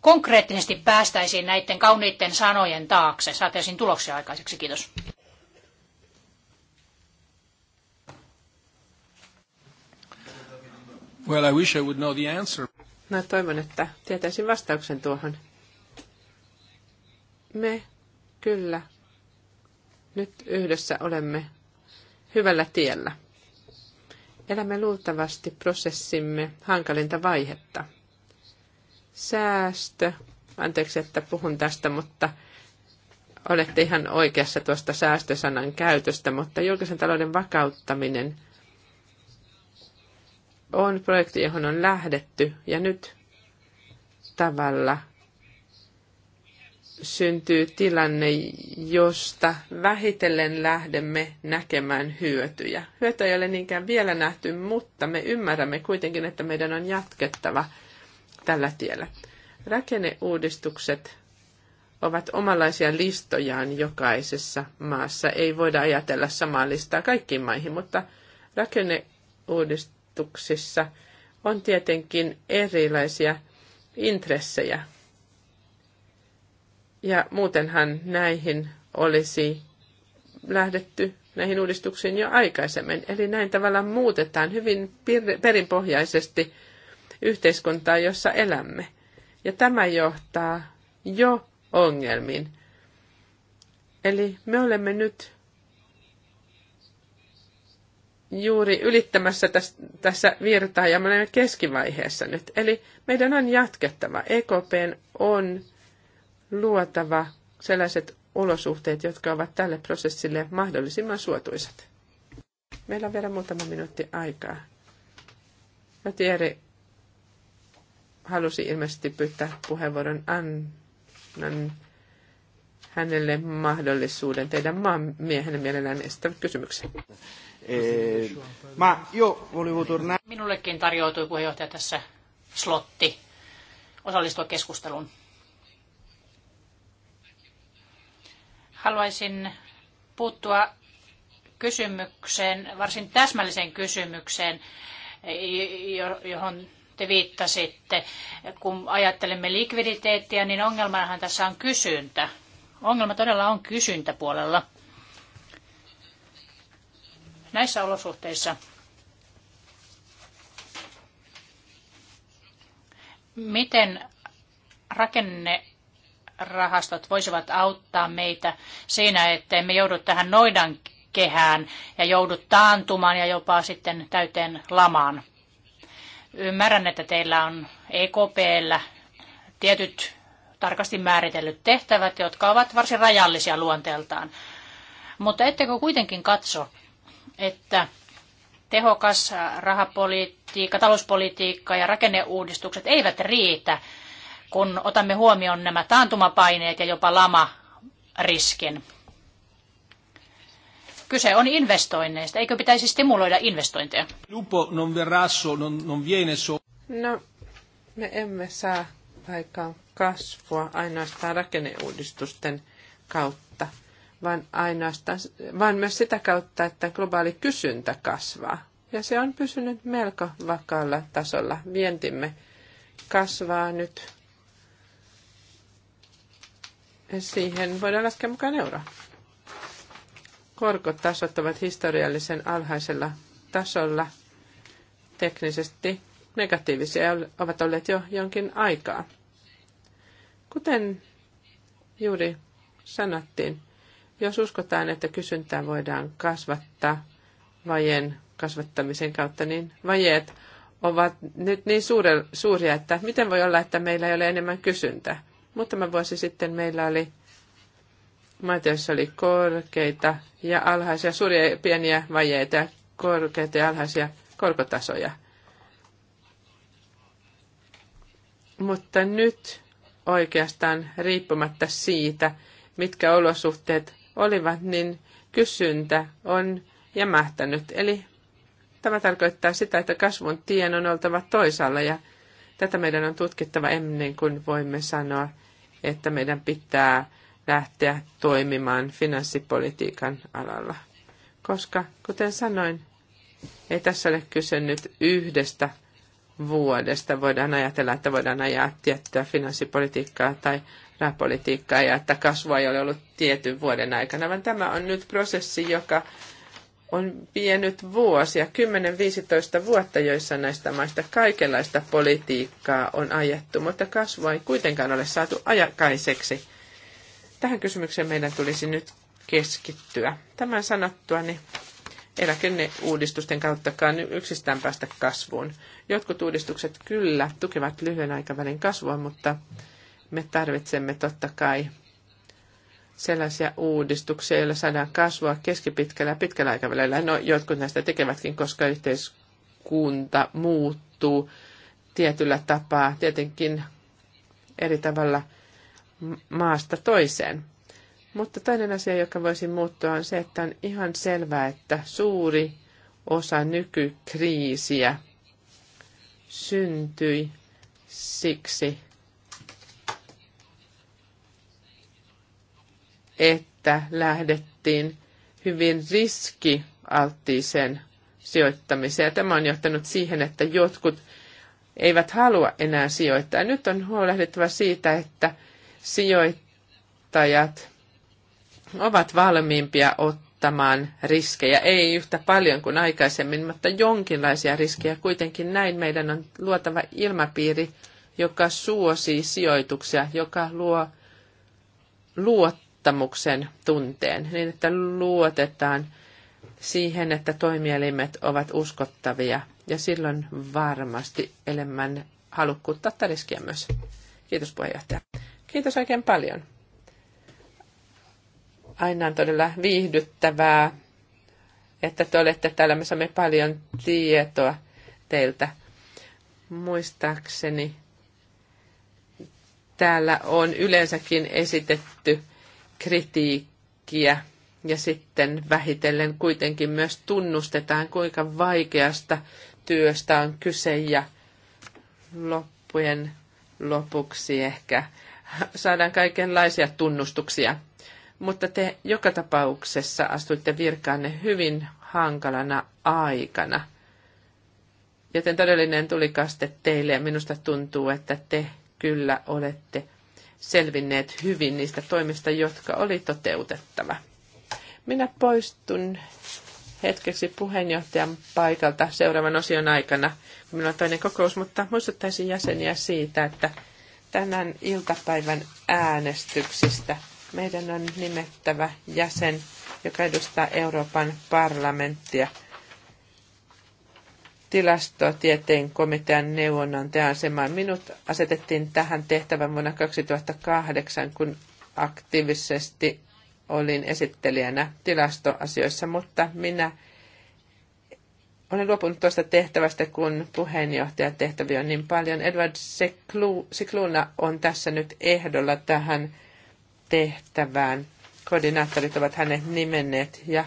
konkreettisesti päästäisiin näiden kauniitten sanojen taakse? Saataisiin tuloksia aikaiseksi. Kiitos. Well, I wish I would know the answer. No, toivon, että tietäisin vastauksen tuohon. Me Kyllä. Nyt yhdessä olemme hyvällä tiellä. Elämme luultavasti prosessimme hankalinta vaihetta. Säästö. Anteeksi, että puhun tästä, mutta olette ihan oikeassa tuosta säästösanan käytöstä, mutta julkisen talouden vakauttaminen on projekti, johon on lähdetty ja nyt tavalla syntyy tilanne, josta vähitellen lähdemme näkemään hyötyjä. Hyötyä ei ole niinkään vielä nähty, mutta me ymmärrämme kuitenkin, että meidän on jatkettava tällä tiellä. Rakenneuudistukset ovat omanlaisia listojaan jokaisessa maassa. Ei voida ajatella samaa listaa kaikkiin maihin, mutta rakenneuudistuksissa on tietenkin erilaisia intressejä ja muutenhan näihin olisi lähdetty näihin uudistuksiin jo aikaisemmin. Eli näin tavalla muutetaan hyvin perinpohjaisesti yhteiskuntaa, jossa elämme. Ja tämä johtaa jo ongelmiin. Eli me olemme nyt juuri ylittämässä tässä virtaa ja me olemme keskivaiheessa nyt. Eli meidän on jatkettava. EKPn on luotava sellaiset olosuhteet, jotka ovat tälle prosessille mahdollisimman suotuisat. Meillä on vielä muutama minuutti aikaa. No, Tieri halusi ilmeisesti pyytää puheenvuoron Annan hänelle mahdollisuuden teidän maan miehenne mielellään esittää kysymyksen. Eh, Minullekin tarjoutui puheenjohtaja tässä slotti osallistua keskusteluun. Haluaisin puuttua kysymykseen, varsin täsmälliseen kysymykseen, johon te viittasitte. Kun ajattelemme likviditeettiä, niin ongelmanahan tässä on kysyntä. Ongelma todella on kysyntäpuolella. Näissä olosuhteissa miten rakenne rahastot voisivat auttaa meitä siinä, että me joudu tähän noidan kehään ja joudu taantumaan ja jopa sitten täyteen lamaan. Ymmärrän, että teillä on EKPllä tietyt tarkasti määritellyt tehtävät, jotka ovat varsin rajallisia luonteeltaan. Mutta ettekö kuitenkin katso, että tehokas rahapolitiikka, talouspolitiikka ja rakenneuudistukset eivät riitä kun otamme huomioon nämä taantumapaineet ja jopa lama-riskin. Kyse on investoinneista. Eikö pitäisi stimuloida investointeja? Lupo non verrà non, non viene so. No, me emme saa aikaan kasvua ainoastaan rakenneuudistusten kautta, vaan, ainoastaan, vaan myös sitä kautta, että globaali kysyntä kasvaa. Ja se on pysynyt melko vakaalla tasolla. Vientimme kasvaa nyt siihen voidaan laskea mukaan euro. Korkotasot ovat historiallisen alhaisella tasolla. Teknisesti negatiivisia ovat olleet jo jonkin aikaa. Kuten juuri sanottiin, jos uskotaan, että kysyntää voidaan kasvattaa vajeen kasvattamisen kautta, niin vajeet ovat nyt niin suuria, että miten voi olla, että meillä ei ole enemmän kysyntää. Muutama vuosi sitten meillä oli maita, joissa oli korkeita ja alhaisia, suuria pieniä vajeita, korkeita ja alhaisia korkotasoja. Mutta nyt oikeastaan riippumatta siitä, mitkä olosuhteet olivat, niin kysyntä on jämähtänyt. Eli tämä tarkoittaa sitä, että kasvun tien on oltava toisaalla ja Tätä meidän on tutkittava ennen kuin voimme sanoa, että meidän pitää lähteä toimimaan finanssipolitiikan alalla. Koska, kuten sanoin, ei tässä ole kyse nyt yhdestä vuodesta. Voidaan ajatella, että voidaan ajaa tiettyä finanssipolitiikkaa tai rahapolitiikkaa ja että kasvua ei ole ollut tietyn vuoden aikana, vaan tämä on nyt prosessi, joka on vienyt vuosia, 10-15 vuotta, joissa näistä maista kaikenlaista politiikkaa on ajettu, mutta kasvua ei kuitenkaan ole saatu ajakaiseksi. Tähän kysymykseen meidän tulisi nyt keskittyä. Tämän sanottua, niin eläkenne uudistusten kauttakaan yksistään päästä kasvuun. Jotkut uudistukset kyllä tukevat lyhyen aikavälin kasvua, mutta me tarvitsemme totta kai sellaisia uudistuksia, joilla saadaan kasvua keskipitkällä ja pitkällä aikavälillä. No, jotkut näistä tekevätkin, koska yhteiskunta muuttuu tietyllä tapaa, tietenkin eri tavalla maasta toiseen. Mutta toinen asia, joka voisi muuttua, on se, että on ihan selvää, että suuri osa nykykriisiä syntyi siksi, että lähdettiin hyvin riskialttiiseen sijoittamiseen. Ja tämä on johtanut siihen, että jotkut eivät halua enää sijoittaa. Nyt on huolehdittava siitä, että sijoittajat ovat valmiimpia ottamaan riskejä. Ei yhtä paljon kuin aikaisemmin, mutta jonkinlaisia riskejä. Kuitenkin näin meidän on luotava ilmapiiri, joka suosii sijoituksia, joka luo luottamusta luottamuksen tunteen, niin että luotetaan siihen, että toimielimet ovat uskottavia ja silloin varmasti enemmän halukkuutta ottaa riskiä myös. Kiitos puheenjohtaja. Kiitos oikein paljon. Aina on todella viihdyttävää, että te olette täällä. Me saamme paljon tietoa teiltä. Muistaakseni täällä on yleensäkin esitetty kritiikkiä ja sitten vähitellen kuitenkin myös tunnustetaan, kuinka vaikeasta työstä on kyse ja loppujen lopuksi ehkä saadaan kaikenlaisia tunnustuksia. Mutta te joka tapauksessa astuitte virkaanne hyvin hankalana aikana. Joten todellinen tulikaste teille ja minusta tuntuu, että te kyllä olette selvinneet hyvin niistä toimista, jotka oli toteutettava. Minä poistun hetkeksi puheenjohtajan paikalta seuraavan osion aikana, kun minulla on toinen kokous, mutta muistuttaisin jäseniä siitä, että tänään iltapäivän äänestyksistä meidän on nimettävä jäsen, joka edustaa Euroopan parlamenttia – tilastotieteen komitean neuvonantajan asemaan. Minut asetettiin tähän tehtävän vuonna 2008, kun aktiivisesti olin esittelijänä tilastoasioissa, mutta minä olen luopunut tuosta tehtävästä, kun puheenjohtajan tehtäviä on niin paljon. Edward Sikluna on tässä nyt ehdolla tähän tehtävään. Koordinaattorit ovat hänet nimenneet ja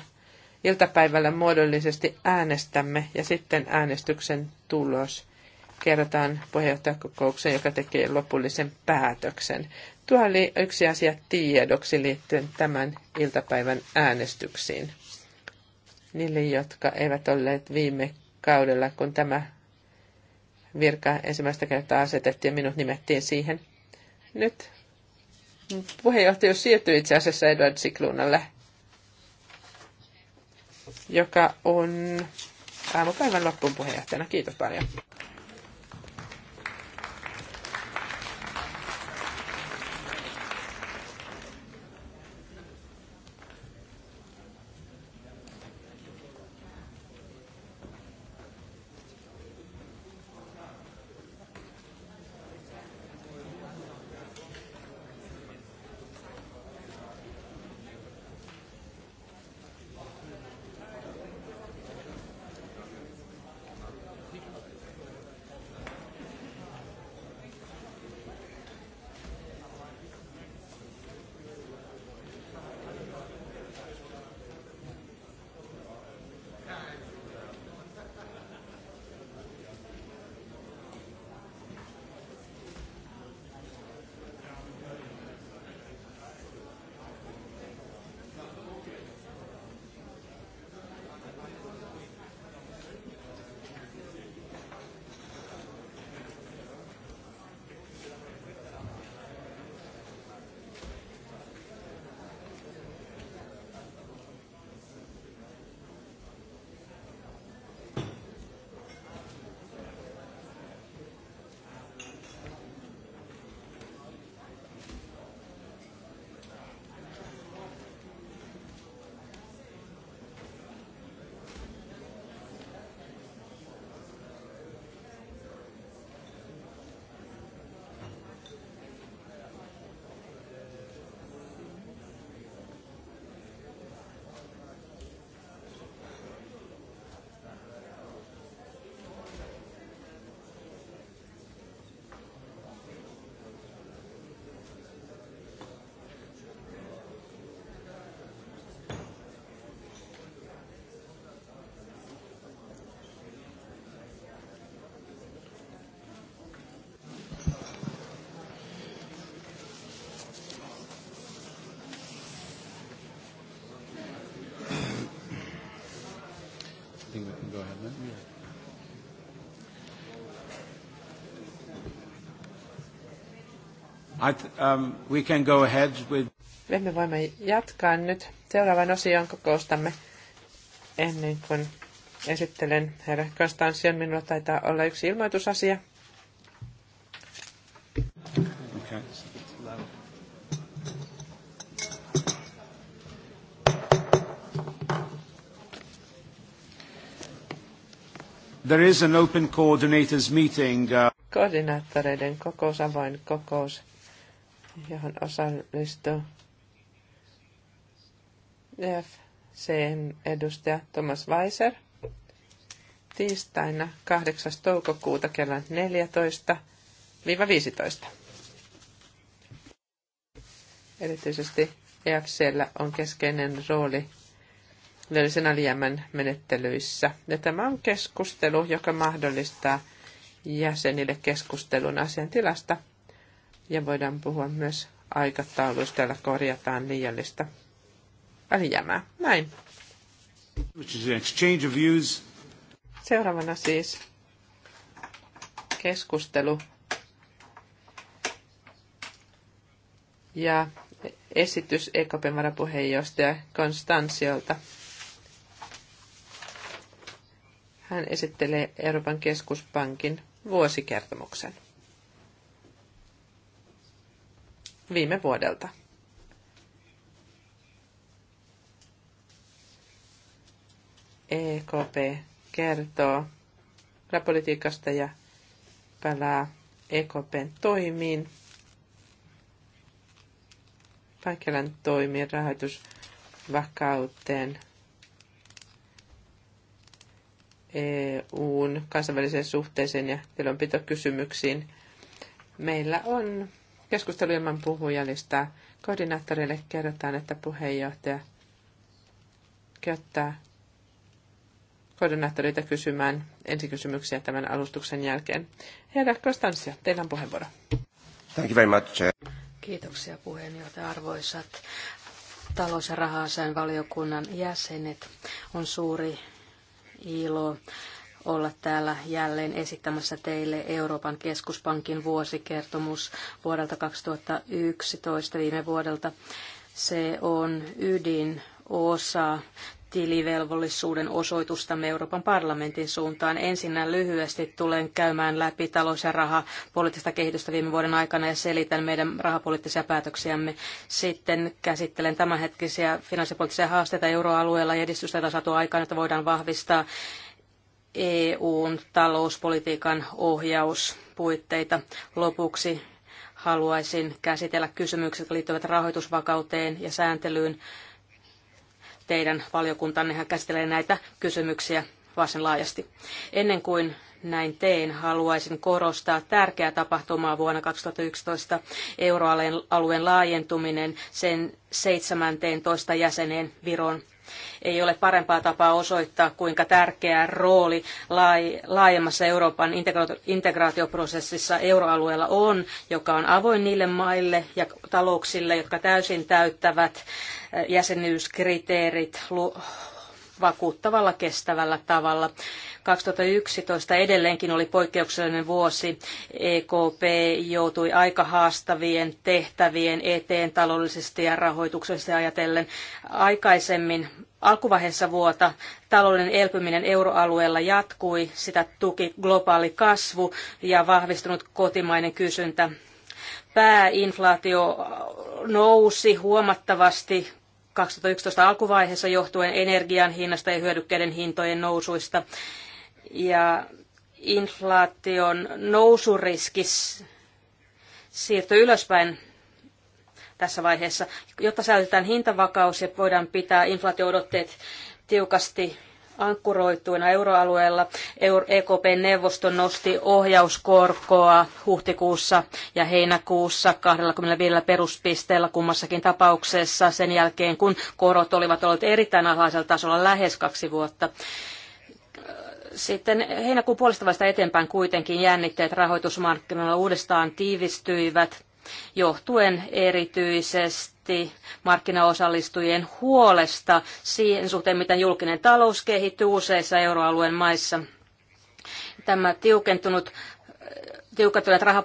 Iltapäivällä muodollisesti äänestämme ja sitten äänestyksen tulos kerrotaan puheenjohtajakokoukseen, joka tekee lopullisen päätöksen. Tuo oli yksi asia tiedoksi liittyen tämän iltapäivän äänestyksiin. Niille, jotka eivät olleet viime kaudella, kun tämä virka ensimmäistä kertaa asetettiin ja minut nimettiin siihen. Nyt puheenjohtajuus siirtyi itse asiassa Edward Sikluunalle joka on aamupäivän loppuun puheenjohtajana. Kiitos paljon. Um, we can go ahead with... Me voimme jatkaa nyt seuraavan osion kokoustamme ennen kuin esittelen herra Konstanssian. Minulla taitaa olla yksi ilmoitusasia. There is an open coordinators meeting. Uh, Koordinaattoreiden kokous, avoin kokous, johon osallistuu FCN edustaja Thomas Weiser tiistaina 8. toukokuuta kello 14-15. Erityisesti EFCllä on keskeinen rooli – taloudellisen alijäämän menettelyissä. Ja tämä on keskustelu, joka mahdollistaa jäsenille keskustelun asian tilasta. Ja voidaan puhua myös aikatauluista, joilla korjataan liiallista alijäämää. Näin. Seuraavana siis keskustelu ja esitys ekp varapuheenjohtaja Konstansiolta. Hän esittelee Euroopan keskuspankin vuosikertomuksen viime vuodelta. EKP kertoo rapolitiikasta ja palaa EKPn toimiin. Pankilan toimiin rahoitusvakauteen EUn kansainväliseen suhteeseen ja tilanpitokysymyksiin. Meillä on keskustelu ilman puhujalistaa. Koordinaattorille kerrotaan, että puheenjohtaja käyttää koordinaattoreita kysymään ensikysymyksiä tämän alustuksen jälkeen. Herra Konstanssia, teillä on puheenvuoro. Thank you very much. Kiitoksia puheenjohtaja arvoisat talous- ja valiokunnan jäsenet. On suuri ilo olla täällä jälleen esittämässä teille Euroopan keskuspankin vuosikertomus vuodelta 2011 viime vuodelta. Se on ydin osa tilivelvollisuuden osoitustamme Euroopan parlamentin suuntaan. Ensinnä lyhyesti tulen käymään läpi talous- ja rahapoliittista kehitystä viime vuoden aikana ja selitän meidän rahapoliittisia päätöksiämme. Sitten käsittelen tämänhetkisiä finanssipoliittisia haasteita euroalueella ja edistystä, jota saatu aikaan, että voidaan vahvistaa EUn talouspolitiikan ohjauspuitteita. Lopuksi haluaisin käsitellä kysymykset, jotka liittyvät rahoitusvakauteen ja sääntelyyn teidän valiokuntannehan käsittelee näitä kysymyksiä varsin laajasti. Ennen kuin näin teen, haluaisin korostaa tärkeää tapahtumaa vuonna 2011 euroalueen laajentuminen sen 17 jäseneen Viron ei ole parempaa tapaa osoittaa, kuinka tärkeä rooli laajemmassa Euroopan integraatioprosessissa euroalueella on, joka on avoin niille maille ja talouksille, jotka täysin täyttävät eh, jäsenyyskriteerit vakuuttavalla kestävällä tavalla. 2011 edelleenkin oli poikkeuksellinen vuosi. EKP joutui aika haastavien tehtävien eteen taloudellisesti ja rahoituksellisesti ajatellen. Aikaisemmin alkuvaiheessa vuotta talouden elpyminen euroalueella jatkui, sitä tuki globaali kasvu ja vahvistunut kotimainen kysyntä pääinflaatio nousi huomattavasti 2011 alkuvaiheessa johtuen energian hinnasta ja hyödykkeiden hintojen nousuista. Ja inflaation nousuriski siirtyi ylöspäin tässä vaiheessa, jotta säilytetään hintavakaus ja voidaan pitää inflaatio-odotteet tiukasti ankkuroituina euroalueella. ekp e neuvosto nosti ohjauskorkoa huhtikuussa ja heinäkuussa 25 peruspisteellä kummassakin tapauksessa sen jälkeen, kun korot olivat olleet erittäin alhaisella tasolla lähes kaksi vuotta. Sitten heinäkuun puolesta vasta eteenpäin kuitenkin jännitteet rahoitusmarkkinoilla uudestaan tiivistyivät johtuen erityisesti markkinaosallistujien huolesta siihen suhteen, miten julkinen talous kehittyy useissa euroalueen maissa. Tämä tiukentunut tiukentuneet rah,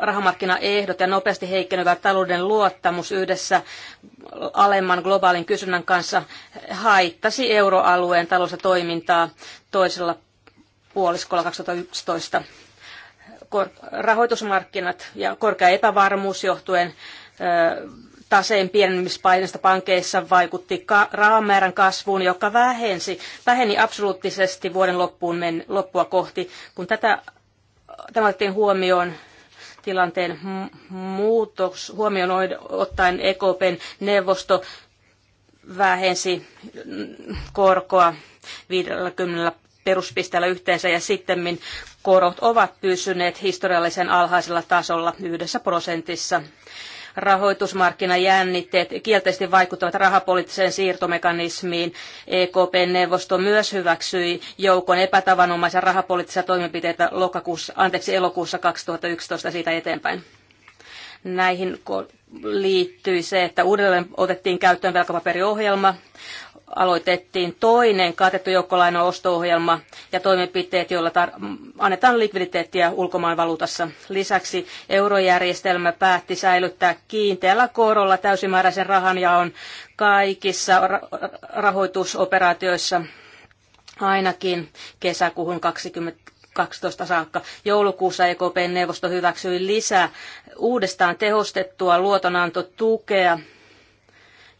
rahamarkkinaehdot ja nopeasti heikkenevä talouden luottamus yhdessä alemman globaalin kysynnän kanssa haittasi euroalueen talousta toimintaa toisella puoliskolla 2011 rahoitusmarkkinat ja korkea epävarmuus johtuen taseen pienenemispainesta pankeissa vaikutti ka- rahamäärän kasvuun, joka vähensi, väheni absoluuttisesti vuoden loppuun men- loppua kohti. Kun tätä, tämä otettiin huomioon tilanteen muutos, huomioon ottaen EKPn neuvosto vähensi korkoa 50 peruspisteellä yhteensä ja sitten korot ovat pysyneet historiallisen alhaisella tasolla yhdessä prosentissa. Rahoitusmarkkinajännitteet kielteisesti vaikuttavat rahapoliittiseen siirtomekanismiin. EKP-neuvosto myös hyväksyi joukon epätavanomaisia rahapoliittisia toimenpiteitä lokakuussa, anteeksi, elokuussa 2011 siitä eteenpäin näihin liittyi se, että uudelleen otettiin käyttöön velkapaperiohjelma, aloitettiin toinen katettu joukkolainan osto-ohjelma ja toimenpiteet, joilla annetaan likviditeettiä ulkomaan valuutassa. Lisäksi eurojärjestelmä päätti säilyttää kiinteällä korolla täysimääräisen rahanjaon kaikissa ra- rahoitusoperaatioissa ainakin kesäkuuhun 20, saakka. Joulukuussa EKPn neuvosto hyväksyi lisää uudestaan tehostettua luotonantotukea,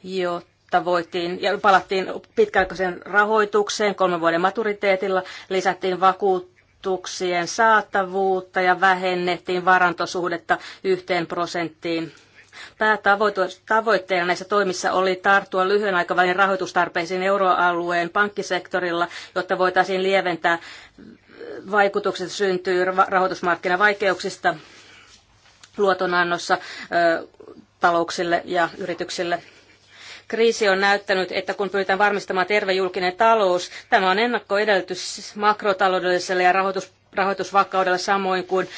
jotta voitiin ja palattiin pitkäaikaisen rahoitukseen kolmen vuoden maturiteetilla, lisättiin vakuutuksien saatavuutta ja vähennettiin varantosuhdetta yhteen prosenttiin. Päätavoitteena näissä toimissa oli tarttua lyhyen aikavälin rahoitustarpeisiin euroalueen pankkisektorilla, jotta voitaisiin lieventää vaikutukset syntyy rahoitusmarkkinavaikeuksista luotonannossa talouksille ja yrityksille. Kriisi on näyttänyt, että kun pyritään varmistamaan terve julkinen talous, tämä on ennakkoedellytys makrotaloudelliselle ja rahoitus, rahoitusvakaudelle samoin kuin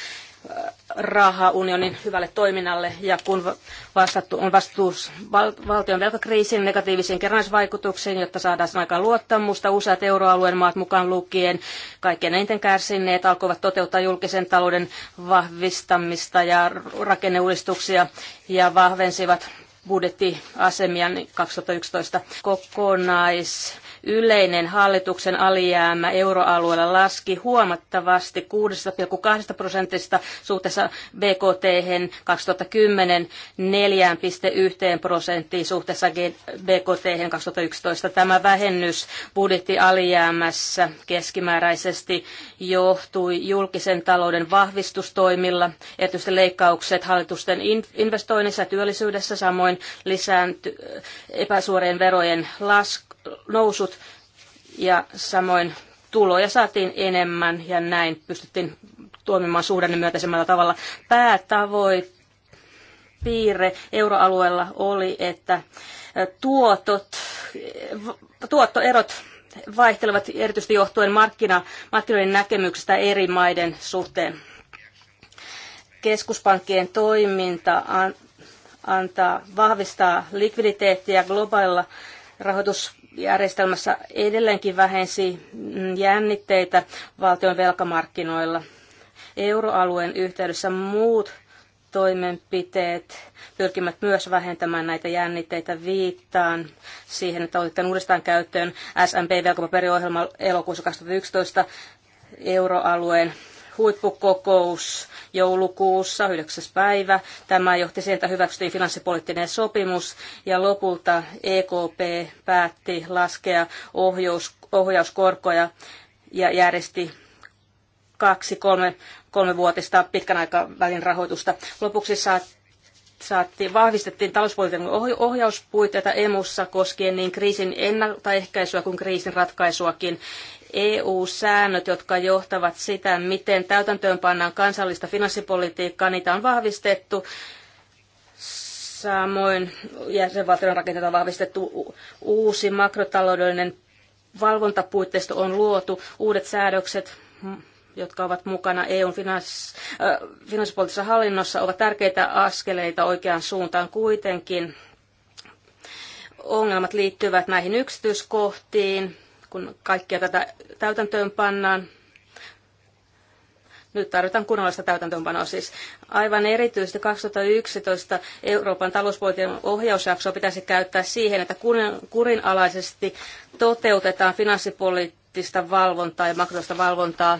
äh, rahaunionin hyvälle toiminnalle ja kun vastattu, on vastuus val, valtion velkakriisin negatiivisiin kerrannaisvaikutuksiin, jotta saadaan aikaan luottamusta. Useat euroalueen maat mukaan lukien kaikkein eniten kärsineet alkoivat toteuttaa julkisen talouden vahvistamista ja rakenneuudistuksia ja vahvensivat budjettiasemia 2011 niin kokonais yleinen hallituksen alijäämä euroalueella laski huomattavasti 6,2 prosentista suhteessa BKT 2010 4,1 prosenttiin suhteessa BKT 2011. Tämä vähennys budjettialijäämässä keskimääräisesti johtui julkisen talouden vahvistustoimilla, erityisesti leikkaukset hallitusten investoinnissa ja työllisyydessä, samoin lisääntyi epäsuorien verojen lasku nousut ja samoin tuloja saatiin enemmän ja näin pystyttiin toimimaan suhdanne myötäisemmällä tavalla. Päätavoite euroalueella oli, että tuotot, tuottoerot vaihtelevat erityisesti johtuen markkina, markkinoiden näkemyksestä eri maiden suhteen. Keskuspankkien toiminta antaa vahvistaa likviditeettiä globaalilla rahoitus järjestelmässä edelleenkin vähensi jännitteitä valtion velkamarkkinoilla. Euroalueen yhteydessä muut toimenpiteet pyrkivät myös vähentämään näitä jännitteitä viittaan siihen, että otetaan uudestaan käyttöön SMP-velkapaperiohjelma elokuussa 2011 euroalueen huippukokous joulukuussa 9. päivä. Tämä johti siihen, että hyväksyttiin finanssipoliittinen sopimus ja lopulta EKP päätti laskea ohjaus, ohjauskorkoja ja järjesti kaksi kolme, kolme vuotista pitkän aikavälin rahoitusta. Lopuksi saat saatiin, vahvistettiin talouspolitiikan ohjauspuitteita emussa koskien niin kriisin ennaltaehkäisyä kuin kriisin ratkaisuakin. EU-säännöt, jotka johtavat sitä, miten täytäntöön pannaan kansallista finanssipolitiikkaa, niitä on vahvistettu. Samoin jäsenvaltion rakenteita on vahvistettu uusi makrotaloudellinen valvontapuitteisto on luotu, uudet säädökset jotka ovat mukana EUn finans, finanssipoliittisessa hallinnossa, ovat tärkeitä askeleita oikeaan suuntaan kuitenkin. Ongelmat liittyvät näihin yksityiskohtiin, kun kaikkia tätä täytäntöön pannaan. Nyt tarvitaan kunnollista täytäntöönpanoa siis. Aivan erityisesti 2011 Euroopan talouspolitiikan ohjausjaksoa pitäisi käyttää siihen, että kurinalaisesti toteutetaan finanssipoliittista valvontaa ja makroista valvontaa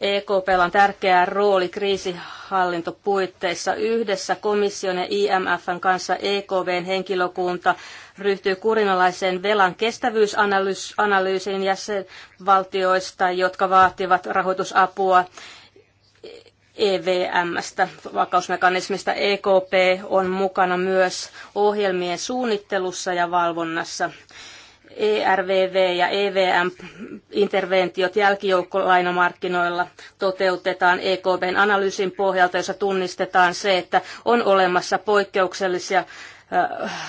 EKPlla on tärkeä rooli kriisihallintopuitteissa. Yhdessä komission ja IMFn kanssa EKVn henkilökunta ryhtyy kurinalaiseen velan kestävyysanalyysiin jäsenvaltioista, jotka vaativat rahoitusapua EVMstä, vakausmekanismista EKP on mukana myös ohjelmien suunnittelussa ja valvonnassa. ERVV ja EVM-interventiot jälkijoukkolainamarkkinoilla toteutetaan EKBn analyysin pohjalta, jossa tunnistetaan se, että on olemassa poikkeuksellisia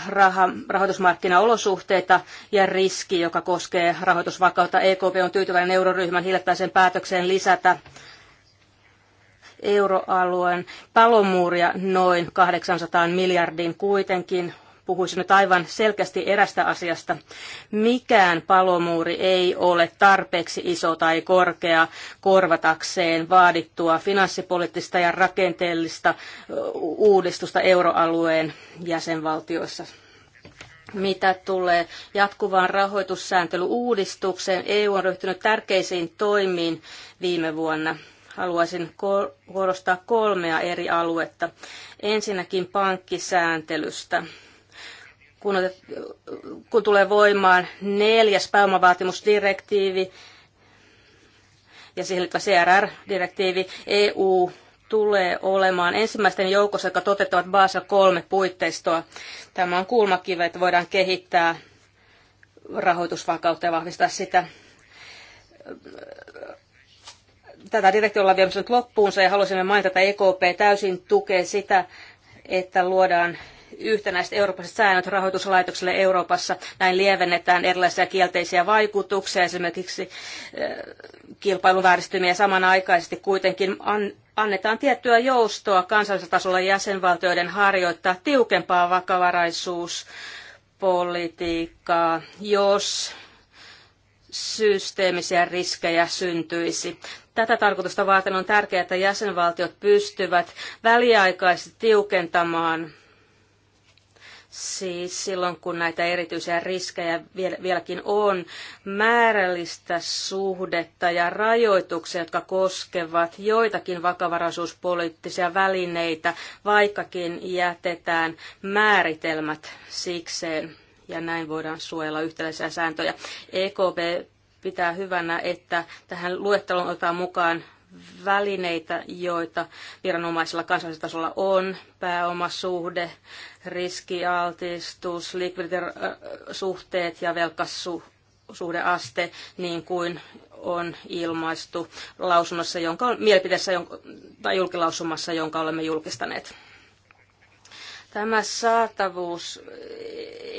raha, rahoitusmarkkinaolosuhteita ja riski, joka koskee rahoitusvakautta. EKP on tyytyväinen euroryhmän hiljattaisen päätökseen lisätä euroalueen palomuuria noin 800 miljardin kuitenkin puhuisin nyt aivan selkeästi erästä asiasta. Mikään palomuuri ei ole tarpeeksi iso tai korkea korvatakseen vaadittua finanssipoliittista ja rakenteellista uudistusta euroalueen jäsenvaltioissa mitä tulee jatkuvaan rahoitussääntelyuudistukseen. EU on ryhtynyt tärkeisiin toimiin viime vuonna. Haluaisin korostaa kolmea eri aluetta. Ensinnäkin pankkisääntelystä kun, otet, kun tulee voimaan neljäs pääomavaatimusdirektiivi ja siihen liittyvä CRR-direktiivi, EU tulee olemaan ensimmäisten joukossa, jotka toteuttavat Basel 3 puitteistoa. Tämä on kulmakive, että voidaan kehittää rahoitusvakautta ja vahvistaa sitä. Tätä direktiota ollaan viemässä nyt loppuunsa ja haluaisimme mainita, että EKP täysin tukee sitä, että luodaan yhtenäiset eurooppalaiset säännöt rahoituslaitoksille Euroopassa. Näin lievennetään erilaisia kielteisiä vaikutuksia, esimerkiksi eh, kilpailun vääristymiä samanaikaisesti kuitenkin annetaan tiettyä joustoa kansallisella tasolla jäsenvaltioiden harjoittaa tiukempaa vakavaraisuuspolitiikkaa, jos systeemisiä riskejä syntyisi. Tätä tarkoitusta varten on tärkeää, että jäsenvaltiot pystyvät väliaikaisesti tiukentamaan Siis silloin, kun näitä erityisiä riskejä vieläkin on, määrällistä suhdetta ja rajoituksia, jotka koskevat joitakin vakavaraisuuspoliittisia välineitä, vaikkakin jätetään määritelmät sikseen ja näin voidaan suojella yhtäläisiä sääntöjä. EKP pitää hyvänä, että tähän luetteloon otetaan mukaan välineitä, joita viranomaisilla kansallisella on, pääomasuhde, riskialtistus, likviditeettisuhteet ja velkasuhdeaste, niin kuin on ilmaistu lausunnossa, jonka, mielipiteessä jonka, tai julkilausumassa, jonka olemme julkistaneet. Tämä saatavuus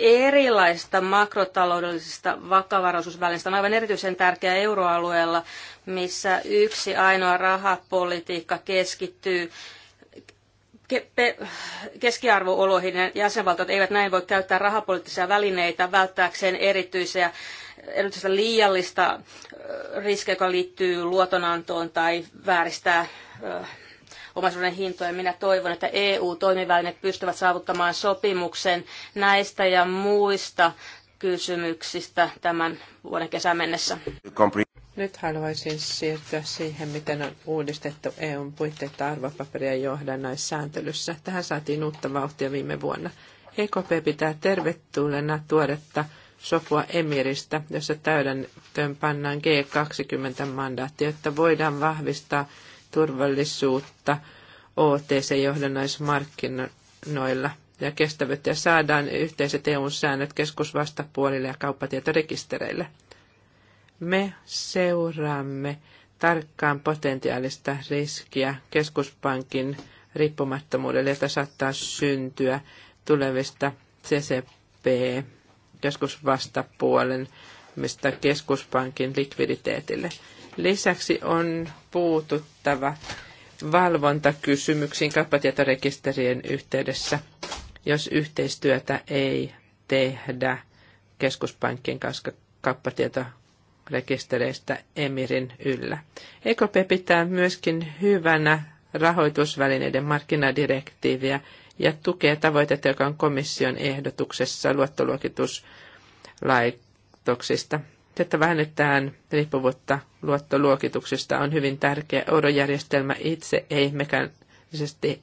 erilaista makrotaloudellisista vakavaraisuusvälineistä on aivan erityisen tärkeä euroalueella, missä yksi ainoa rahapolitiikka keskittyy keskiarvooloihin ja jäsenvaltiot eivät näin voi käyttää rahapoliittisia välineitä välttääkseen erityisiä erityistä liiallista riskejä, joka liittyy luotonantoon tai vääristää omaisuuden hintoja. Minä toivon, että EU-toimivälineet pystyvät saavuttamaan sopimuksen näistä ja muista kysymyksistä tämän vuoden kesän mennessä. Nyt haluaisin siirtyä siihen, miten on uudistettu EUn puitteita arvopaperien johdannaissääntelyssä. Tähän saatiin uutta vauhtia viime vuonna. EKP pitää tervetulleena tuoretta sopua Emiristä, jossa täydentöön pannaan G20-mandaatti, jotta voidaan vahvistaa turvallisuutta OTC-johdannaismarkkinoilla ja kestävyyttä ja saadaan yhteiset EU-säännöt keskusvastapuolille ja kauppatietorekistereille. Me seuraamme tarkkaan potentiaalista riskiä keskuspankin riippumattomuudelle, jota saattaa syntyä tulevista CCP-keskusvastapuolen mistä keskuspankin likviditeetille. Lisäksi on puututtava valvontakysymyksiin kauppatietorekisterien yhteydessä, jos yhteistyötä ei tehdä keskuspankkien kanssa kauppatietorekistereistä Emirin yllä. EKP pitää myöskin hyvänä rahoitusvälineiden markkinadirektiiviä ja tukee tavoitetta, joka on komission ehdotuksessa luottoluokituslaitoksista että vähennetään riippuvuutta luottoluokituksista on hyvin tärkeä. Eurojärjestelmä itse ei mekanisesti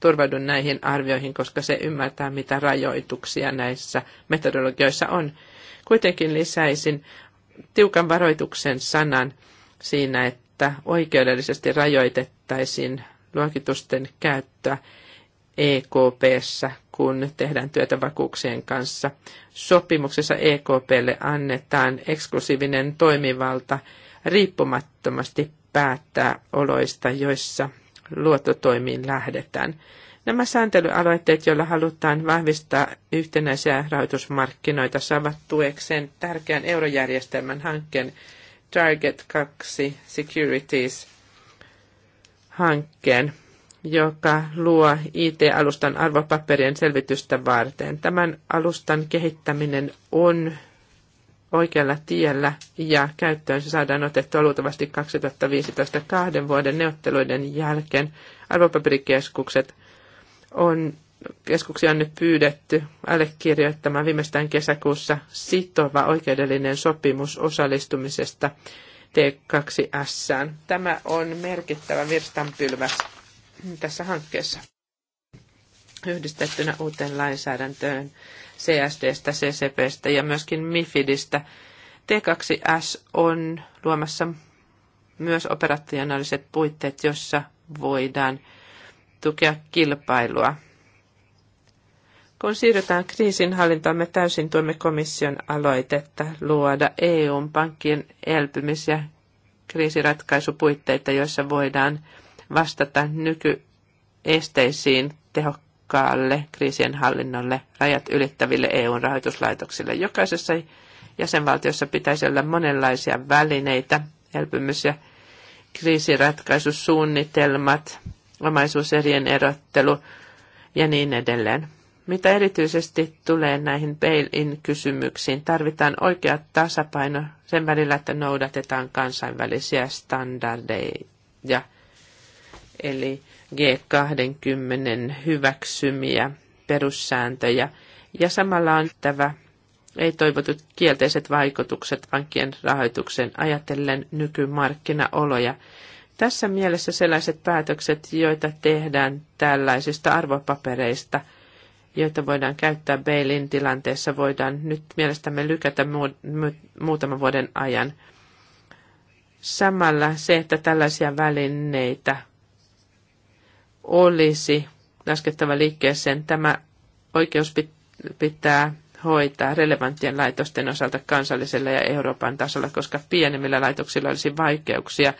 turvaudu näihin arvioihin, koska se ymmärtää, mitä rajoituksia näissä metodologioissa on. Kuitenkin lisäisin tiukan varoituksen sanan siinä, että oikeudellisesti rajoitettaisiin luokitusten käyttöä EKPssä, kun tehdään työtä vakuuksien kanssa. Sopimuksessa EKPlle annetaan eksklusiivinen toimivalta riippumattomasti päättää oloista, joissa luottotoimiin lähdetään. Nämä sääntelyaloitteet, joilla halutaan vahvistaa yhtenäisiä rahoitusmarkkinoita, saavat tuekseen tärkeän eurojärjestelmän hankkeen Target 2 Securities hankkeen joka luo IT-alustan arvopaperien selvitystä varten. Tämän alustan kehittäminen on oikealla tiellä ja käyttöön se saadaan otettua luultavasti 2015 kahden vuoden neuvotteluiden jälkeen. Arvopaperikeskukset on, keskuksia on nyt pyydetty allekirjoittamaan viimeistään kesäkuussa sitova oikeudellinen sopimus osallistumisesta T2S. Tämä on merkittävä virstanpylväs tässä hankkeessa yhdistettynä uuteen lainsäädäntöön CSDstä, CCPstä ja myöskin MIFIDistä. T2S on luomassa myös operationaaliset puitteet, jossa voidaan tukea kilpailua. Kun siirrytään kriisinhallintaan, me täysin tuemme komission aloitetta luoda eu pankkien elpymis- ja kriisiratkaisupuitteita, joissa voidaan vastata nykyesteisiin tehokkaalle kriisien hallinnolle rajat ylittäville eu rahoituslaitoksille. Jokaisessa jäsenvaltiossa pitäisi olla monenlaisia välineitä, elpymys- ja kriisiratkaisusuunnitelmat, omaisuuserien erottelu ja niin edelleen. Mitä erityisesti tulee näihin bail-in kysymyksiin, tarvitaan oikea tasapaino sen välillä, että noudatetaan kansainvälisiä standardeja eli G20 hyväksymiä perussääntöjä. Ja samalla on tämä ei toivotut kielteiset vaikutukset pankkien rahoituksen ajatellen nykymarkkinaoloja. Tässä mielessä sellaiset päätökset, joita tehdään tällaisista arvopapereista, joita voidaan käyttää Beilin tilanteessa, voidaan nyt mielestämme lykätä muutaman vuoden ajan. Samalla se, että tällaisia välineitä olisi laskettava liikkeeseen. Tämä oikeus pitää hoitaa relevanttien laitosten osalta kansallisella ja Euroopan tasolla, koska pienemmillä laitoksilla olisi vaikeuksia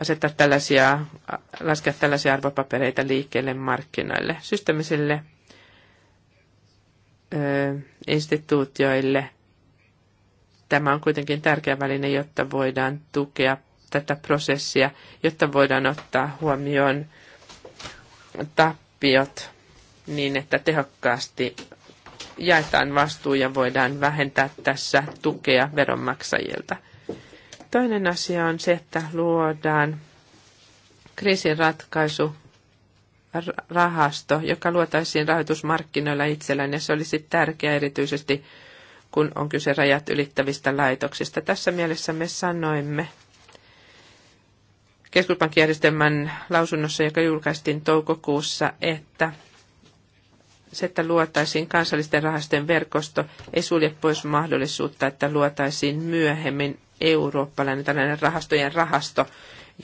asettaa tällaisia, laskea tällaisia arvopapereita liikkeelle markkinoille. Systeemisille ö, instituutioille tämä on kuitenkin tärkeä väline, jotta voidaan tukea tätä prosessia, jotta voidaan ottaa huomioon tappiot niin, että tehokkaasti jaetaan vastuu ja voidaan vähentää tässä tukea veronmaksajilta. Toinen asia on se, että luodaan kriisinratkaisu rahasto, joka luotaisiin rahoitusmarkkinoilla itsellään, ja se olisi tärkeä erityisesti, kun on kyse rajat ylittävistä laitoksista. Tässä mielessä me sanoimme, keskuspankkijärjestelmän lausunnossa, joka julkaistiin toukokuussa, että se, että luotaisiin kansallisten rahastojen verkosto, ei sulje pois mahdollisuutta, että luotaisiin myöhemmin eurooppalainen tällainen rahastojen rahasto,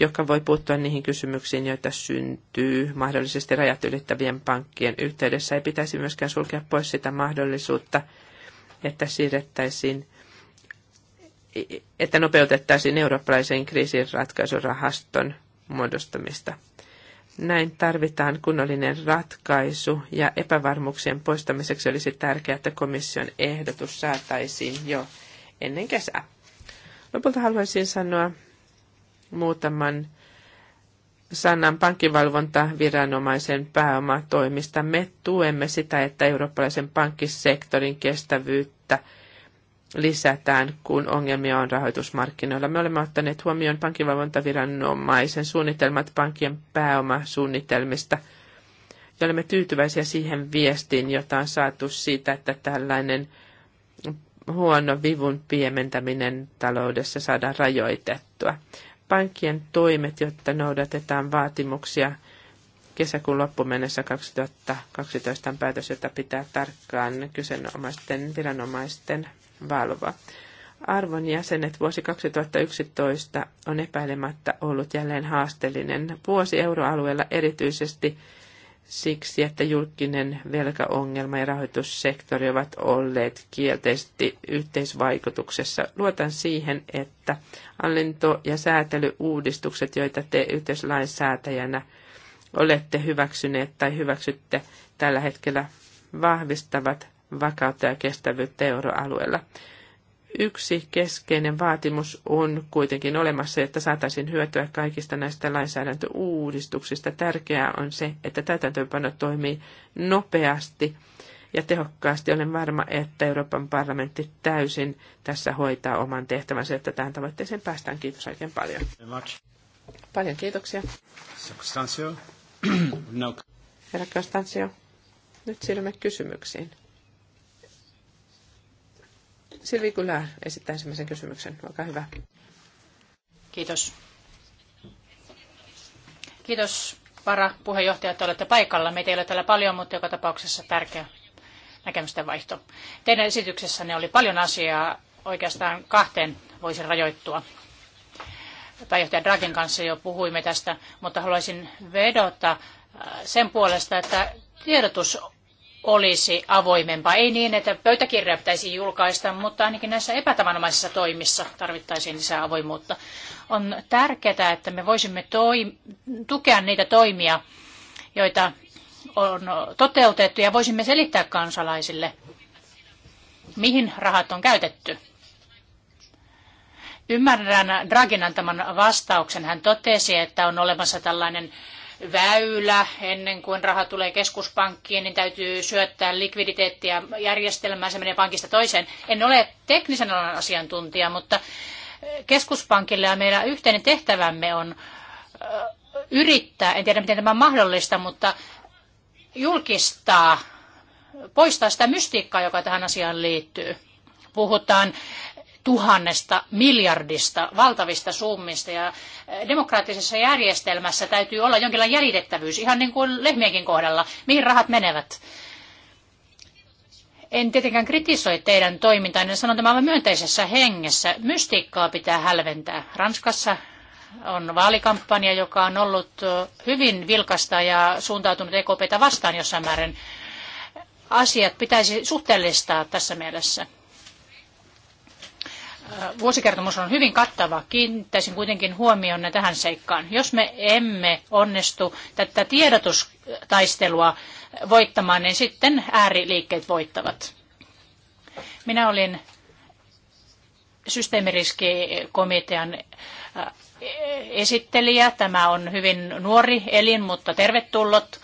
joka voi puuttua niihin kysymyksiin, joita syntyy mahdollisesti rajat ylittävien pankkien yhteydessä. Ei pitäisi myöskään sulkea pois sitä mahdollisuutta, että siirrettäisiin että nopeutettaisiin eurooppalaisen kriisinratkaisurahaston muodostamista. Näin tarvitaan kunnollinen ratkaisu ja epävarmuuksien poistamiseksi olisi tärkeää, että komission ehdotus saataisiin jo ennen kesää. Lopulta haluaisin sanoa muutaman sanan pankkivalvontaviranomaisen pääomatoimista. Me tuemme sitä, että eurooppalaisen pankkisektorin kestävyyttä – lisätään, kun ongelmia on rahoitusmarkkinoilla. Me olemme ottaneet huomioon pankkivalvontaviranomaisen suunnitelmat pankkien pääomasuunnitelmista ja olemme tyytyväisiä siihen viestiin, jota on saatu siitä, että tällainen huono vivun piementäminen taloudessa saadaan rajoitettua. Pankkien toimet, jotta noudatetaan vaatimuksia kesäkuun loppuun mennessä 2012 on päätös, jota pitää tarkkaan kyseenomaisten viranomaisten valvoa. Arvon jäsenet vuosi 2011 on epäilemättä ollut jälleen haasteellinen vuosi euroalueella erityisesti siksi, että julkinen velkaongelma ja rahoitussektori ovat olleet kielteisesti yhteisvaikutuksessa. Luotan siihen, että hallinto- ja säätelyuudistukset, joita te yhteislainsäätäjänä olette hyväksyneet tai hyväksytte tällä hetkellä, vahvistavat vakautta ja kestävyyttä euroalueella. Yksi keskeinen vaatimus on kuitenkin olemassa, että saataisiin hyötyä kaikista näistä lainsäädäntöuudistuksista. Tärkeää on se, että täytäntöönpano toimii nopeasti ja tehokkaasti. Olen varma, että Euroopan parlamentti täysin tässä hoitaa oman tehtävänsä, että tähän tavoitteeseen päästään. Kiitos oikein paljon. Paljon kiitoksia. [CLEARS THROAT] No. Herra Constancio, nyt siirrymme kysymyksiin. Silvi kyllä esittää ensimmäisen kysymyksen. Olkaa hyvä. Kiitos. Kiitos vara että olette paikalla. Meitä ei ole täällä paljon, mutta joka tapauksessa tärkeä näkemysten vaihto. Teidän esityksessänne oli paljon asiaa, oikeastaan kahteen voisi rajoittua. Pääjohtaja Dragin kanssa jo puhuimme tästä, mutta haluaisin vedota äh, sen puolesta, että tiedotus olisi avoimempaa. Ei niin, että pöytäkirja pitäisi julkaista, mutta ainakin näissä epätavanomaisissa toimissa tarvittaisiin lisää avoimuutta. On tärkeää, että me voisimme toi, tukea niitä toimia, joita on toteutettu ja voisimme selittää kansalaisille, mihin rahat on käytetty. Ymmärrän Dragin antaman vastauksen. Hän totesi, että on olemassa tällainen väylä ennen kuin raha tulee keskuspankkiin, niin täytyy syöttää likviditeettiä järjestelmään, se menee pankista toiseen. En ole teknisen alan asiantuntija, mutta keskuspankille ja meidän yhteinen tehtävämme on yrittää, en tiedä miten tämä on mahdollista, mutta julkistaa, poistaa sitä mystiikkaa, joka tähän asiaan liittyy. Puhutaan tuhannesta miljardista, valtavista summista. Ja eh, demokraattisessa järjestelmässä täytyy olla jonkinlainen jäljitettävyys, ihan niin kuin lehmienkin kohdalla, mihin rahat menevät. En tietenkään kritisoi teidän toimintaanne, sanon tämän myönteisessä hengessä. Mystiikkaa pitää hälventää. Ranskassa on vaalikampanja, joka on ollut eh, hyvin vilkasta ja suuntautunut EKPtä vastaan jossain määrin. Asiat pitäisi suhteellistaa tässä mielessä vuosikertomus on hyvin kattava. Kiinnittäisin kuitenkin huomionne tähän seikkaan. Jos me emme onnistu tätä tiedotustaistelua voittamaan, niin sitten ääriliikkeet voittavat. Minä olin systeemiriskikomitean esittelijä. Tämä on hyvin nuori elin, mutta tervetullut.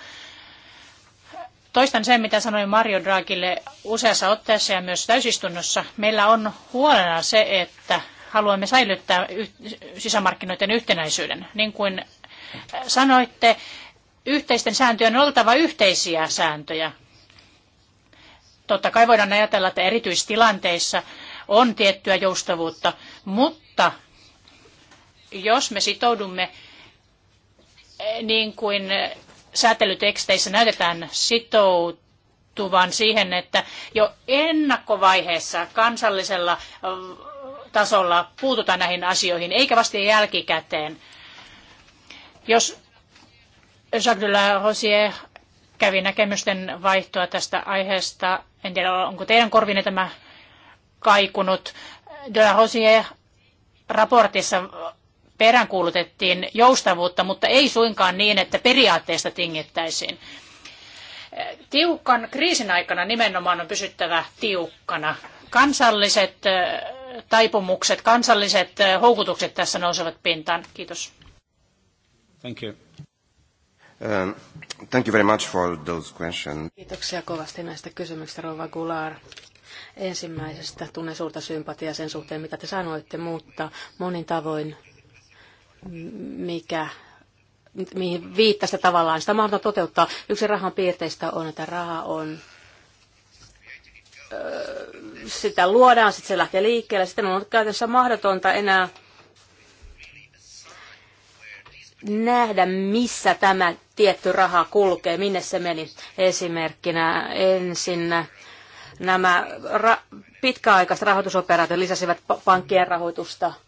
Toistan sen, mitä sanoin Mario Draghille useassa otteessa ja myös täysistunnossa. Meillä on huolena se, että haluamme säilyttää sisämarkkinoiden yhtenäisyyden. Niin kuin äh, sanoitte, yhteisten sääntöjen on oltava yhteisiä sääntöjä. Totta kai voidaan ajatella, että erityistilanteissa on tiettyä joustavuutta, mutta jos me sitoudumme eh, niin kuin säätelyteksteissä näytetään sitoutuvan siihen, että jo ennakkovaiheessa kansallisella tasolla puututaan näihin asioihin, eikä vasta jälkikäteen. Jos Jacques de la Rosier kävi näkemysten vaihtoa tästä aiheesta, en tiedä onko teidän korvinne tämä kaikunut. De la Rosier raportissa peräänkuulutettiin joustavuutta, mutta ei suinkaan niin, että periaatteesta tingittäisiin. Tiukan kriisin aikana nimenomaan on pysyttävä tiukkana. Kansalliset eh, taipumukset, kansalliset eh, houkutukset tässä nousevat pintaan. Kiitos. Thank you. Um, thank you very much for those questions. Kiitoksia kovasti näistä kysymyksistä, Rova Gular ensimmäisestä. Tunnen suurta sympatiaa sen suhteen, mitä te sanoitte, mutta monin tavoin mikä mihin viittasta tavallaan. Sitä mahdotonta toteuttaa. Yksi rahan piirteistä on, että raha on sitä luodaan, sitten se lähtee liikkeelle, sitten on käytännössä mahdotonta enää nähdä, missä tämä tietty raha kulkee, minne se meni. Esimerkkinä ensin nämä ra- pitkäaikaiset rahoitusoperaatiot lisäsivät pankkien rahoitusta –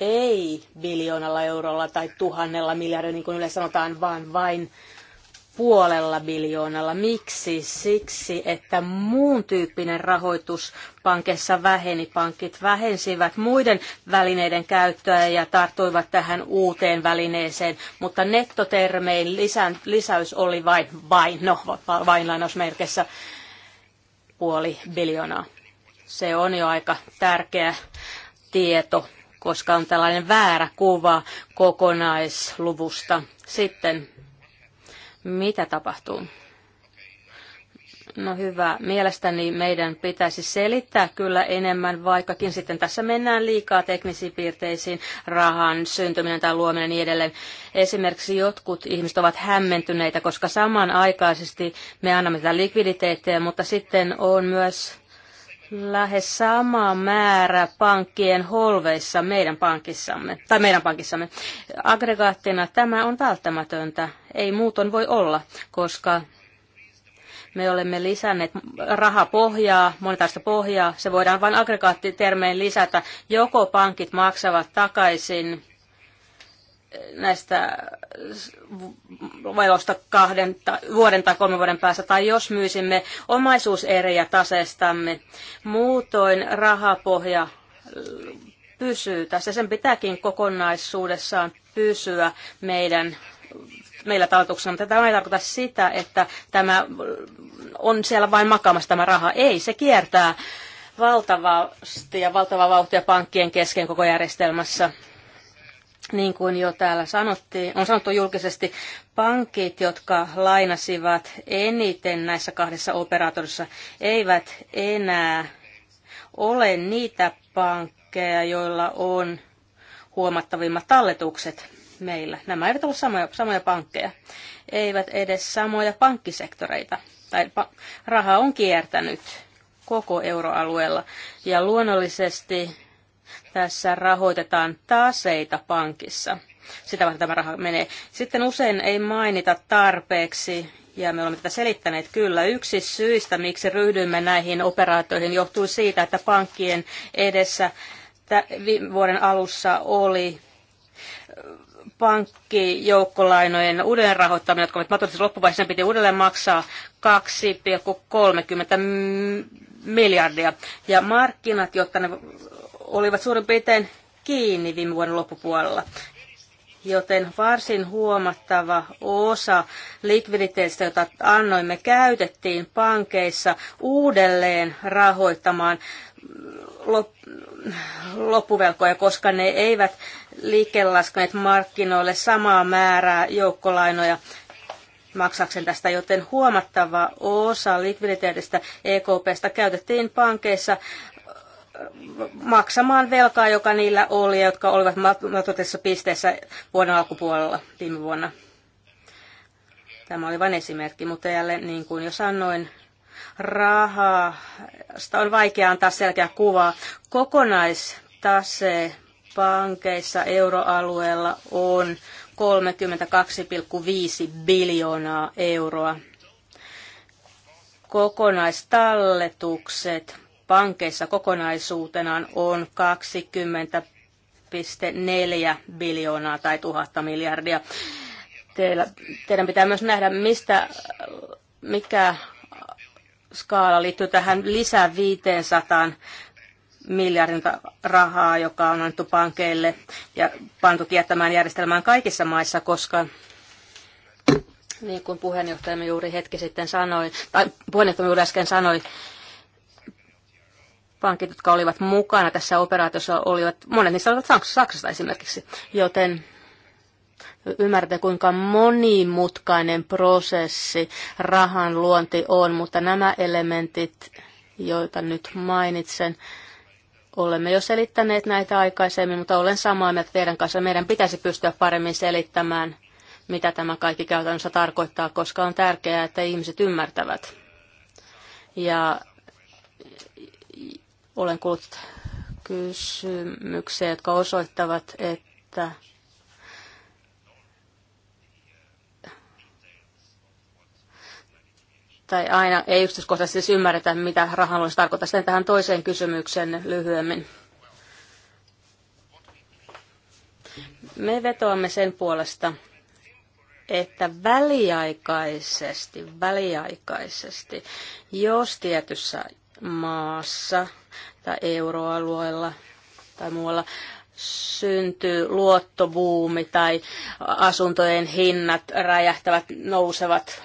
ei biljoonalla eurolla tai tuhannella miljardilla, niin kuin yleensä sanotaan, vaan vain puolella biljoonalla. Miksi? Siksi, että muun tyyppinen rahoitus pankissa väheni. Pankit vähensivät muiden välineiden käyttöä ja tarttuivat tähän uuteen välineeseen, mutta nettotermein lisän, lisäys oli vain, vain, no, vain lainausmerkissä puoli biljoonaa. Se on jo aika tärkeä tieto koska on tällainen väärä kuva kokonaisluvusta. Sitten, mitä tapahtuu? No hyvä. Mielestäni meidän pitäisi selittää kyllä enemmän, vaikkakin sitten tässä mennään liikaa teknisiin piirteisiin, rahan syntyminen tai luominen ja niin edelleen. Esimerkiksi jotkut ihmiset ovat hämmentyneitä, koska samanaikaisesti me annamme tätä likviditeettiä, mutta sitten on myös lähes sama määrä pankkien holveissa meidän pankissamme, tai meidän pankissamme. Aggregaattina tämä on välttämätöntä, ei muuton voi olla, koska me olemme lisänneet rahapohjaa, monetaista pohjaa. Se voidaan vain aggregaattitermeen lisätä. Joko pankit maksavat takaisin näistä velosta kahden vuoden tai kolmen vuoden päässä, tai jos myisimme omaisuuseriä taseestamme, muutoin rahapohja pysyy tässä. Sen pitääkin kokonaisuudessaan pysyä meidän meillä talletuksena, mutta tämä ei tarkoita sitä, että tämä on siellä vain makaamassa tämä raha. Ei, se kiertää valtavasti ja valtavaa vauhtia pankkien kesken koko järjestelmässä niin kuin jo täällä sanottiin, on sanottu julkisesti, pankit, jotka lainasivat eniten näissä kahdessa operaattorissa, eivät enää ole niitä pankkeja, joilla on huomattavimmat talletukset meillä. Nämä eivät ole samoja, samoja pankkeja, eivät edes samoja pankkisektoreita. Tai pa- raha on kiertänyt koko euroalueella. Ja luonnollisesti tässä rahoitetaan taseita pankissa. Sitä varten tämä raha menee. Sitten usein ei mainita tarpeeksi, ja me olemme tätä selittäneet kyllä. Yksi syistä, miksi ryhdyimme näihin operaatioihin, johtuu siitä, että pankkien edessä vuoden alussa oli äh, pankkijoukkolainojen uuden rahoittaminen, jotka olivat maturisessa loppuvaiheessa, piti uudelleen maksaa 2,30 miljardia. Ja markkinat, jotta ne olivat suurin piirtein kiinni viime vuoden loppupuolella. Joten varsin huomattava osa likviditeetistä, jota annoimme, käytettiin pankeissa uudelleen rahoittamaan loppuvelkoja, koska ne eivät liikkeelle markkinoille samaa määrää joukkolainoja maksaksen tästä, joten huomattava osa likviditeetistä EKPstä käytettiin pankeissa maksamaan velkaa, joka niillä oli, jotka olivat matotessa pisteessä vuoden alkupuolella viime vuonna. Tämä oli vain esimerkki, mutta jälleen niin kuin jo sanoin, rahasta on vaikea antaa selkeä kuvaa. Kokonaistase pankeissa euroalueella on 32,5 biljoonaa euroa. Kokonaistalletukset pankeissa kokonaisuutenaan on 20,4 biljoonaa tai tuhatta miljardia. Teillä, teidän pitää myös nähdä, mistä, mikä skaala liittyy tähän lisää 500 miljardin rahaa, joka on annettu pankeille ja pantu kiertämään järjestelmään kaikissa maissa, koska niin kuin puheenjohtajamme juuri hetki sitten sanoi, tai puheenjohtajamme juuri äsken sanoi, pankit, jotka olivat mukana tässä operaatiossa, olivat, monet niistä olivat Saksasta esimerkiksi, joten ymmärtää, kuinka monimutkainen prosessi rahan luonti on, mutta nämä elementit, joita nyt mainitsen, olemme jo selittäneet näitä aikaisemmin, mutta olen samaa mieltä teidän kanssa. Meidän pitäisi pystyä paremmin selittämään, mitä tämä kaikki käytännössä tarkoittaa, koska on tärkeää, että ihmiset ymmärtävät. Ja olen kuullut kysymyksiä, jotka osoittavat, että tai aina ei yksityiskohtaisesti siis ymmärretä, mitä olisi tarkoittaa. Sitten tähän toiseen kysymykseen lyhyemmin. Me vetoamme sen puolesta, että väliaikaisesti, väliaikaisesti, jos tietyssä maassa tai euroalueella tai muualla syntyy luottobuumi tai asuntojen hinnat räjähtävät, nousevat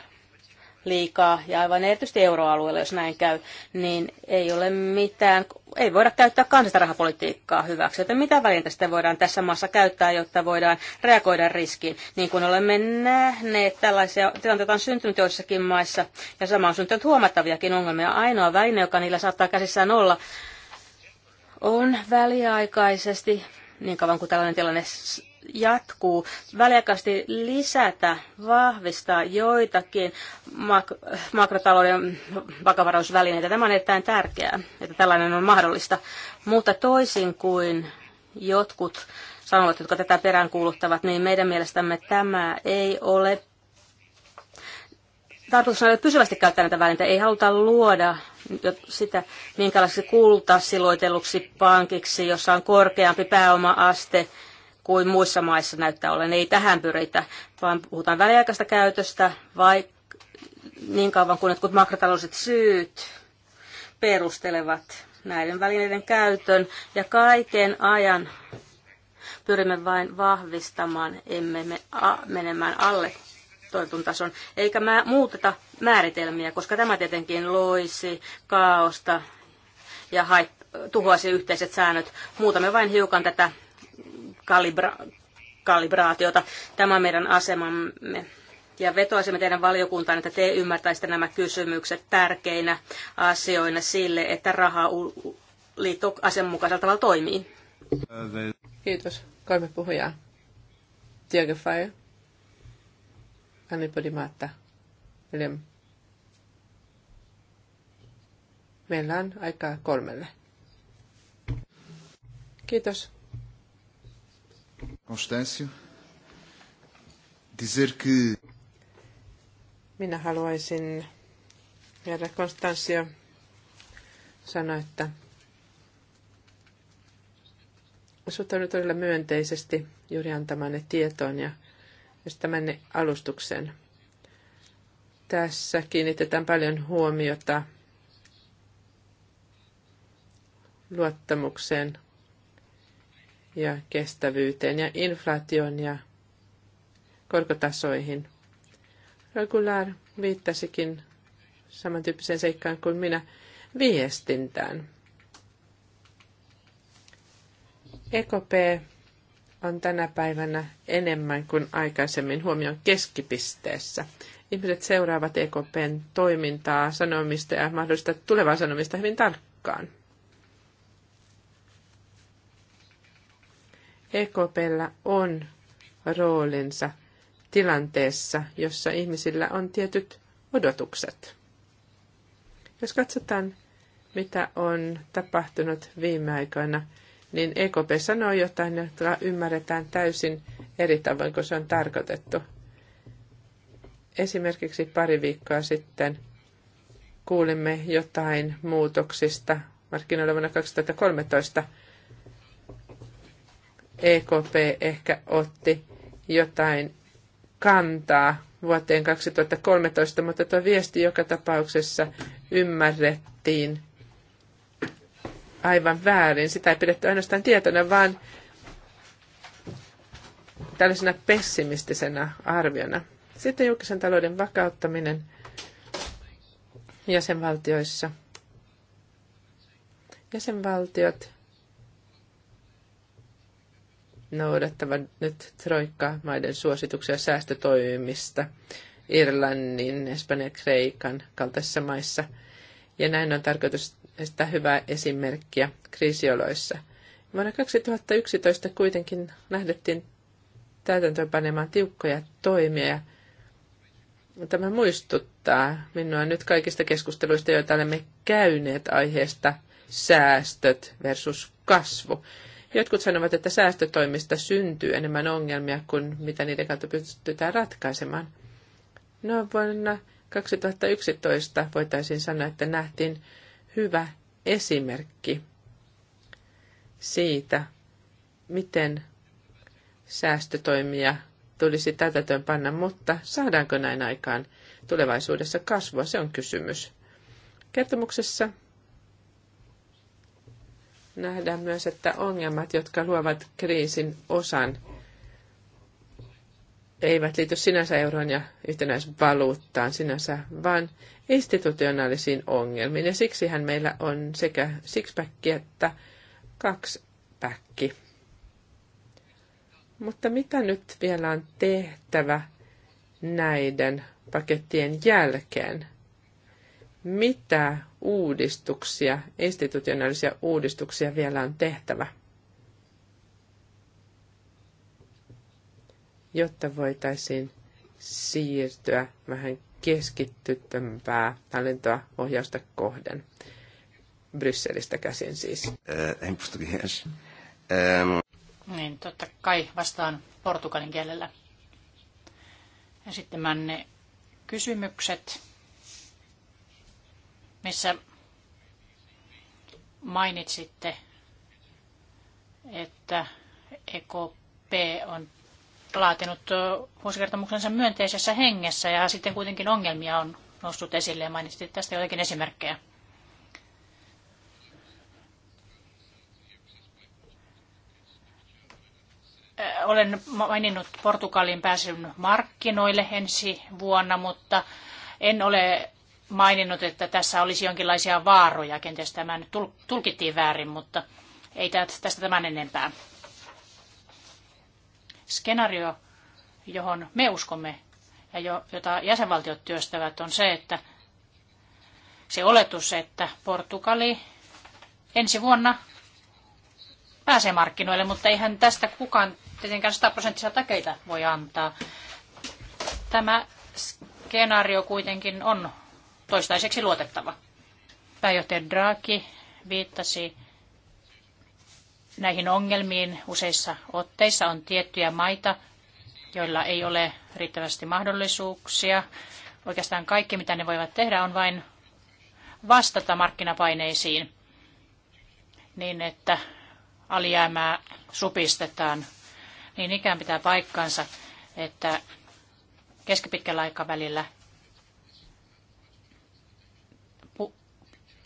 liikaa ja aivan erityisesti euroalueella, jos näin käy, niin ei ole mitään ei voida käyttää kansallista rahapolitiikkaa hyväksi. Joten mitä välintä sitten voidaan tässä maassa käyttää, jotta voidaan reagoida riskiin? Niin kuin olemme nähneet, tällaisia tilanteita on syntynyt joissakin maissa, ja sama on syntynyt huomattaviakin ongelmia. Ainoa väline, joka niillä saattaa käsissään olla, on väliaikaisesti, niin kauan kuin tällainen tilanne jatkuu, väliaikaisesti lisätä, vahvistaa joitakin mak- makrotalouden vakavaraisuusvälineitä. Tämä on erittäin tärkeää, että tällainen on mahdollista. Mutta toisin kuin jotkut sanovat, jotka tätä peräänkuuluttavat, niin meidän mielestämme tämä ei ole tarkoitus on ole pysyvästi käyttää näitä välineitä. Ei haluta luoda sitä, minkälaiseksi kultaa siloitelluksi pankiksi, jossa on korkeampi pääoma-aste, kuin muissa maissa näyttää olevan, Ei tähän pyritä, vaan puhutaan väliaikaista käytöstä, vai niin kauan kuin jotkut makrotaloudelliset syyt perustelevat näiden välineiden käytön ja kaiken ajan pyrimme vain vahvistamaan, emme me a, menemään alle toitun tason, eikä mä muuteta määritelmiä, koska tämä tietenkin loisi kaaosta ja hait, tuhoaisi yhteiset säännöt. Muutamme vain hiukan tätä kalibra- kalibraatiota. Tämä on meidän asemamme. Ja vetoaisimme teidän valiokuntaan, että te ymmärtäisitte nämä kysymykset tärkeinä asioina sille, että raha liitto asianmukaisella tavalla toimii. Kiitos. Kolme puhujaa. Tiago Fire, Anni Podimaatta, William. Meillä on aikaa kolmelle. Kiitos. Constâncio. Dizer que... Minä haluaisin herra Konstansio sanoa, että suhtaudun todella myönteisesti juuri antamanne tietoon ja tämänne alustuksen. Tässä kiinnitetään paljon huomiota luottamukseen ja kestävyyteen ja inflaation ja korkotasoihin. Regular viittasikin samantyyppiseen seikkaan kuin minä viestintään. EKP on tänä päivänä enemmän kuin aikaisemmin huomion keskipisteessä. Ihmiset seuraavat EKPn toimintaa, sanomista ja mahdollista tulevaa sanomista hyvin tarkkaan. EKPllä on roolinsa tilanteessa, jossa ihmisillä on tietyt odotukset. Jos katsotaan, mitä on tapahtunut viime aikoina, niin EKP sanoo jotain, jota ymmärretään täysin eri tavoin kuin se on tarkoitettu. Esimerkiksi pari viikkoa sitten kuulimme jotain muutoksista markkinoilla vuonna 2013, EKP ehkä otti jotain kantaa vuoteen 2013, mutta tuo viesti joka tapauksessa ymmärrettiin aivan väärin. Sitä ei pidetty ainoastaan tietona, vaan tällaisena pessimistisenä arviona. Sitten julkisen talouden vakauttaminen jäsenvaltioissa. Jäsenvaltiot noudattava nyt troikka-maiden suosituksia säästötoimista Irlannin, Espanjan, Kreikan kaltaisissa maissa. Ja näin on tarkoitus estää hyvää esimerkkiä kriisioloissa. Vuonna 2011 kuitenkin lähdettiin täytäntöönpanemaan tiukkoja toimia ja tämä muistuttaa minua nyt kaikista keskusteluista, joita olemme käyneet aiheesta säästöt versus kasvu. Jotkut sanovat, että säästötoimista syntyy enemmän ongelmia kuin mitä niiden kautta pystytään ratkaisemaan. No vuonna 2011 voitaisiin sanoa, että nähtiin hyvä esimerkki siitä, miten säästötoimia tulisi täytäntöön panna, mutta saadaanko näin aikaan tulevaisuudessa kasvua, se on kysymys. Kertomuksessa nähdään myös, että ongelmat, jotka luovat kriisin osan, eivät liity sinänsä euroon ja yhtenäisvaluuttaan sinänsä, vaan institutionaalisiin ongelmiin. Ja siksihän meillä on sekä sixpäkki että kaksipäkki. Mutta mitä nyt vielä on tehtävä näiden pakettien jälkeen? Mitä uudistuksia, institutionaalisia uudistuksia vielä on tehtävä, jotta voitaisiin siirtyä vähän keskittyttämpää hallintoa ohjausta kohden. Brysselistä käsin siis. Eh, en portugais. Niin, totta kai vastaan portugalin kielellä. sitten kysymykset missä mainitsitte, että EKP on laatinut vuosikertomuksensa myönteisessä hengessä ja sitten kuitenkin ongelmia on noussut esille ja mainitsitte tästä joitakin esimerkkejä. Äh, olen maininnut Portugalin pääsyn markkinoille ensi vuonna, mutta en ole maininnut, että tässä olisi jonkinlaisia vaaroja. Kenties tämä nyt tulkittiin väärin, mutta ei tästä tämän enempää. Skenaario, johon me uskomme ja jota jäsenvaltiot työstävät, on se, että se oletus, että Portugali ensi vuonna pääsee markkinoille, mutta eihän tästä kukaan tietenkään 100 prosenttisia takeita voi antaa. Tämä skenaario kuitenkin on toistaiseksi luotettava. Pääjohtaja Draghi viittasi näihin ongelmiin useissa otteissa. On tiettyjä maita, joilla ei ole riittävästi mahdollisuuksia. Oikeastaan kaikki, mitä ne voivat tehdä, on vain vastata markkinapaineisiin niin, että alijäämää supistetaan. Niin ikään pitää paikkansa, että keskipitkällä aikavälillä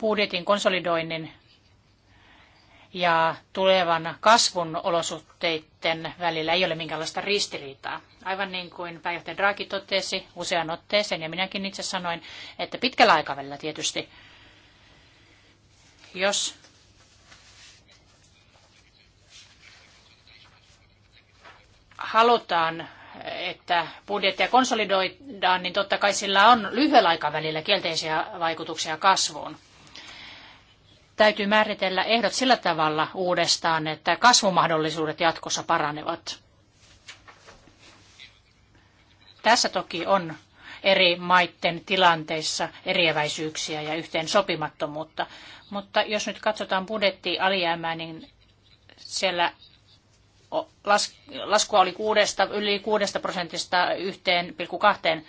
budjetin konsolidoinnin ja tulevan kasvun olosuhteiden välillä ei ole minkäänlaista ristiriitaa. Aivan niin kuin pääjohtaja Draghi totesi usean otteeseen, ja minäkin itse sanoin, että pitkällä aikavälillä tietysti, jos halutaan että budjettia konsolidoidaan, niin totta kai sillä on lyhyellä aikavälillä kielteisiä vaikutuksia kasvuun täytyy määritellä ehdot sillä tavalla uudestaan, että kasvumahdollisuudet jatkossa paranevat. Tässä toki on eri maiden tilanteissa eriäväisyyksiä ja yhteen sopimattomuutta. Mutta jos nyt katsotaan budjettialijäämää, niin siellä laskua oli kuudesta, yli 6 prosentista yhteen kahteen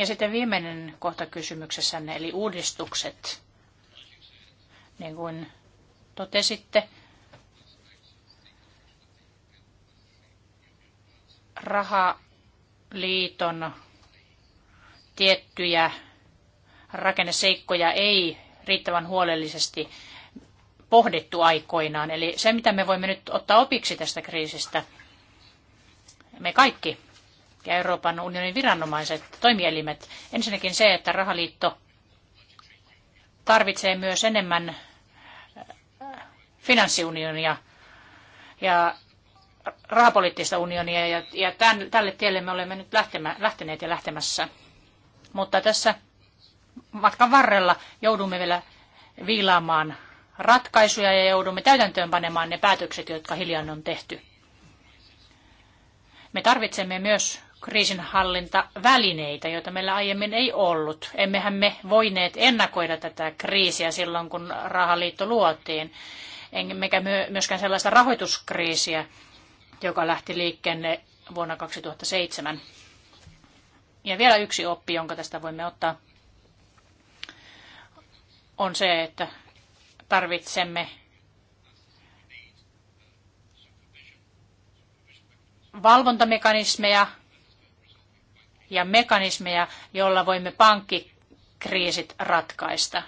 Ja sitten viimeinen kohta kysymyksessänne, eli uudistukset. Niin kuin totesitte, rahaliiton tiettyjä rakenneseikkoja ei riittävän huolellisesti pohdittu aikoinaan. Eli se, mitä me voimme nyt ottaa opiksi tästä kriisistä, me kaikki ja Euroopan unionin viranomaiset, toimielimet. Ensinnäkin se, että rahaliitto tarvitsee myös enemmän eh, finanssiunionia ja rahapoliittista unionia ja, ja tämän, tälle tielle me olemme nyt lähtemä, lähteneet ja lähtemässä. Mutta tässä matkan varrella joudumme vielä viilaamaan ratkaisuja ja joudumme täytäntöönpanemaan ne päätökset, jotka hiljan on tehty. Me tarvitsemme myös kriisinhallintavälineitä, joita meillä aiemmin ei ollut. Emmehän me voineet ennakoida tätä kriisiä silloin, kun rahaliitto luotiin, emmekä myöskään sellaista rahoituskriisiä, joka lähti liikkeelle vuonna 2007. Ja vielä yksi oppi, jonka tästä voimme ottaa, on se, että tarvitsemme valvontamekanismeja, ja mekanismeja, joilla voimme pankkikriisit ratkaista.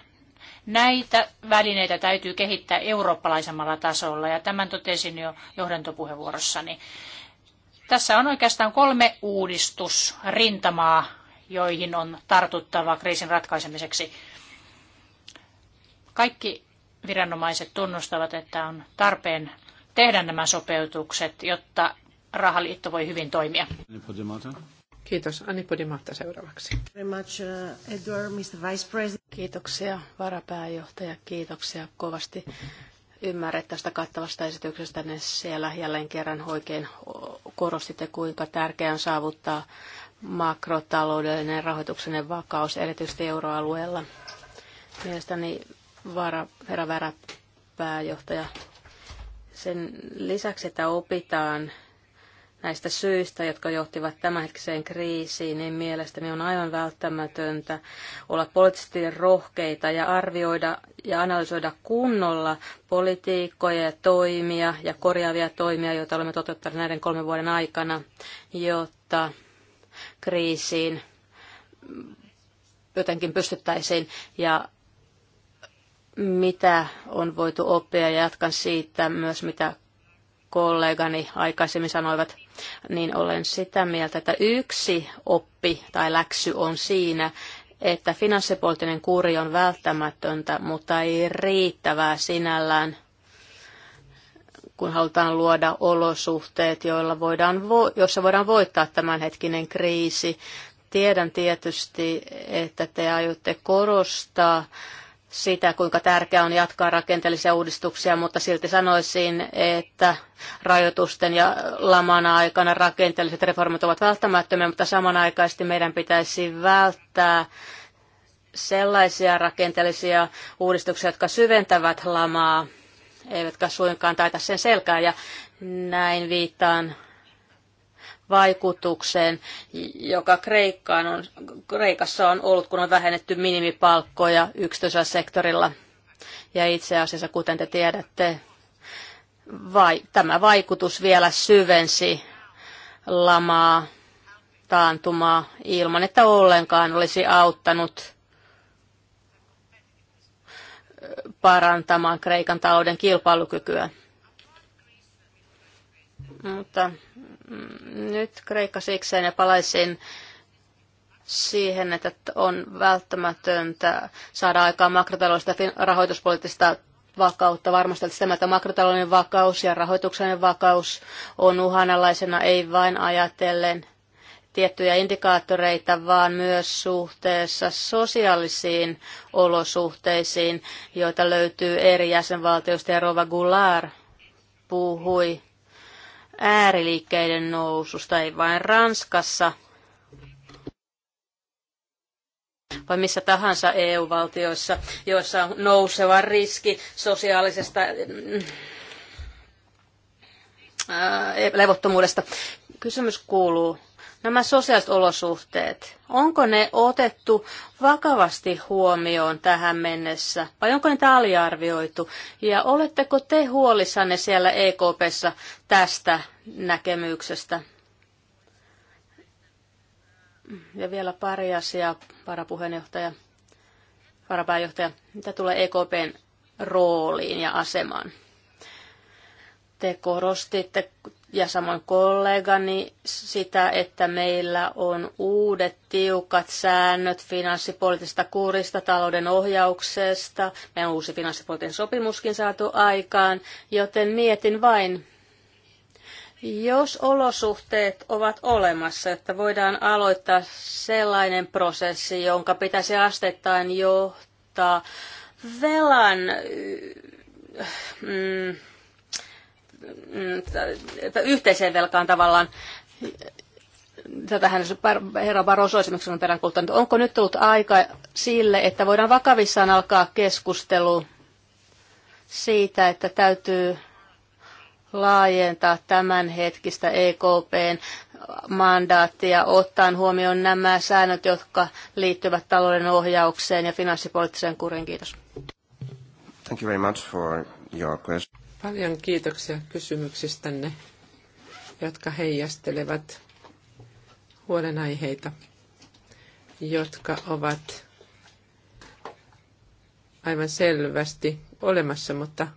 Näitä välineitä täytyy kehittää eurooppalaisemmalla tasolla ja tämän totesin jo johdantopuheenvuorossani. Tässä on oikeastaan kolme uudistusrintamaa, joihin on tartuttava kriisin ratkaisemiseksi. Kaikki viranomaiset tunnustavat, että on tarpeen tehdä nämä sopeutukset, jotta rahaliitto voi hyvin toimia. Kiitos. Anni Podimatta seuraavaksi. Very much, uh, Edward, Mr. Vice President. Kiitoksia varapääjohtaja, kiitoksia kovasti ymmärrä tästä kattavasta esityksestä. Ne siellä jälleen kerran oikein korostitte, kuinka tärkeää on saavuttaa makrotaloudellinen rahoituksellinen vakaus, erityisesti euroalueella. Mielestäni vara, herra Värä, pääjohtaja, sen lisäksi, että opitaan näistä syistä, jotka johtivat tämänhetkiseen kriisiin, niin mielestäni on aivan välttämätöntä olla poliittisesti rohkeita ja arvioida ja analysoida kunnolla politiikkoja ja toimia ja korjaavia toimia, joita olemme toteuttaneet näiden kolmen vuoden aikana, jotta kriisiin jotenkin pystyttäisiin ja mitä on voitu oppia ja jatkan siitä myös, mitä kollegani aikaisemmin sanoivat niin olen sitä mieltä, että yksi oppi tai läksy on siinä, että finanssipoliittinen kuri on välttämätöntä, mutta ei riittävää sinällään, kun halutaan luoda olosuhteet, joilla voidaan vo- jossa voidaan voittaa tämänhetkinen kriisi. Tiedän tietysti, että te aiotte korostaa sitä, kuinka tärkeää on jatkaa rakenteellisia uudistuksia, mutta silti sanoisin, että rajoitusten ja laman aikana rakenteelliset reformit ovat välttämättömiä, mutta samanaikaisesti meidän pitäisi välttää sellaisia rakenteellisia uudistuksia, jotka syventävät lamaa, eivätkä suinkaan taita sen selkää. Ja näin viittaan vaikutukseen, joka Kreikkaan on, Kreikassa on ollut, kun on vähennetty minimipalkkoja yksityisellä sektorilla. Ja itse asiassa, kuten te tiedätte, vai, tämä vaikutus vielä syvensi lamaa, taantumaa ilman, että ollenkaan olisi auttanut parantamaan Kreikan talouden kilpailukykyä. Mutta nyt Kreikka sikseen ja palaisin siihen, että on välttämätöntä saada aikaan makrotaloudellista rahoituspoliittista vakautta. Varmasti että tämä että makrotalouden vakaus ja rahoituksen vakaus on uhanalaisena ei vain ajatellen tiettyjä indikaattoreita, vaan myös suhteessa sosiaalisiin olosuhteisiin, joita löytyy eri jäsenvaltioista. Ja Rova Goulart puhui ääriliikkeiden noususta, ei vain Ranskassa, vai missä tahansa EU-valtioissa, joissa on nouseva riski sosiaalisesta äh, levottomuudesta. Kysymys kuuluu, Nämä sosiaaliset olosuhteet, onko ne otettu vakavasti huomioon tähän mennessä vai onko ne aliarvioitu? Ja oletteko te huolissanne siellä EKPssä tästä näkemyksestä? Ja vielä pari asiaa, varapuheenjohtaja, varapääjohtaja, mitä tulee EKPn rooliin ja asemaan? Te korostitte ja samoin kollegani sitä, että meillä on uudet tiukat säännöt finanssipoliittisesta kurista, talouden ohjauksesta. Meidän on uusi finanssipoliittinen sopimuskin saatu aikaan, joten mietin vain, jos olosuhteet ovat olemassa, että voidaan aloittaa sellainen prosessi, jonka pitäisi asteittain johtaa velan mm, yhteiseen velkaan tavallaan. Tätähän herra Barroso esimerkiksi on peräänkuuluttanut. Onko nyt tullut aika sille, että voidaan vakavissaan alkaa keskustelu siitä, että täytyy laajentaa tämänhetkistä EKPn mandaattia ottaen huomioon nämä säännöt, jotka liittyvät talouden ohjaukseen ja finanssipoliittiseen kuriin. Kiitos. Thank you very much for your question. Paljon kiitoksia kysymyksistänne, jotka heijastelevat huolenaiheita, jotka ovat aivan selvästi olemassa, mutta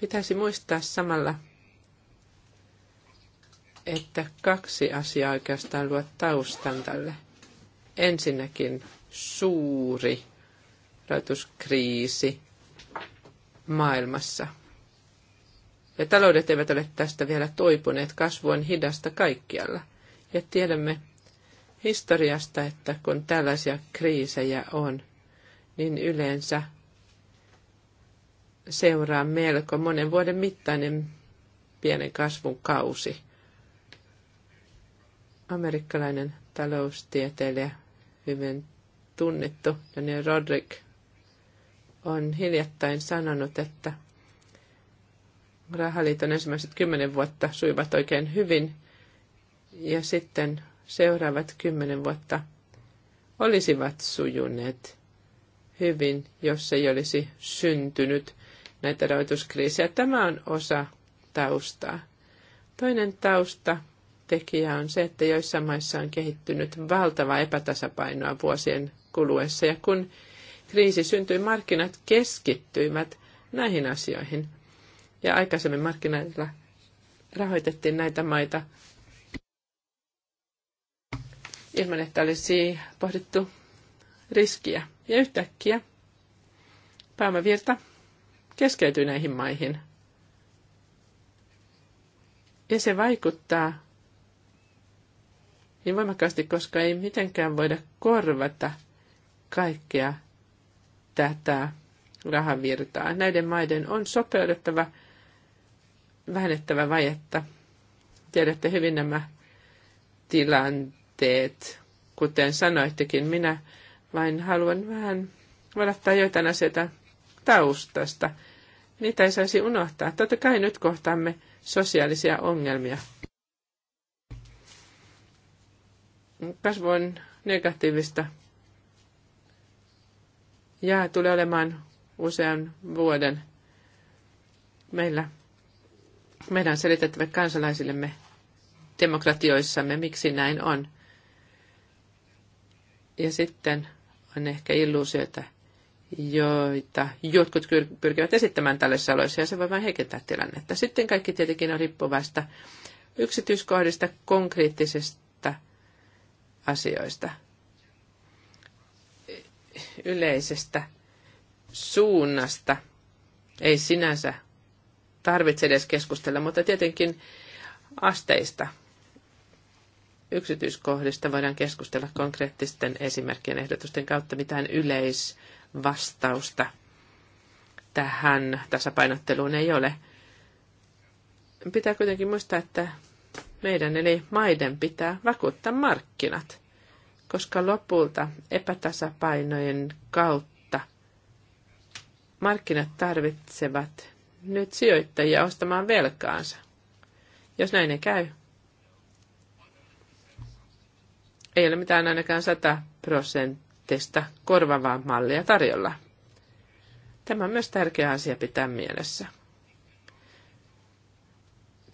pitäisi muistaa samalla, että kaksi asiaa oikeastaan luo taustan tälle. Ensinnäkin suuri rahoituskriisi maailmassa – ja taloudet eivät ole tästä vielä toipuneet, kasvu on hidasta kaikkialla. Ja tiedämme historiasta, että kun tällaisia kriisejä on, niin yleensä seuraa melko monen vuoden mittainen pienen kasvun kausi. Amerikkalainen taloustieteilijä, hyvin tunnettu Daniel Roderick, on hiljattain sanonut, että – rahaliiton ensimmäiset kymmenen vuotta sujuvat oikein hyvin ja sitten seuraavat kymmenen vuotta olisivat sujuneet hyvin, jos ei olisi syntynyt näitä rahoituskriisejä. Tämä on osa taustaa. Toinen tausta tekijä on se, että joissain maissa on kehittynyt valtava epätasapainoa vuosien kuluessa. Ja kun kriisi syntyi, markkinat keskittyivät näihin asioihin ja aikaisemmin markkinoilla rahoitettiin näitä maita ilman, että olisi pohdittu riskiä. Ja yhtäkkiä pääomavirta keskeytyy näihin maihin. Ja se vaikuttaa niin voimakkaasti, koska ei mitenkään voida korvata kaikkea tätä rahavirtaa. Näiden maiden on sopeuduttava vähennettävä vajetta. Tiedätte hyvin nämä tilanteet, kuten sanoittekin. Minä vain haluan vähän valottaa joitain asioita taustasta. Niitä ei saisi unohtaa. Totta kai nyt kohtaamme sosiaalisia ongelmia. Kasvu on negatiivista ja tulee olemaan usean vuoden. Meillä meidän on selitettävä kansalaisillemme demokratioissamme, miksi näin on. Ja sitten on ehkä illuusioita, joita jotkut pyrkivät esittämään tällaisissa oloissa, ja se voi vain heikentää tilannetta. Sitten kaikki tietenkin on riippuvasta yksityiskohdista, konkreettisista asioista, yleisestä suunnasta, ei sinänsä tarvitse edes keskustella, mutta tietenkin asteista yksityiskohdista voidaan keskustella konkreettisten esimerkkien ehdotusten kautta mitään yleisvastausta tähän tasapainotteluun ei ole. Pitää kuitenkin muistaa, että meidän eli maiden pitää vakuuttaa markkinat, koska lopulta epätasapainojen kautta markkinat tarvitsevat nyt sijoittajia ostamaan velkaansa. Jos näin ei käy, ei ole mitään ainakaan 100 prosenttista korvavaa mallia tarjolla. Tämä on myös tärkeä asia pitää mielessä.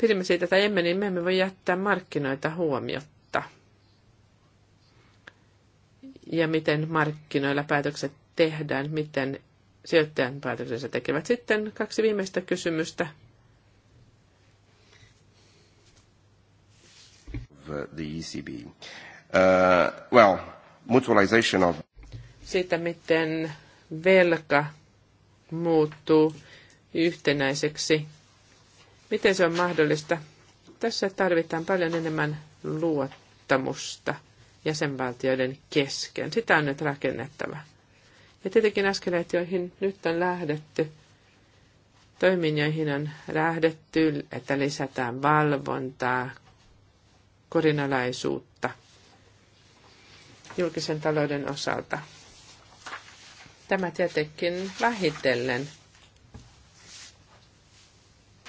Pidimme siitä tai emme, niin me emme voi jättää markkinoita huomiotta. Ja miten markkinoilla päätökset tehdään, miten sijoittajan päätöksensä tekevät. Sitten kaksi viimeistä kysymystä. The ECB. Uh, well, mutualization of... Siitä, miten velka muuttuu yhtenäiseksi. Miten se on mahdollista? Tässä tarvitaan paljon enemmän luottamusta jäsenvaltioiden kesken. Sitä on nyt rakennettava. Ja tietenkin askeleet, joihin nyt on lähdetty, toimin joihin on lähdetty, että lisätään valvontaa, korinalaisuutta julkisen talouden osalta. Tämä tietenkin vähitellen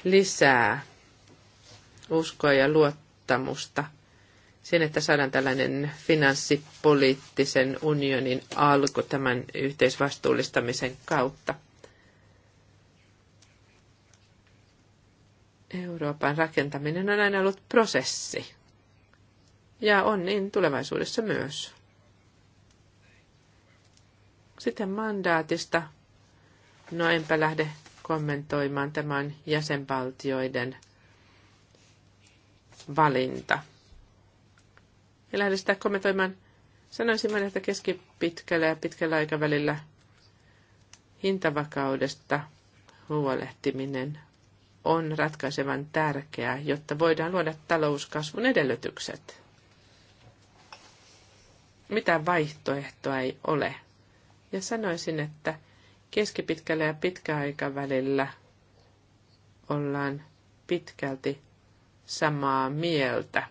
lisää uskoa ja luottamusta – sen, että saadaan tällainen finanssipoliittisen unionin alku tämän yhteisvastuullistamisen kautta. Euroopan rakentaminen on aina ollut prosessi. Ja on niin tulevaisuudessa myös. Sitten mandaatista. No enpä lähde kommentoimaan tämän jäsenvaltioiden valinta ja lähde sitä kommentoimaan. Sanoisin vain, että keskipitkällä ja pitkällä aikavälillä hintavakaudesta huolehtiminen on ratkaisevan tärkeää, jotta voidaan luoda talouskasvun edellytykset. Mitä vaihtoehtoa ei ole. Ja sanoisin, että keskipitkällä ja pitkäaikavälillä ollaan pitkälti samaa mieltä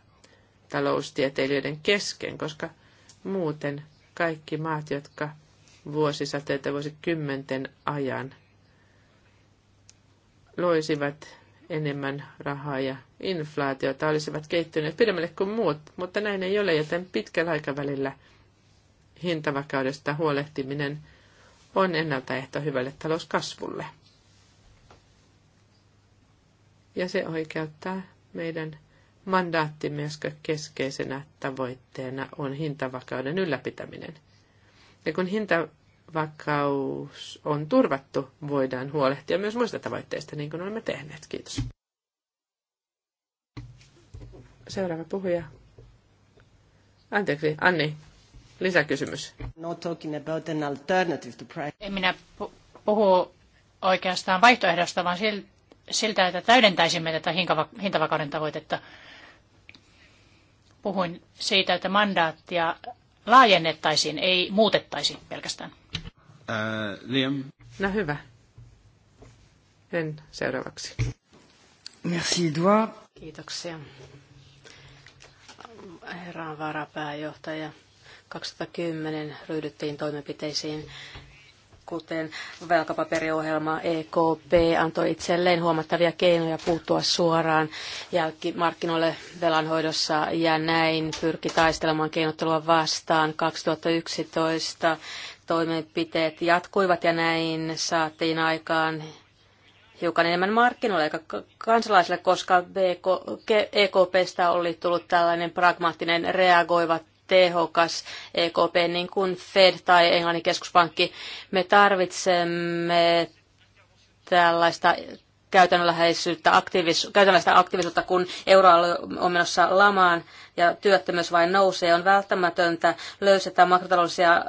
taloustieteilijöiden kesken, koska muuten kaikki maat, jotka vuosisateita, vuosikymmenten ajan loisivat enemmän rahaa ja inflaatiota olisivat kehittyneet pidemmälle kuin muut, mutta näin ei ole, joten pitkällä aikavälillä hintavakaudesta huolehtiminen on ennaltaehto hyvälle talouskasvulle. Ja se oikeuttaa meidän mandaattimme, joska keskeisenä tavoitteena on hintavakauden ylläpitäminen. Ja kun hintavakaus on turvattu, voidaan huolehtia myös muista tavoitteista, niin kuin olemme tehneet. Kiitos. Seuraava puhuja. Anteeksi, Anni, lisäkysymys. En minä puhu oikeastaan vaihtoehdosta, vaan siltä, että täydentäisimme tätä hintavakauden tavoitetta. Puhuin siitä, että mandaattia laajennettaisiin, ei muutettaisi pelkästään. Uh, Liam. No hyvä. Sen seuraavaksi. Merci, Edouard. Kiitoksia. herran varapääjohtaja. 2010 ryhdyttiin toimenpiteisiin, kuten velkapaperiohjelma EKP antoi itselleen huomattavia keinoja puuttua suoraan jälkimarkkinoille velanhoidossa ja näin pyrki taistelemaan keinottelua vastaan 2011 toimenpiteet jatkuivat ja näin saatiin aikaan hiukan enemmän markkinoille eikä kansalaisille, koska EKPstä oli tullut tällainen pragmaattinen reagoiva tehokas EKP, niin kuin Fed tai Englannin keskuspankki. Me tarvitsemme tällaista käytännönläheisyyttä, aktiivis, käytännönläheistä aktiivisuutta, kun euroalue on menossa lamaan ja työttömyys vain nousee. On välttämätöntä löysätä makrotaloudellisia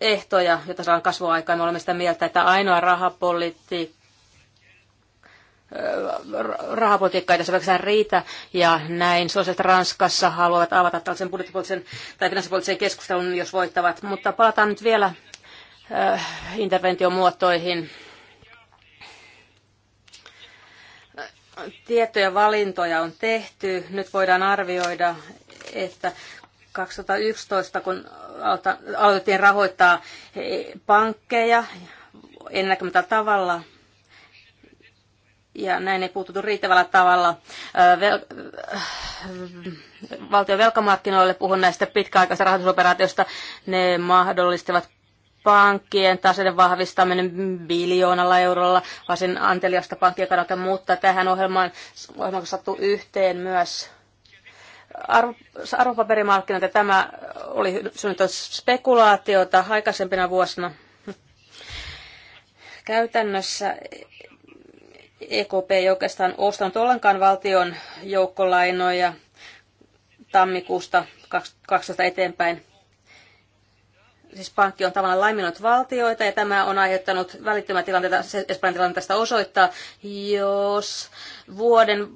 ehtoja, jotta saadaan kasvuaikaan Me olemme sitä mieltä, että ainoa rahapolitiikka rahapolitiikka ei tässä riitä, ja näin sosiaaliset Ranskassa haluavat avata tällaisen budjettipoliittisen tai finanssipoliittisen keskustelun, jos voittavat. Mutta palataan nyt vielä äh, interventiomuotoihin. Tiettyjä valintoja on tehty. Nyt voidaan arvioida, että 2011, kun aloitettiin rahoittaa e, pankkeja ennäkemättä tavalla – ja näin ei puututtu riittävällä tavalla vel- valtion velkamarkkinoille. Puhun näistä pitkäaikaisista rahoitusoperaatioista. Ne mahdollistavat pankkien taseiden vahvistaminen biljoonalla eurolla, varsin anteliasta pankkien kannalta, mutta tähän ohjelmaan, on sattu yhteen myös arvo, arvopaperimarkkinat, ja tämä oli synnyttänyt spekulaatiota aikaisempina vuosina. Käytännössä EKP ei oikeastaan ostanut ollenkaan valtion joukkolainoja tammikuusta 12 eteenpäin. Siis pankki on tavallaan laiminut valtioita ja tämä on aiheuttanut välittömän tilanteita, Espanjan tilanteesta osoittaa, jos vuoden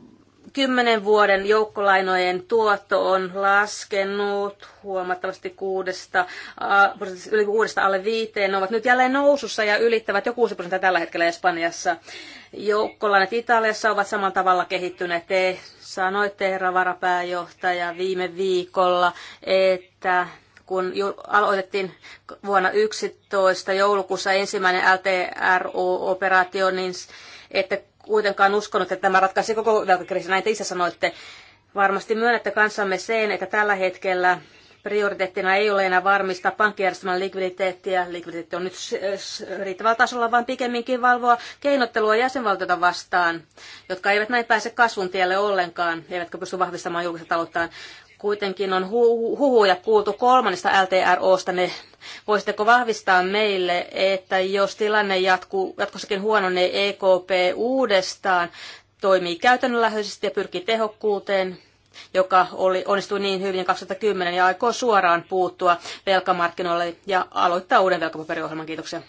kymmenen vuoden joukkolainojen tuotto on laskenut huomattavasti kuudesta, yli kuudesta alle viiteen. Ne ovat nyt jälleen nousussa ja ylittävät jo 6 prosenttia tällä hetkellä Espanjassa. Joukkolainet Italiassa ovat samalla tavalla kehittyneet. Te sanoitte, herra varapääjohtaja, viime viikolla, että kun aloitettiin vuonna 11 joulukuussa ensimmäinen LTRO-operaatio, niin että kuitenkaan uskonut, että tämä ratkaisi koko velkakriisin, näin te itse sanoitte. Varmasti myönnätte kanssamme sen, että tällä hetkellä prioriteettina ei ole enää varmistaa pankkijärjestelmän likviditeettiä. Likviditeetti on nyt riittävällä tasolla, vaan pikemminkin valvoa keinottelua jäsenvaltiota vastaan, jotka eivät näin pääse kasvun tielle ollenkaan, eivätkä pysty vahvistamaan julkista talouttaan. Kuitenkin on hu- huhuja kuultu kolmannesta LTROsta. niin voisitteko vahvistaa meille, että jos tilanne jatkuu, jatkossakin huono, niin EKP uudestaan toimii käytännönläheisesti ja pyrkii tehokkuuteen, joka oli, onnistui niin hyvin 2010 ja aikoo suoraan puuttua velkamarkkinoille ja aloittaa uuden velkapaperiohjelman. Kiitoksia.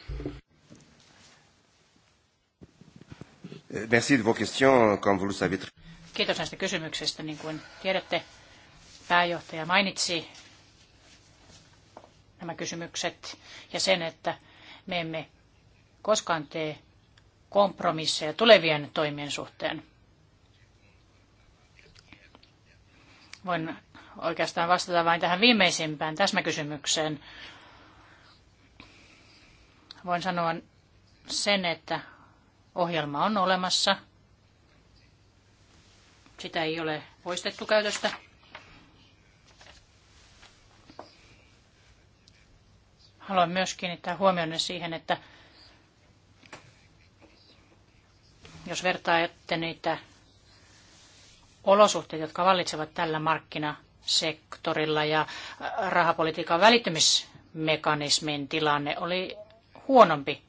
Merci de vos questions, comme vous le savez. Kiitos näistä kysymyksistä. Niin kuin tiedätte, Pääjohtaja mainitsi nämä kysymykset ja sen, että me emme koskaan tee kompromisseja tulevien toimien suhteen. Voin oikeastaan vastata vain tähän viimeisimpään täsmäkysymykseen. Voin sanoa sen, että ohjelma on olemassa. Sitä ei ole poistettu käytöstä. Haluan myös kiinnittää huomionne siihen, että jos vertaatte niitä olosuhteita, jotka vallitsevat tällä markkinasektorilla ja rahapolitiikan välittymismekanismin tilanne oli huonompi.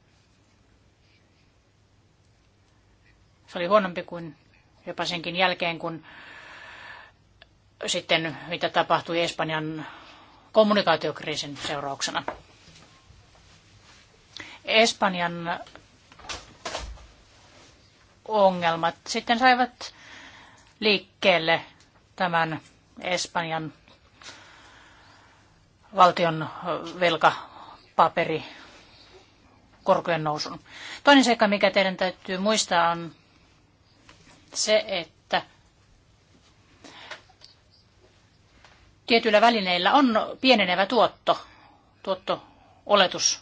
Se oli huonompi kuin jopa senkin jälkeen, kun sitten mitä tapahtui Espanjan kommunikaatiokriisin seurauksena. Espanjan ongelmat sitten saivat liikkeelle tämän Espanjan valtion velkapaperi korkojen nousun. Toinen seikka, mikä teidän täytyy muistaa, on se, että tietyillä välineillä on pienenevä tuotto, tuotto oletus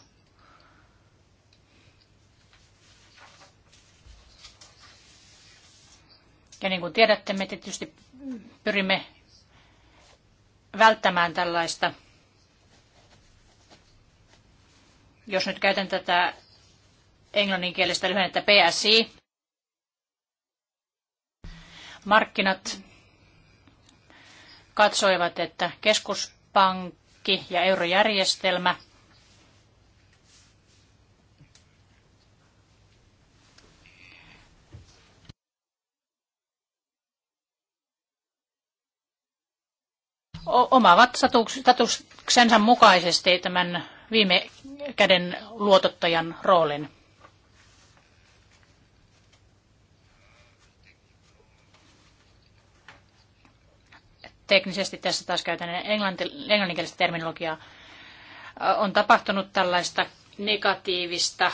Ja niin kuin tiedätte, me tietysti pyrimme välttämään tällaista, jos nyt käytän tätä englanninkielistä lyhennettä PSI, markkinat katsoivat, että keskuspankki ja eurojärjestelmä – omaavat statuksensa mukaisesti tämän viime käden luotottajan roolin. Teknisesti tässä taas käytän englanninkielistä terminologiaa. On tapahtunut tällaista negatiivista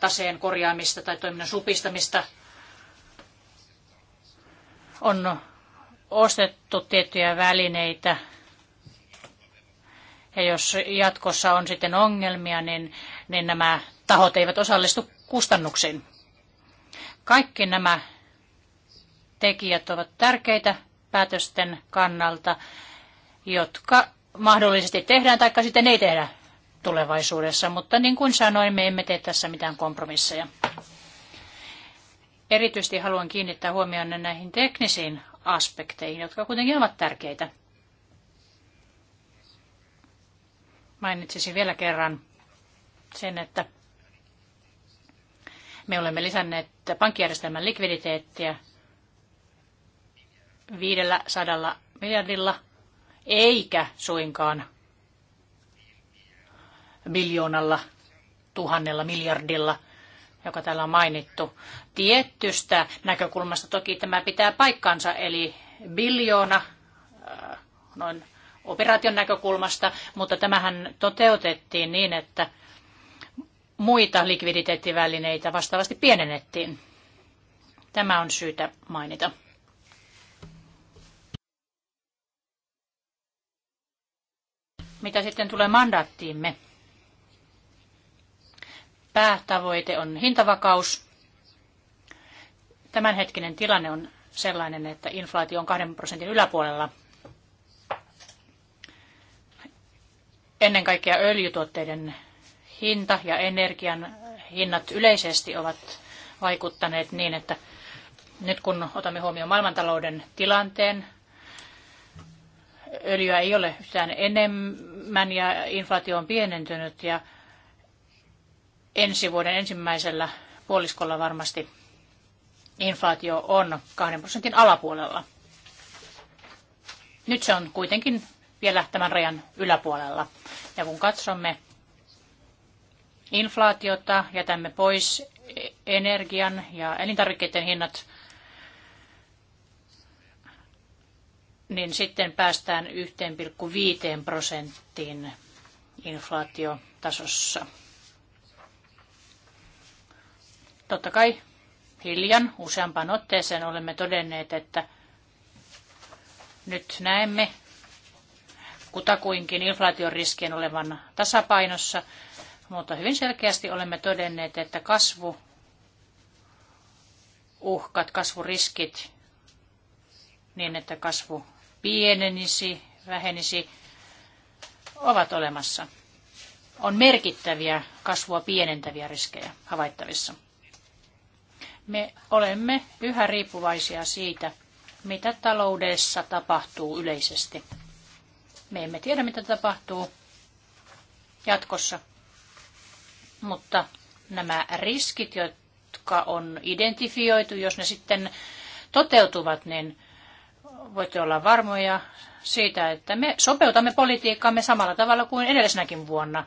taseen korjaamista tai toiminnan supistamista. On ostettu tiettyjä välineitä. Ja jos jatkossa on sitten ongelmia, niin, niin nämä tahot eivät osallistu kustannuksiin. Kaikki nämä tekijät ovat tärkeitä päätösten kannalta, jotka mahdollisesti tehdään tai sitten ei tehdä tulevaisuudessa, mutta niin kuin sanoin, me emme tee tässä mitään kompromisseja. Erityisesti haluan kiinnittää huomioon näihin teknisiin aspekteihin, jotka kuitenkin ovat tärkeitä. Mainitsisin vielä kerran sen, että me olemme lisänneet pankkijärjestelmän likviditeettiä 500 miljardilla, eikä suinkaan miljoonalla, tuhannella miljardilla joka täällä on mainittu. Tietystä näkökulmasta toki tämä pitää paikkansa, eli biljoona äh, noin operaation näkökulmasta, mutta tämähän toteutettiin niin, että muita likviditeettivälineitä vastaavasti pienennettiin. Tämä on syytä mainita. Mitä sitten tulee mandaattiimme? päätavoite on hintavakaus. Tämänhetkinen tilanne on sellainen, että inflaatio on 2 prosentin yläpuolella. Ennen kaikkea öljytuotteiden hinta ja energian hinnat yleisesti ovat vaikuttaneet niin, että nyt kun otamme huomioon maailmantalouden tilanteen, öljyä ei ole yhtään enemmän ja inflaatio on pienentynyt ja ensi vuoden ensimmäisellä puoliskolla varmasti inflaatio on 2 prosentin alapuolella. Nyt se on kuitenkin vielä tämän rajan yläpuolella. Ja kun katsomme inflaatiota, jätämme pois energian ja elintarvikkeiden hinnat, niin sitten päästään 1,5 prosenttiin inflaatiotasossa. Totta kai hiljan useampaan otteeseen olemme todenneet, että nyt näemme kutakuinkin inflaation riskien olevan tasapainossa, mutta hyvin selkeästi olemme todenneet, että kasvu uhkat, kasvuriskit niin, että kasvu pienenisi, vähenisi, ovat olemassa. On merkittäviä kasvua pienentäviä riskejä havaittavissa. Me olemme yhä riippuvaisia siitä, mitä taloudessa tapahtuu yleisesti. Me emme tiedä, mitä tapahtuu jatkossa, mutta nämä riskit, jotka on identifioitu, jos ne sitten toteutuvat, niin voitte olla varmoja siitä, että me sopeutamme politiikkaamme samalla tavalla kuin edellisenäkin vuonna.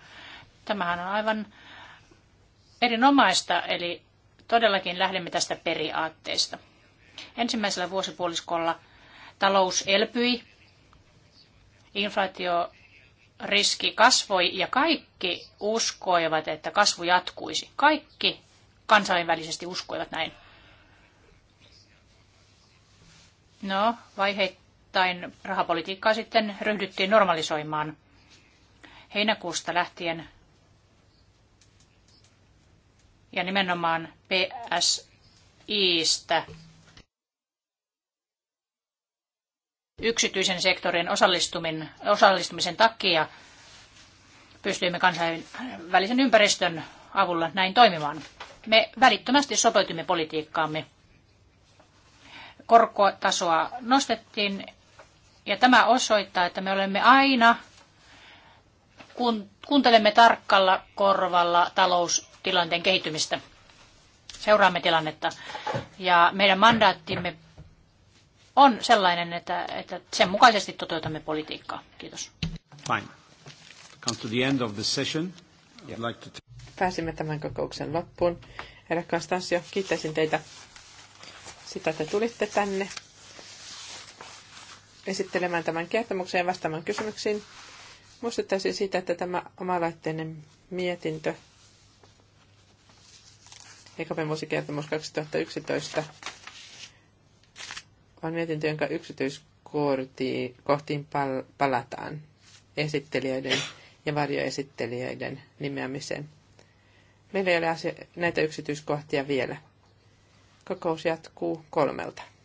Tämähän on aivan erinomaista, eli todellakin lähdemme tästä periaatteesta. Ensimmäisellä vuosipuoliskolla talous elpyi, inflaatioriski kasvoi ja kaikki uskoivat, että kasvu jatkuisi. Kaikki kansainvälisesti uskoivat näin. No, vaiheittain rahapolitiikkaa sitten ryhdyttiin normalisoimaan. Heinäkuusta lähtien ja nimenomaan PSIstä, yksityisen sektorin osallistumisen, osallistumisen takia pystyimme kansainvälisen ympäristön avulla näin toimimaan. Me välittömästi sopeutimme politiikkaamme. Korkotasoa nostettiin ja tämä osoittaa, että me olemme aina, kun kuuntelemme tarkalla korvalla talous- tilanteen kehittymistä. Seuraamme tilannetta. Ja meidän mandaattimme on sellainen, että, että sen mukaisesti toteutamme politiikkaa. Kiitos. Fine. Come to the end of the session. I'd like to... Pääsimme tämän kokouksen loppuun. Herra Konstansio, kiittäisin teitä sitä, että tulitte tänne esittelemään tämän kertomuksen ja vastaamaan kysymyksiin. Muistuttaisin siitä, että tämä omalaitteinen mietintö EKPn vuosikertomus 2011 on mietintö, jonka yksityiskohtiin palataan esittelijöiden ja varjoesittelijöiden nimeämiseen. Meillä ei ole asia, näitä yksityiskohtia vielä. Kokous jatkuu kolmelta.